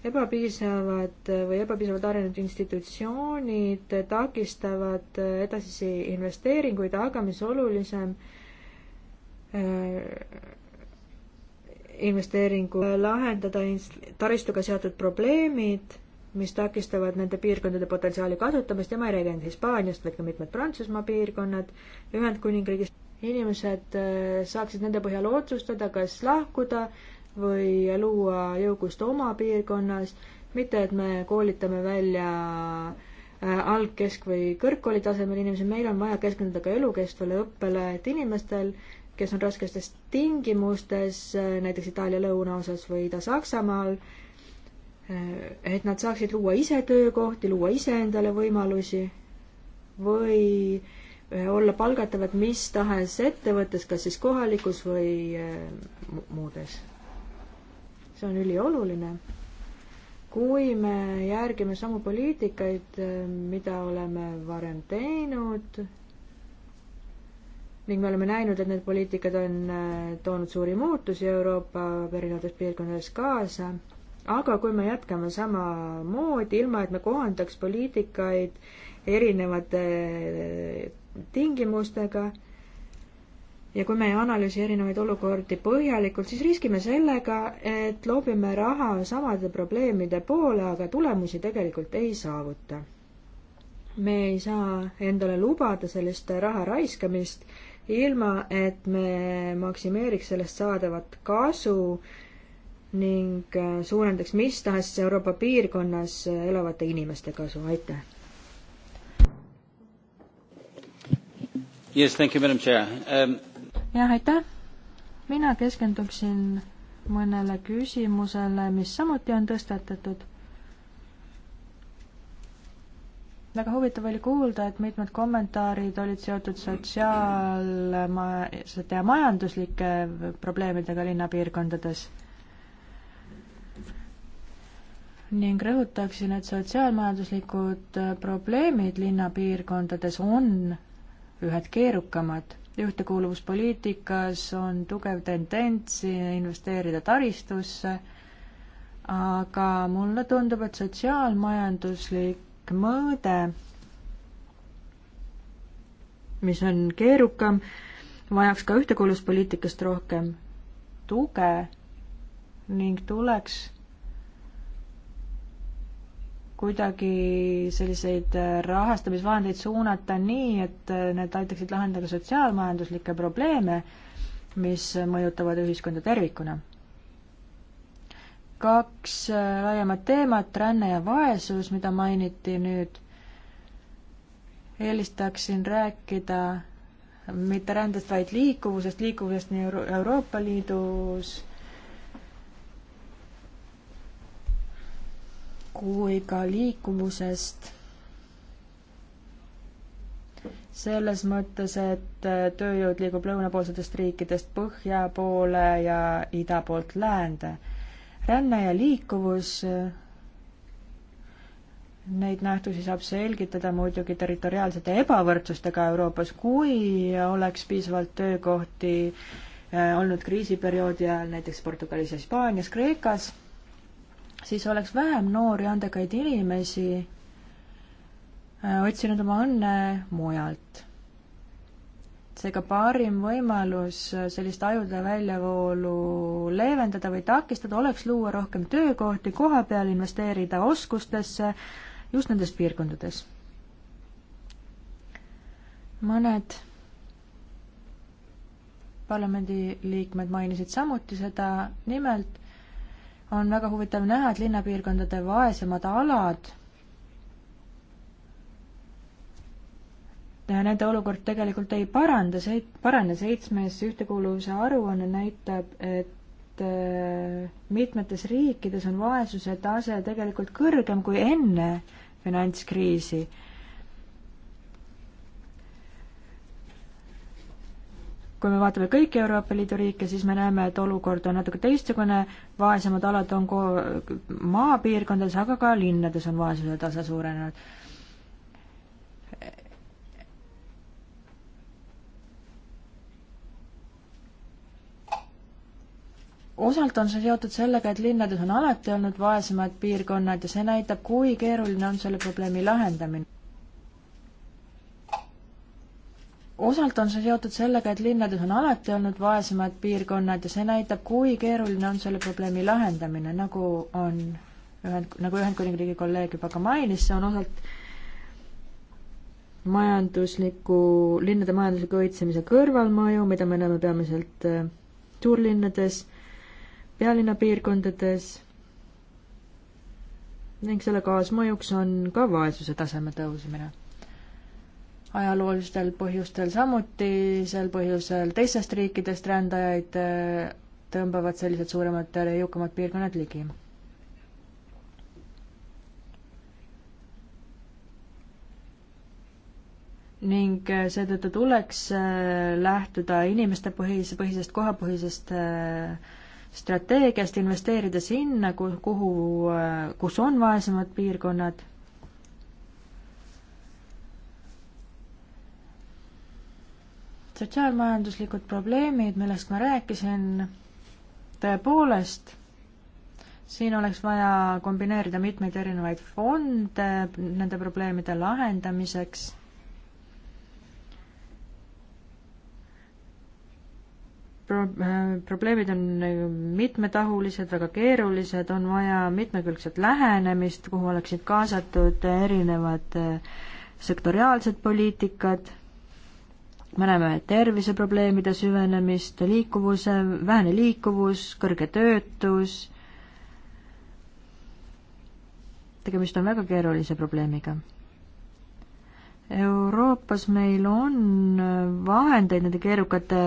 ebapiisavad või ebapiisavalt arenenud institutsioonid takistavad edasisi investeeringuid, aga mis olulisem, äh, investeeringu lahendada taristuga seotud probleemid, mis takistavad nende piirkondade potentsiaali kasutamist ja ma ei räägi ainult Hispaaniast, vaid ka mitmed Prantsusmaa piirkonnad, Ühendkuningriigist inimesed äh, saaksid nende põhjal otsustada, kas lahkuda või luua jõukust oma piirkonnas, mitte et me koolitame välja äh, alg-, kesk- või kõrgkooli tasemel inimesi, meil on vaja keskenduda ka elukestvale õppele, et inimestel, kes on rasketes tingimustes, äh, näiteks Itaalia lõunaosas või Ida-Saksamaal, et nad saaksid luua ise töökohti, luua ise endale võimalusi või äh, olla palgatavad mis tahes ettevõttes, kas siis kohalikus või eh, muudes. see on ülioluline. kui me järgime samu poliitikaid, eh, mida oleme varem teinud ning me oleme näinud, et need poliitikad on eh, toonud suuri muutusi Euroopa erinevates piirkondades kaasa, aga kui me jätkame samamoodi, ilma et me kohandaks poliitikaid erinevate tingimustega ja kui me ei analüüsi erinevaid olukordi põhjalikult, siis riskime sellega, et loobime raha samade probleemide poole, aga tulemusi tegelikult ei saavuta. me ei saa endale lubada sellist raha raiskamist, ilma et me maksimeeriks sellest saadavat kasu ning suurendaks mis tahes Euroopa piirkonnas elavate inimeste kasu, aitäh! Yes, thank you, madam chair um.... jah, aitäh. mina keskenduksin mõnele küsimusele, mis samuti on tõstatatud. väga huvitav oli kuulda, et mitmed kommentaarid olid seotud sotsiaalmajandusete ja majanduslike probleemidega linnapiirkondades. ning rõhutaksin, et sotsiaalmajanduslikud probleemid linnapiirkondades on ühed keerukamad. ühtekuuluvuspoliitikas on tugev tendents investeerida taristusse, aga mulle tundub, et sotsiaalmajanduslik mõõde, mis on keerukam, vajaks ka ühtekuuluvuspoliitikast rohkem tuge ning tuleks kuidagi selliseid äh, rahastamisvahendeid suunata nii, et äh, need aitaksid lahendada sotsiaalmajanduslikke probleeme, mis mõjutavad ühiskonda tervikuna. kaks äh, laiemat teemat, ränne ja vaesus, mida mainiti nüüd, eelistaksin rääkida mitte rändest, vaid liikuvusest, liikuvusest nii Euro Euroopa Liidus kui ka liikumusest. selles mõttes, et äh, tööjõud liigub lõunapoolsetest riikidest põhja poole ja ida poolt läände. ränne ja liikuvus äh, Neid nähtusi saab selgitada muidugi territoriaalsete ebavõrdsustega Euroopas, kui oleks piisavalt töökohti äh, olnud kriisiperioodi ajal näiteks Portugalis, Hispaanias, Kreekas siis oleks vähem noori andekaid inimesi äh, otsinud oma õnne mujalt. seega parim võimalus äh, sellist ajude väljavoolu leevendada või takistada oleks luua rohkem töökohti koha peal, investeerida oskustesse just nendes piirkondades. mõned parlamendiliikmed mainisid samuti seda, nimelt on väga huvitav näha, et linnapiirkondade vaesemad alad, nende olukord tegelikult ei paranda, see ei parane, seitsmes ühtekuuluvuse aruanne näitab, et äh, mitmetes riikides on vaesuse tase tegelikult kõrgem kui enne finantskriisi kui me vaatame kõiki Euroopa Liidu riike, siis me näeme, et olukord on natuke teistsugune, vaesemad alad on ko-, maapiirkondades, aga ka linnades on vaesuse tase suurenenud. osalt on see seotud sellega, et linnades on alati olnud vaesemad piirkonnad ja see näitab, kui keeruline on selle probleemi lahendamine osalt on see seotud sellega, et linnades on alati olnud vaesemad piirkonnad ja see näitab, kui keeruline on selle probleemi lahendamine, nagu on ühend, nagu Ühendkuningriigi kolleeg juba ka mainis, see on osalt majandusliku, linnade majandusliku õitsemise kõrvalmõju, mida me näeme peamiselt äh, suurlinnades, pealinna piirkondades ning selle kaasmõjuks on ka vaesuse taseme tõusmine ajaloolistel põhjustel samuti, sel põhjusel teistest riikidest rändajaid eh, tõmbavad sellised suuremad ja jõukamad piirkonnad ligi. ning eh, seetõttu tuleks eh, lähtuda inimeste põhise, põhisest, kohapõhisest strateegiast, investeerida sinna, kuhu, kus on vaesemad piirkonnad sotsiaalmajanduslikud probleemid, millest ma rääkisin, tõepoolest, siin oleks vaja kombineerida mitmeid erinevaid fonde nende probleemide lahendamiseks. Pro-, probleemid on mitmetahulised, väga keerulised, on vaja mitmekülgset lähenemist, kuhu oleksid kaasatud erinevad eh, sektoriaalsed poliitikad me näeme terviseprobleemide süvenemist, liikuvuse, vähene liikuvus, kõrge töötus. tegemist on väga keerulise probleemiga. Euroopas meil on vahendeid nende keerukate,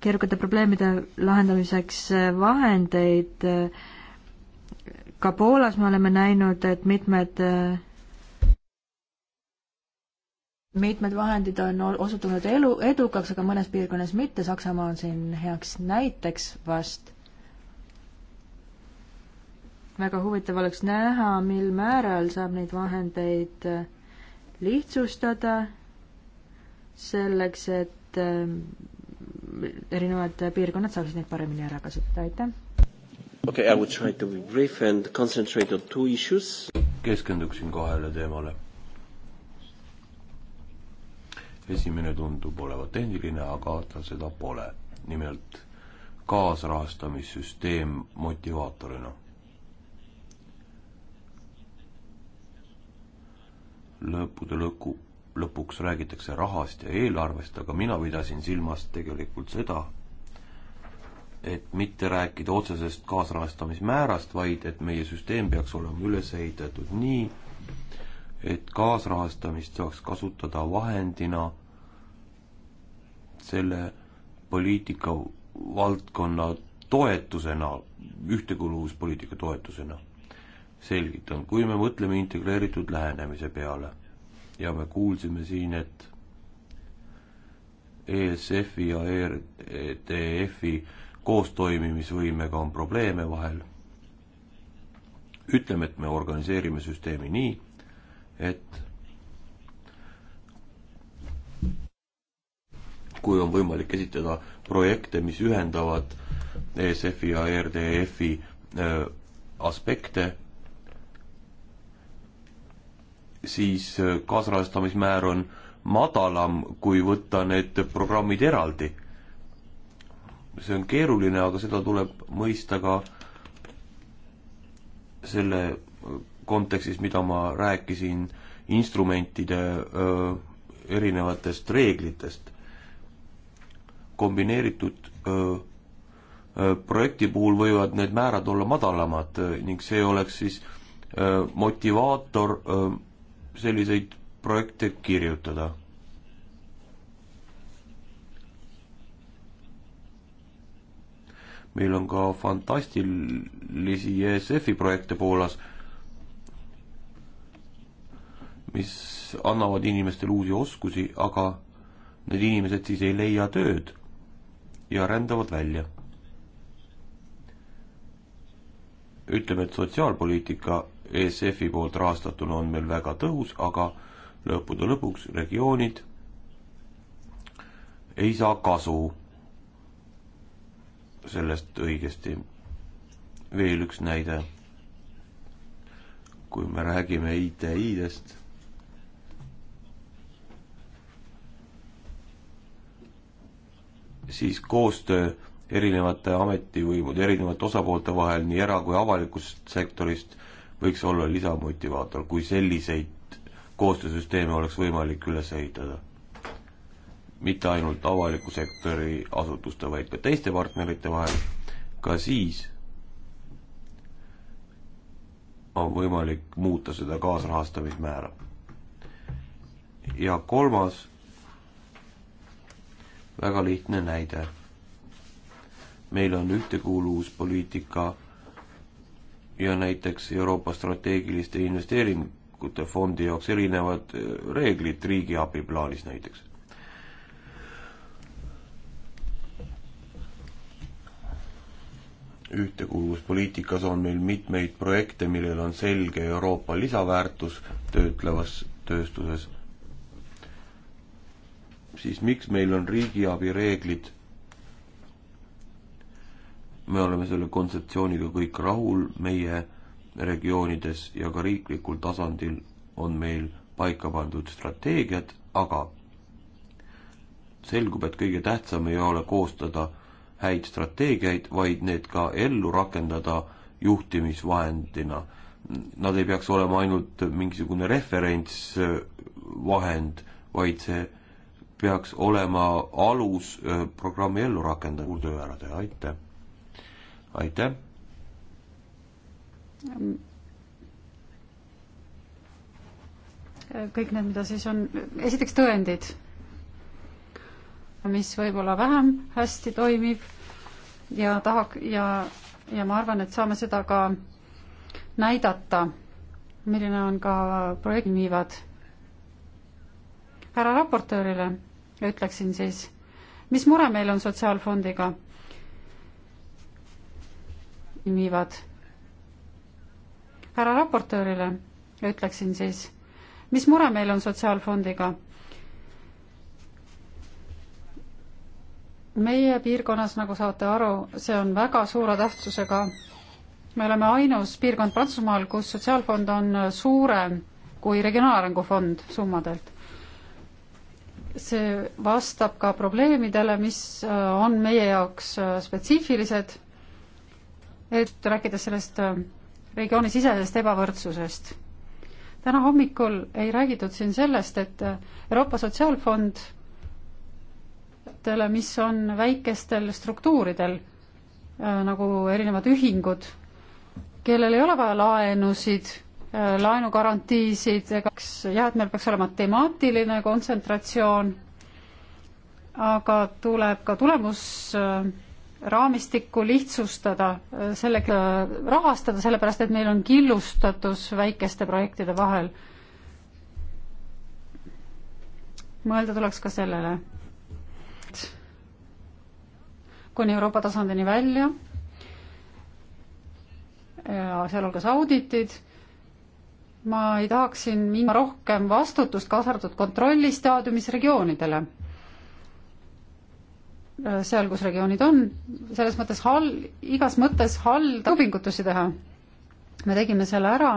keerukate probleemide lahendamiseks, vahendeid ka Poolas me oleme näinud, et mitmed mitmed vahendid on osutunud elu, edukaks, aga mõnes piirkonnas mitte, Saksamaa on siin heaks näiteks vast. väga huvitav oleks näha, mil määral saab neid vahendeid äh, lihtsustada selleks, et äh, erinevad piirkonnad saaksid neid paremini ära kasutada, aitäh! okei okay,, I would try to be brief and concentrate on two issues. keskenduksin kahele teemale esimene tundub olevat tehniline, aga ta seda pole. nimelt kaasrahastamissüsteem motivaatorina. lõppude lõku, lõpuks räägitakse rahast ja eelarvest, aga mina pidasin silmas tegelikult seda, et mitte rääkida otsesest kaasrahastamismäärast, vaid et meie süsteem peaks olema üles ehitatud nii, et kaasrahastamist saaks kasutada vahendina selle poliitika valdkonna toetusena, ühtekuuluvuspoliitika toetusena. selgitan, kui me mõtleme integreeritud lähenemise peale ja me kuulsime siin, et ESF-i ja ERDF-i koostoimimisvõimega on probleeme vahel, ütleme, et me organiseerime süsteemi nii, et kui on võimalik esitada projekte, mis ühendavad ESF-i ja RDF-i äh, aspekte, siis äh, kaasrahastamismäär on madalam, kui võtta need programmid eraldi. see on keeruline, aga seda tuleb mõista ka selle kontekstis, mida ma rääkisin instrumentide öö, erinevatest reeglitest. kombineeritud öö, projekti puhul võivad need määrad olla madalamad ning see oleks siis motivaator selliseid projekte kirjutada. meil on ka fantastilisi ESF-i projekte Poolas mis annavad inimestele uusi oskusi, aga need inimesed siis ei leia tööd ja rändavad välja. ütleme, et sotsiaalpoliitika ESF-i poolt rahastatuna on meil väga tõhus, aga lõppude lõpuks regioonid ei saa kasu sellest õigesti. veel üks näide. kui me räägime ITI-dest siis koostöö erinevate ametivõimude, erinevate osapoolte vahel nii era- kui avalikust sektorist võiks olla lisamotivaator, kui selliseid koostöösüsteeme oleks võimalik üles ehitada. mitte ainult avaliku sektori asutuste, vaid ka teiste partnerite vahel, ka siis on võimalik muuta seda kaasrahastamismäära. ja kolmas väga lihtne näide. meil on ühtekuuluvuspoliitika ja näiteks Euroopa strateegiliste investeeringute fondi jaoks erinevad eh, reeglid riigiabi plaanis näiteks. ühtekuuluvuspoliitikas on meil mitmeid projekte, millel on selge Euroopa lisaväärtus töötlevas tööstuses siis miks meil on riigiabi reeglid? me oleme selle kontseptsiooniga kõik rahul meie regioonides ja ka riiklikul tasandil on meil paika pandud strateegiad, aga selgub, et kõige tähtsam ei ole koostada häid strateegiaid, vaid need ka ellu rakendada juhtimisvahendina. Nad ei peaks olema ainult mingisugune referentsvahend, vaid see peaks olema alus äh, programmi ellurakendajal suur töö ära teha, aitäh. aitäh. Äh, kõik need, mida siis on, esiteks tõendid, mis võib-olla vähem hästi toimib ja tahak- ja, ja ma arvan, et saame seda ka näidata, milline on ka projekti viivad härra raportöörile ütleksin siis, mis mure meil on Sotsiaalfondiga viivad. härra raportöörile ütleksin siis, mis mure meil on Sotsiaalfondiga meie piirkonnas, nagu saate aru, see on väga suure tähtsusega. me oleme ainus piirkond Prantsusmaal, kus sotsiaalfond on suurem kui regionaalarengu fond summadelt see vastab ka probleemidele, mis äh, on meie jaoks äh, spetsiifilised, et rääkides sellest äh, regioonisisesest ebavõrdsusest. täna hommikul ei räägitud siin sellest, et Euroopa Sotsiaalfond, mis on väikestel struktuuridel, nagu erinevad ühingud, kellel ei ole vaja laenusid Äh, laenugarantiisid, eks jah, et meil peaks olema temaatiline kontsentratsioon, aga tuleb ka tulemusraamistikku lihtsustada, äh, sellega äh, rahastada, sellepärast et meil on killustatus väikeste projektide vahel. mõelda tuleks ka sellele. kuni Euroopa tasandini välja, sealhulgas auditid ma ei tahaks siin minna rohkem vastutust, kaasa arvatud kontrolli staadiumis regioonidele. seal, kus regioonid on, selles mõttes hal-, igas mõttes halda pingutusi teha. me tegime selle ära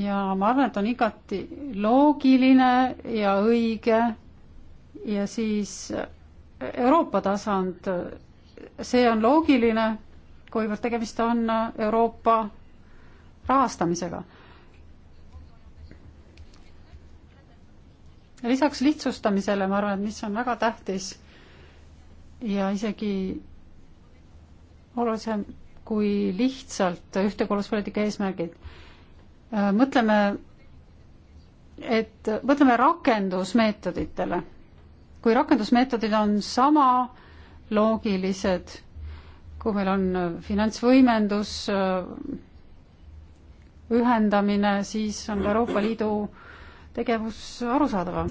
ja ma arvan, et on igati loogiline ja õige ja siis Euroopa tasand, see on loogiline, kuivõrd tegemist on Euroopa rahastamisega. lisaks lihtsustamisele, ma arvan, et mis on väga tähtis ja isegi olulisem kui lihtsalt ühtekorralduspoliitika eesmärgid. mõtleme, et mõtleme rakendusmeetoditele. kui rakendusmeetodid on sama loogilised, kui meil on finantsvõimendus, ühendamine, siis on ka Euroopa Liidu tegevus arusaadavam.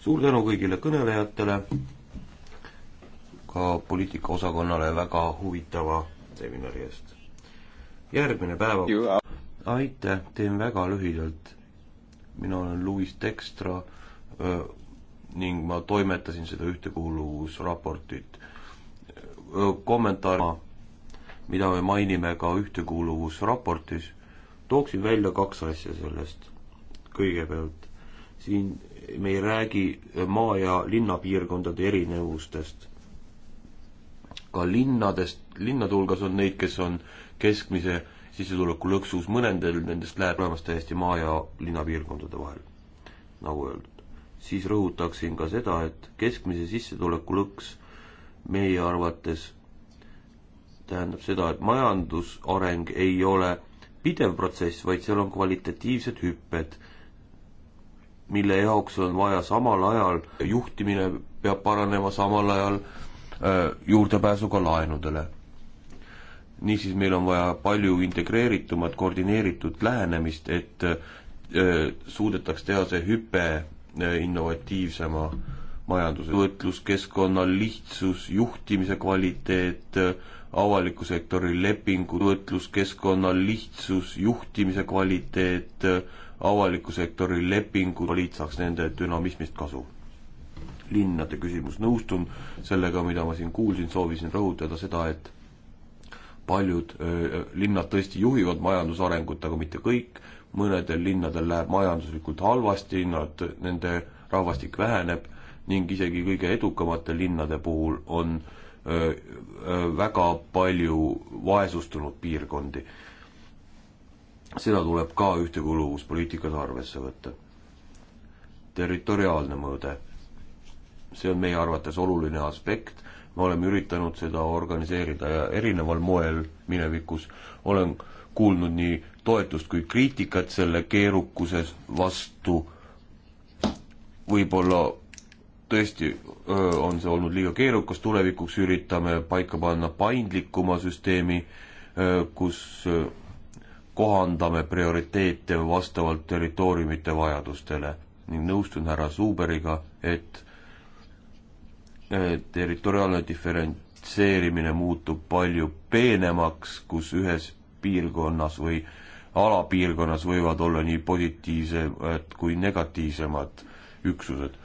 suur tänu kõigile kõnelejatele, ka poliitikaosakonnale väga huvitava seminari eest. järgmine päev. aitäh, teen väga lühidalt. mina olen Luis Dextra öö, ning ma toimetasin seda ühtekuuluvusraportit kommentaar mida me mainime ka ühtekuuluvusraportis. tooksin välja kaks asja sellest. kõigepealt, siin me ei räägi maa- ja linnapiirkondade erinevustest. ka linnadest, linnade hulgas on neid, kes on keskmise sissetuleku lõksus, mõnedel nendest läheb vähemasti täiesti maa- ja linnapiirkondade vahel, nagu öeldud. siis rõhutaksin ka seda, et keskmise sissetuleku lõks meie arvates tähendab seda, et majandusareng ei ole pidev protsess, vaid seal on kvalitatiivsed hüpped, mille jaoks on vaja samal ajal, juhtimine peab paranema samal ajal äh, juurdepääsu ka laenudele. niisiis, meil on vaja palju integreeritumat, koordineeritud lähenemist, et äh, suudetaks teha see hüpe äh, innovatiivsema majanduse, võtluskeskkonna lihtsus, juhtimise kvaliteet äh,, avaliku sektori lepingud, võtluskeskkonna lihtsus, juhtimise kvaliteet, avaliku sektori lepingud, liit saaks nende dünamismist kasu. linnade küsimus, nõustun sellega, mida ma siin kuulsin, soovisin rõhutada seda, et paljud öö, linnad tõesti juhivad majandusarengut, aga mitte kõik, mõnedel linnadel läheb majanduslikult halvasti, nad, nende rahvastik väheneb ning isegi kõige edukamate linnade puhul on öö, väga palju vaesustunud piirkondi. seda tuleb ka ühtekuuluvuspoliitikas arvesse võtta. territoriaalne mõõde, see on meie arvates oluline aspekt, me oleme üritanud seda organiseerida erineval moel minevikus, olen kuulnud nii toetust kui kriitikat selle keerukuse vastu, võib-olla tõesti on see olnud liiga keerukas, tulevikuks üritame paika panna paindlikuma süsteemi, kus kohandame prioriteete vastavalt territooriumite vajadustele ning nõustun härra Suuberiga, et territoriaalne diferentseerimine muutub palju peenemaks, kus ühes piirkonnas või alapiirkonnas võivad olla nii positiivsemad kui negatiivsemad üksused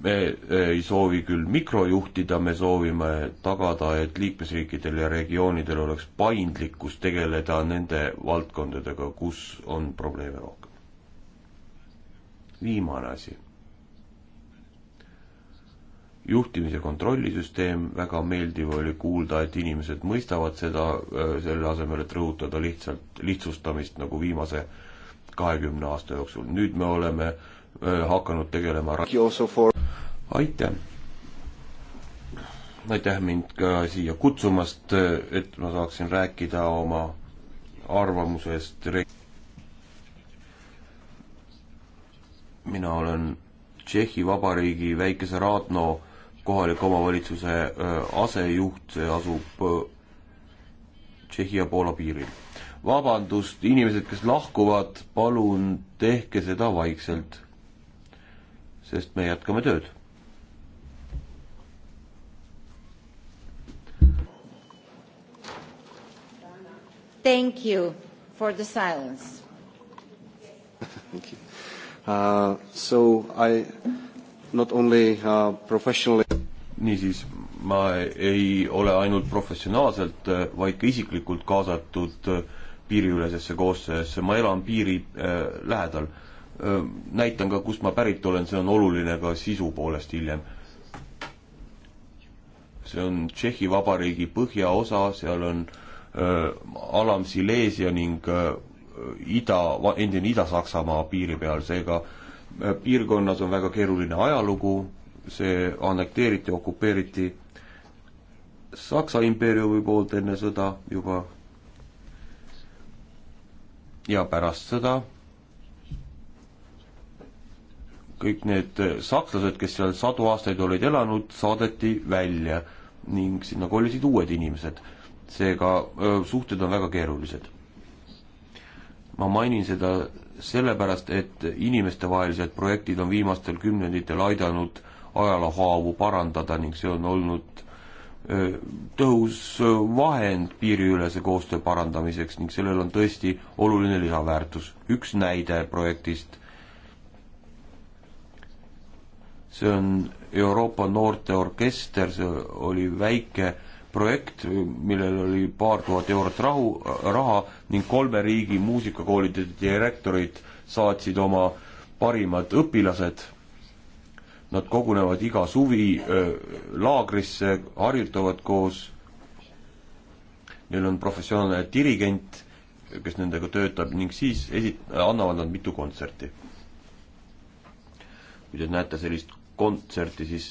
me eh, ei soovi küll mikrojuhtida, me soovime tagada, et liikmesriikidel ja regioonidel oleks paindlikkus tegeleda nende valdkondadega, kus on probleeme rohkem. viimane asi. juhtimise kontrollisüsteem, väga meeldiv oli kuulda, et inimesed mõistavad seda, eh, selle asemel, et rõhutada lihtsalt lihtsustamist nagu viimase kahekümne aasta jooksul. nüüd me oleme äh, hakanud tegelema. aitäh! aitäh mind ka siia kutsumast, et ma saaksin rääkida oma arvamusest. mina olen Tšehhi Vabariigi väikese Raadno kohaliku omavalitsuse asejuht, see asub Tšehhi ja Poola piiril. vabandust, inimesed, kes lahkuvad, palun tehke seda vaikselt sest me jätkame tööd. Thank you for the silence. Thank you. Uh, so I not only uh, professionally niisiis, ma ei ole ainult professionaalselt, äh, vaid ka isiklikult kaasatud äh, piiriülesesse koostöösse, ma elan piiri äh, lähedal näitan ka, kust ma pärit olen, see on oluline ka sisu poolest hiljem. see on Tšehhi Vabariigi põhjaosa, seal on öö, alam Silesia ning öö, ida, endine Ida-Saksamaa piiri peal, seega piirkonnas on väga keeruline ajalugu, see annekteeriti, okupeeriti Saksa impeeriumi poolt enne sõda juba ja pärast sõda kõik need eh, sakslased, kes seal sadu aastaid olid elanud, saadeti välja ning sinna kolisid uued inimesed. seega suhted on väga keerulised. ma mainin seda sellepärast, et inimestevahelised projektid on viimastel kümnenditel aidanud ajaloohaavu parandada ning see on olnud tõhus vahend piiriülese koostöö parandamiseks ning sellel on tõesti oluline lisaväärtus. üks näide projektist see on Euroopa noorteorkester, see oli väike projekt, millel oli paar tuhat eurot rahu, raha ning kolme riigi muusikakoolide direktorid saatsid oma parimad õpilased. Nad kogunevad iga suvi öö, laagrisse, harjutavad koos. Neil on professionaalne dirigent, kes nendega töötab ning siis esit-, annavad nad mitu kontserti. kui te näete sellist kontserti, siis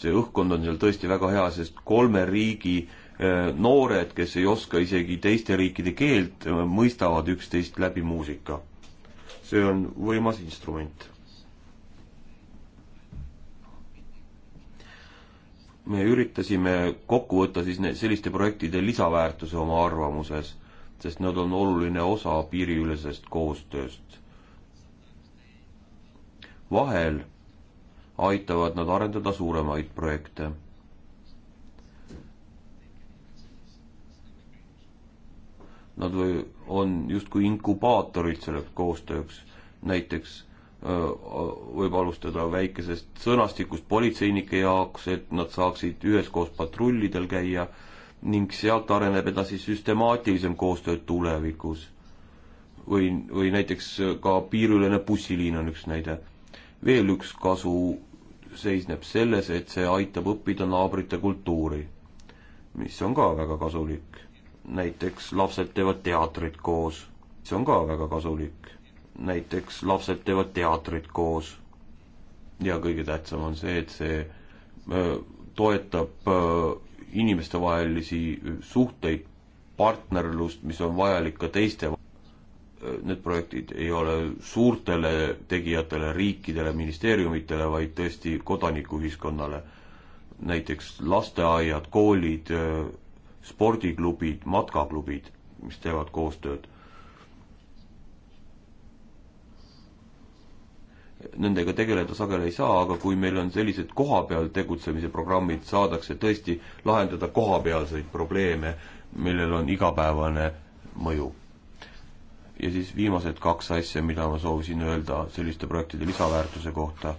see õhkkond on seal tõesti väga hea, sest kolme riigi eh, noored, kes ei oska isegi teiste riikide keelt, eh, mõistavad üksteist läbi muusika. see on võimas instrument. me üritasime kokku võtta siis selliste projektide lisaväärtuse oma arvamuses, sest nad on oluline osa piiriülesest koostööst. vahel aitavad nad arendada suuremaid projekte. Nad või on justkui inkubaatorid selleks koostööks, näiteks võib alustada väikesest sõnastikust politseinike jaoks, et nad saaksid üheskoos patrullidel käia ning sealt areneb edasi süstemaatilisem koostöö tulevikus. või, või näiteks ka piiriülene bussiliin on üks näide. veel üks kasu seisneb selles, et see aitab õppida naabrite kultuuri, mis on ka väga kasulik. näiteks lapsed teevad teatrit koos, see on ka väga kasulik. näiteks lapsed teevad teatrit koos. ja kõige tähtsam on see, et see toetab inimestevahelisi suhteid, partnerlust, mis on vajalik ka teiste need projektid ei ole suurtele tegijatele, riikidele, ministeeriumitele, vaid tõesti kodanikuühiskonnale. näiteks lasteaiad, koolid, spordiklubid, matkaklubid, mis teevad koostööd. Nendega tegeleda sageli ei saa, aga kui meil on sellised kohapeal tegutsemise programmid, saadakse tõesti lahendada kohapealseid probleeme, millel on igapäevane mõju ja siis viimased kaks asja, mida ma soovisin öelda selliste projektide lisaväärtuse kohta.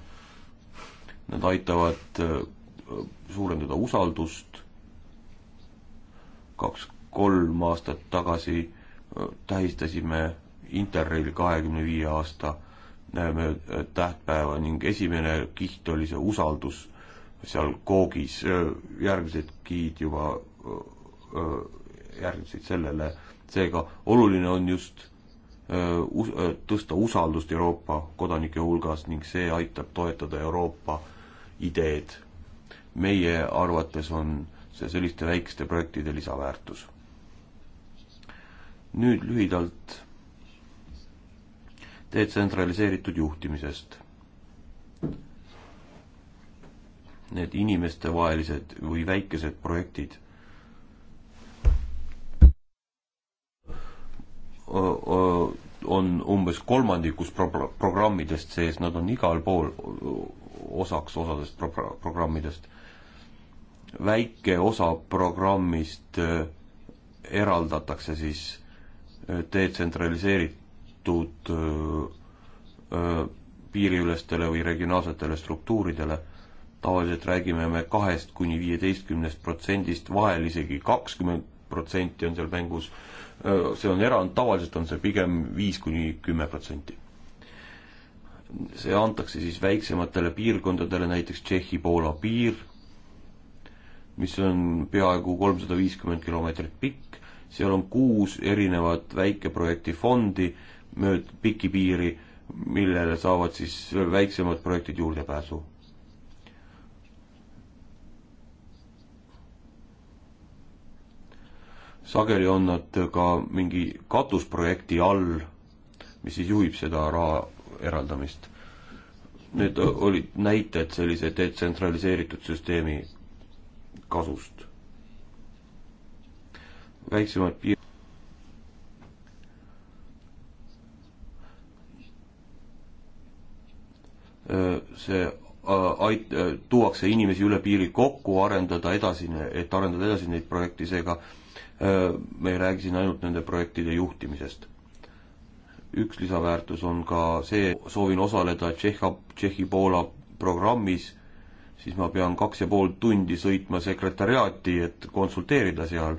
Nad aitavad äh, suurendada usaldust. kaks-kolm aastat tagasi äh, tähistasime Interrail kahekümne viie aasta näeme äh, tähtpäeva ning esimene kiht oli see usaldus seal koogis, järgmised gid juba järgnesid sellele, seega oluline on just Äh, äh, tõsta usaldust Euroopa kodanike hulgas ning see aitab toetada Euroopa ideed. meie arvates on see selliste väikeste projektide lisaväärtus. nüüd lühidalt detsentraliseeritud juhtimisest. Need inimestevahelised või väikesed projektid on umbes kolmandikus pro-, programmidest sees, nad on igal pool osaks osadest pro-, programmidest. väike osa programmist eraldatakse siis detsentraliseeritud piiriülestele või regionaalsetele struktuuridele tavaliselt räägime me kahest kuni viieteistkümnest protsendist, vahel isegi kakskümmend protsenti on seal mängus see on erand, tavaliselt on see pigem viis kuni kümme protsenti. see antakse siis väiksematele piirkondadele, näiteks Tšehhi-Poola piir, mis on peaaegu kolmsada viiskümmend kilomeetrit pikk, seal on kuus erinevat väikeprojekti fondi mööd pikki piiri, millele saavad siis väiksemad projektid juurdepääsu sageli on nad ka mingi katusprojekti all, mis siis juhib seda raha eraldamist. Need olid näited sellise detsentraliseeritud süsteemi kasust. väiksemad piir-. see äh, ait-, äh, tuuakse inimesi üle piiri kokku, arendada edasi, et arendada edasi neid projekte, seega äh, me ei räägi siin ainult nende projektide juhtimisest. üks lisaväärtus on ka see, soovin osaleda Tšehha, Tšehhi-Poola programmis, siis ma pean kaks ja pool tundi sõitma sekretariaati, et konsulteerida seal,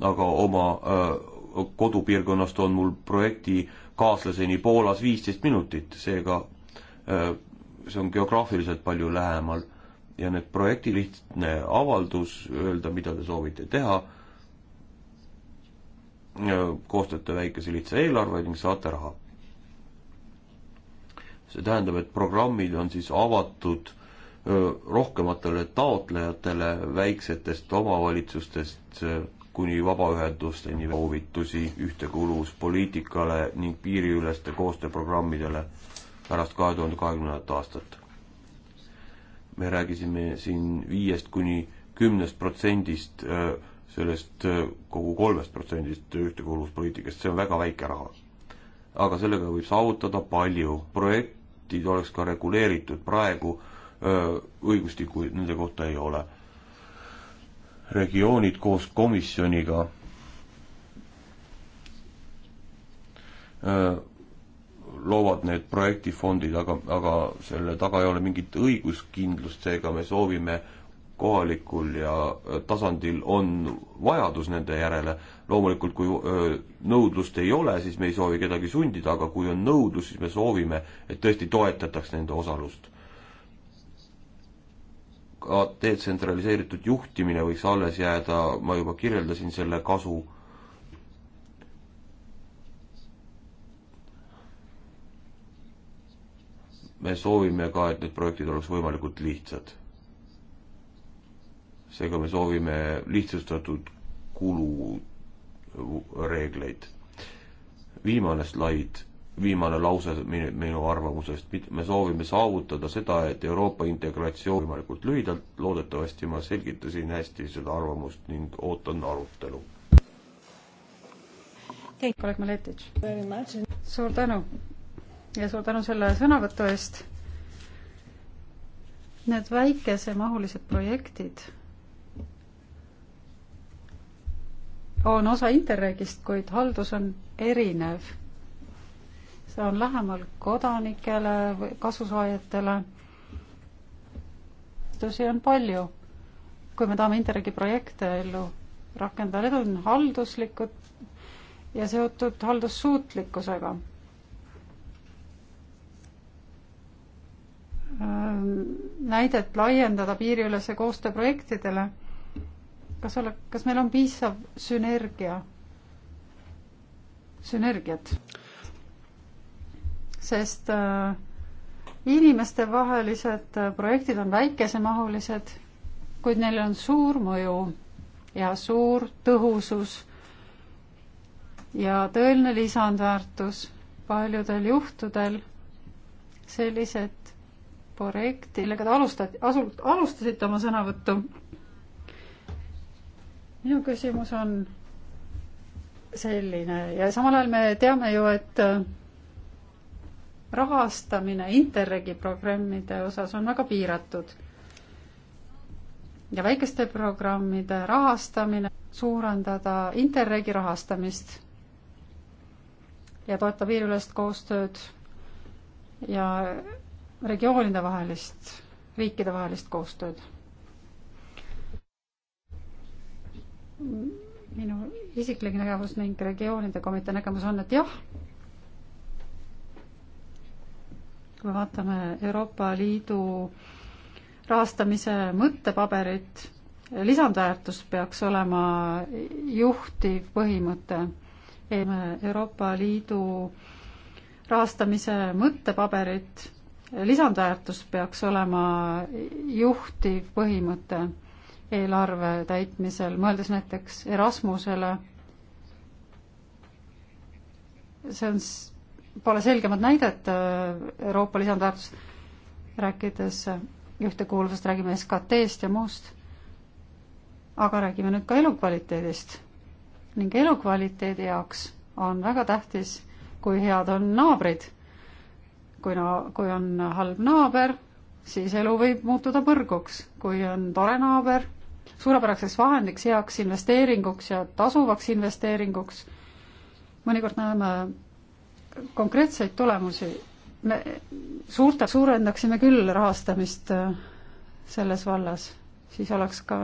aga oma öö, äh, kodupiirkonnast on mul projekti kaaslaseni Poolas viisteist minutit, seega öö, äh, see on geograafiliselt palju lähemal ja need projekti lihtne avaldus, öelda, mida te soovite teha koostate väikese lihtsa eelarve ning saate raha. see tähendab, et programmid on siis avatud rohkematele taotlejatele väiksetest omavalitsustest kuni vabaühendusteni soovitusi ühtekuuluvuspoliitikale ning piiriüleste koostööprogrammidele pärast kahe tuhande kahekümnendat aastat. me räägisime siin viiest kuni kümnest protsendist sellest äh, kogu kolmest protsendist ühtekuuluvuspoliitikast, see on väga väike raha. aga sellega võib saavutada palju, projektid oleks ka reguleeritud, praegu öö, äh, õigustikku nende kohta ei ole. regioonid koos komisjoniga öö, äh, loovad need projektifondid, aga, aga selle taga ei ole mingit õiguskindlust, seega me soovime öö, kohalikul ja äh, tasandil on vajadus nende järele. loomulikult, kui äh, nõudlust ei ole, siis me ei soovi kedagi sundida, aga kui on nõudlus, siis me soovime, et tõesti toetataks nende osalust. ka detsentraliseeritud juhtimine võiks alles jääda, ma juba kirjeldasin selle kasu me soovime ka, et need projektid oleks võimalikult lihtsad seega me soovime lihtsustatud kulureegleid. viimane slaid, viimane lause minu, minu arvamusest, me soovime saavutada seda, et Euroopa integratsioon võimalikult lühidalt, loodetavasti ma selgitasin hästi seda arvamust ning ootan arutelu. Oleg Maletitš. suur tänu ja suur tänu selle sõnavõtu eest. Need väikesemahulised projektid on osa Interregist, kuid haldus on erinev. see on lähemal kodanikele, kasusaajatele. tõsi on palju. kui me tahame Interregi projekte ellu rakendada, need on halduslikud ja seotud haldussuutlikkusega. Ehm, näidet laiendada piiriülese koostöö projektidele kas ole, kas meil on piisav sünergia, sünergiat? sest äh, inimestevahelised äh, projektid on väikesemahulised, kuid neil on suur mõju ja suur tõhusus ja tõeline lisandväärtus paljudel juhtudel sellised projektid, millega te alustate, asu-, alustasite oma sõnavõttu minu küsimus on selline ja samal ajal me teame ju, et äh, rahastamine Interregi programmide osas on väga piiratud. ja väikeste programmide rahastamine, suurendada Interregi rahastamist ja toetab piiriülest koostööd ja regioonide vahelist, riikide vahelist koostööd minu isiklik nägemus ning regioonide komitee nägemus on, et jah, kui me vaatame Euroopa Liidu rahastamise mõttepaberit, lisandväärtus peaks olema juhtiv põhimõte. Euroopa Liidu rahastamise mõttepaberit, lisandväärtus peaks olema juhtiv põhimõte eelarve täitmisel, mõeldes näiteks Erasmusele, see on, pole selgemat näidet äh, Euroopa lisandväärtus, rääkides äh, ühtekuuluvusest, räägime SKT-st ja muust, aga räägime nüüd ka elukvaliteedist. ning elukvaliteedi jaoks on väga tähtis, kui head on naabrid. kui no, kui on halb naaber, siis elu võib muutuda põrguks, kui on tore naaber, suurepäraseks vahendiks, heaks investeeringuks ja tasuvaks investeeringuks. mõnikord näeme konkreetseid tulemusi. me suurte, suurendaksime küll rahastamist äh, selles vallas, siis oleks ka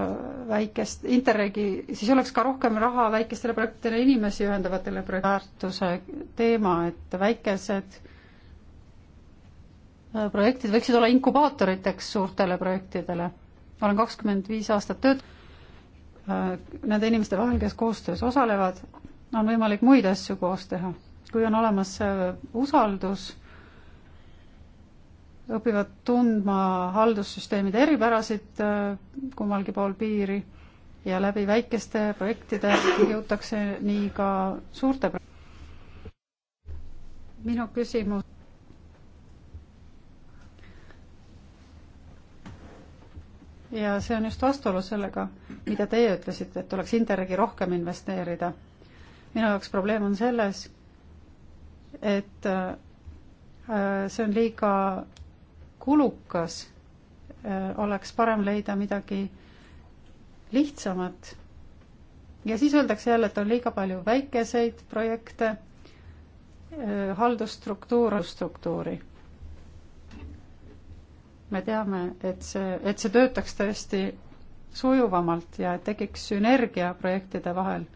väikest, Interregi, siis oleks ka rohkem raha väikestele projektidele, inimesi ühendavatele projektidele. väärtuse teema, et väikesed äh, projektid võiksid olla inkubaatoriteks suurtele projektidele ma olen kakskümmend viis aastat töötanud äh, nende inimeste vahel, kes koostöös osalevad, on võimalik muid asju koos teha. kui on olemas usaldus, õpivad tundma haldussüsteemide eripärasid äh, kummalgi pool piiri ja läbi väikeste projektide jõutakse nii ka suurte minu küsimus ja see on just vastuolu sellega, mida teie ütlesite, et tuleks Interregi rohkem investeerida. minu jaoks probleem on selles, et äh, see on liiga kulukas, äh, oleks parem leida midagi lihtsamat. ja siis öeldakse jälle, et on liiga palju väikeseid projekte, äh, haldusstruktuur, struktuuri me teame, et see, et see töötaks tõesti sujuvamalt ja et tekiks sünergia projektide vahel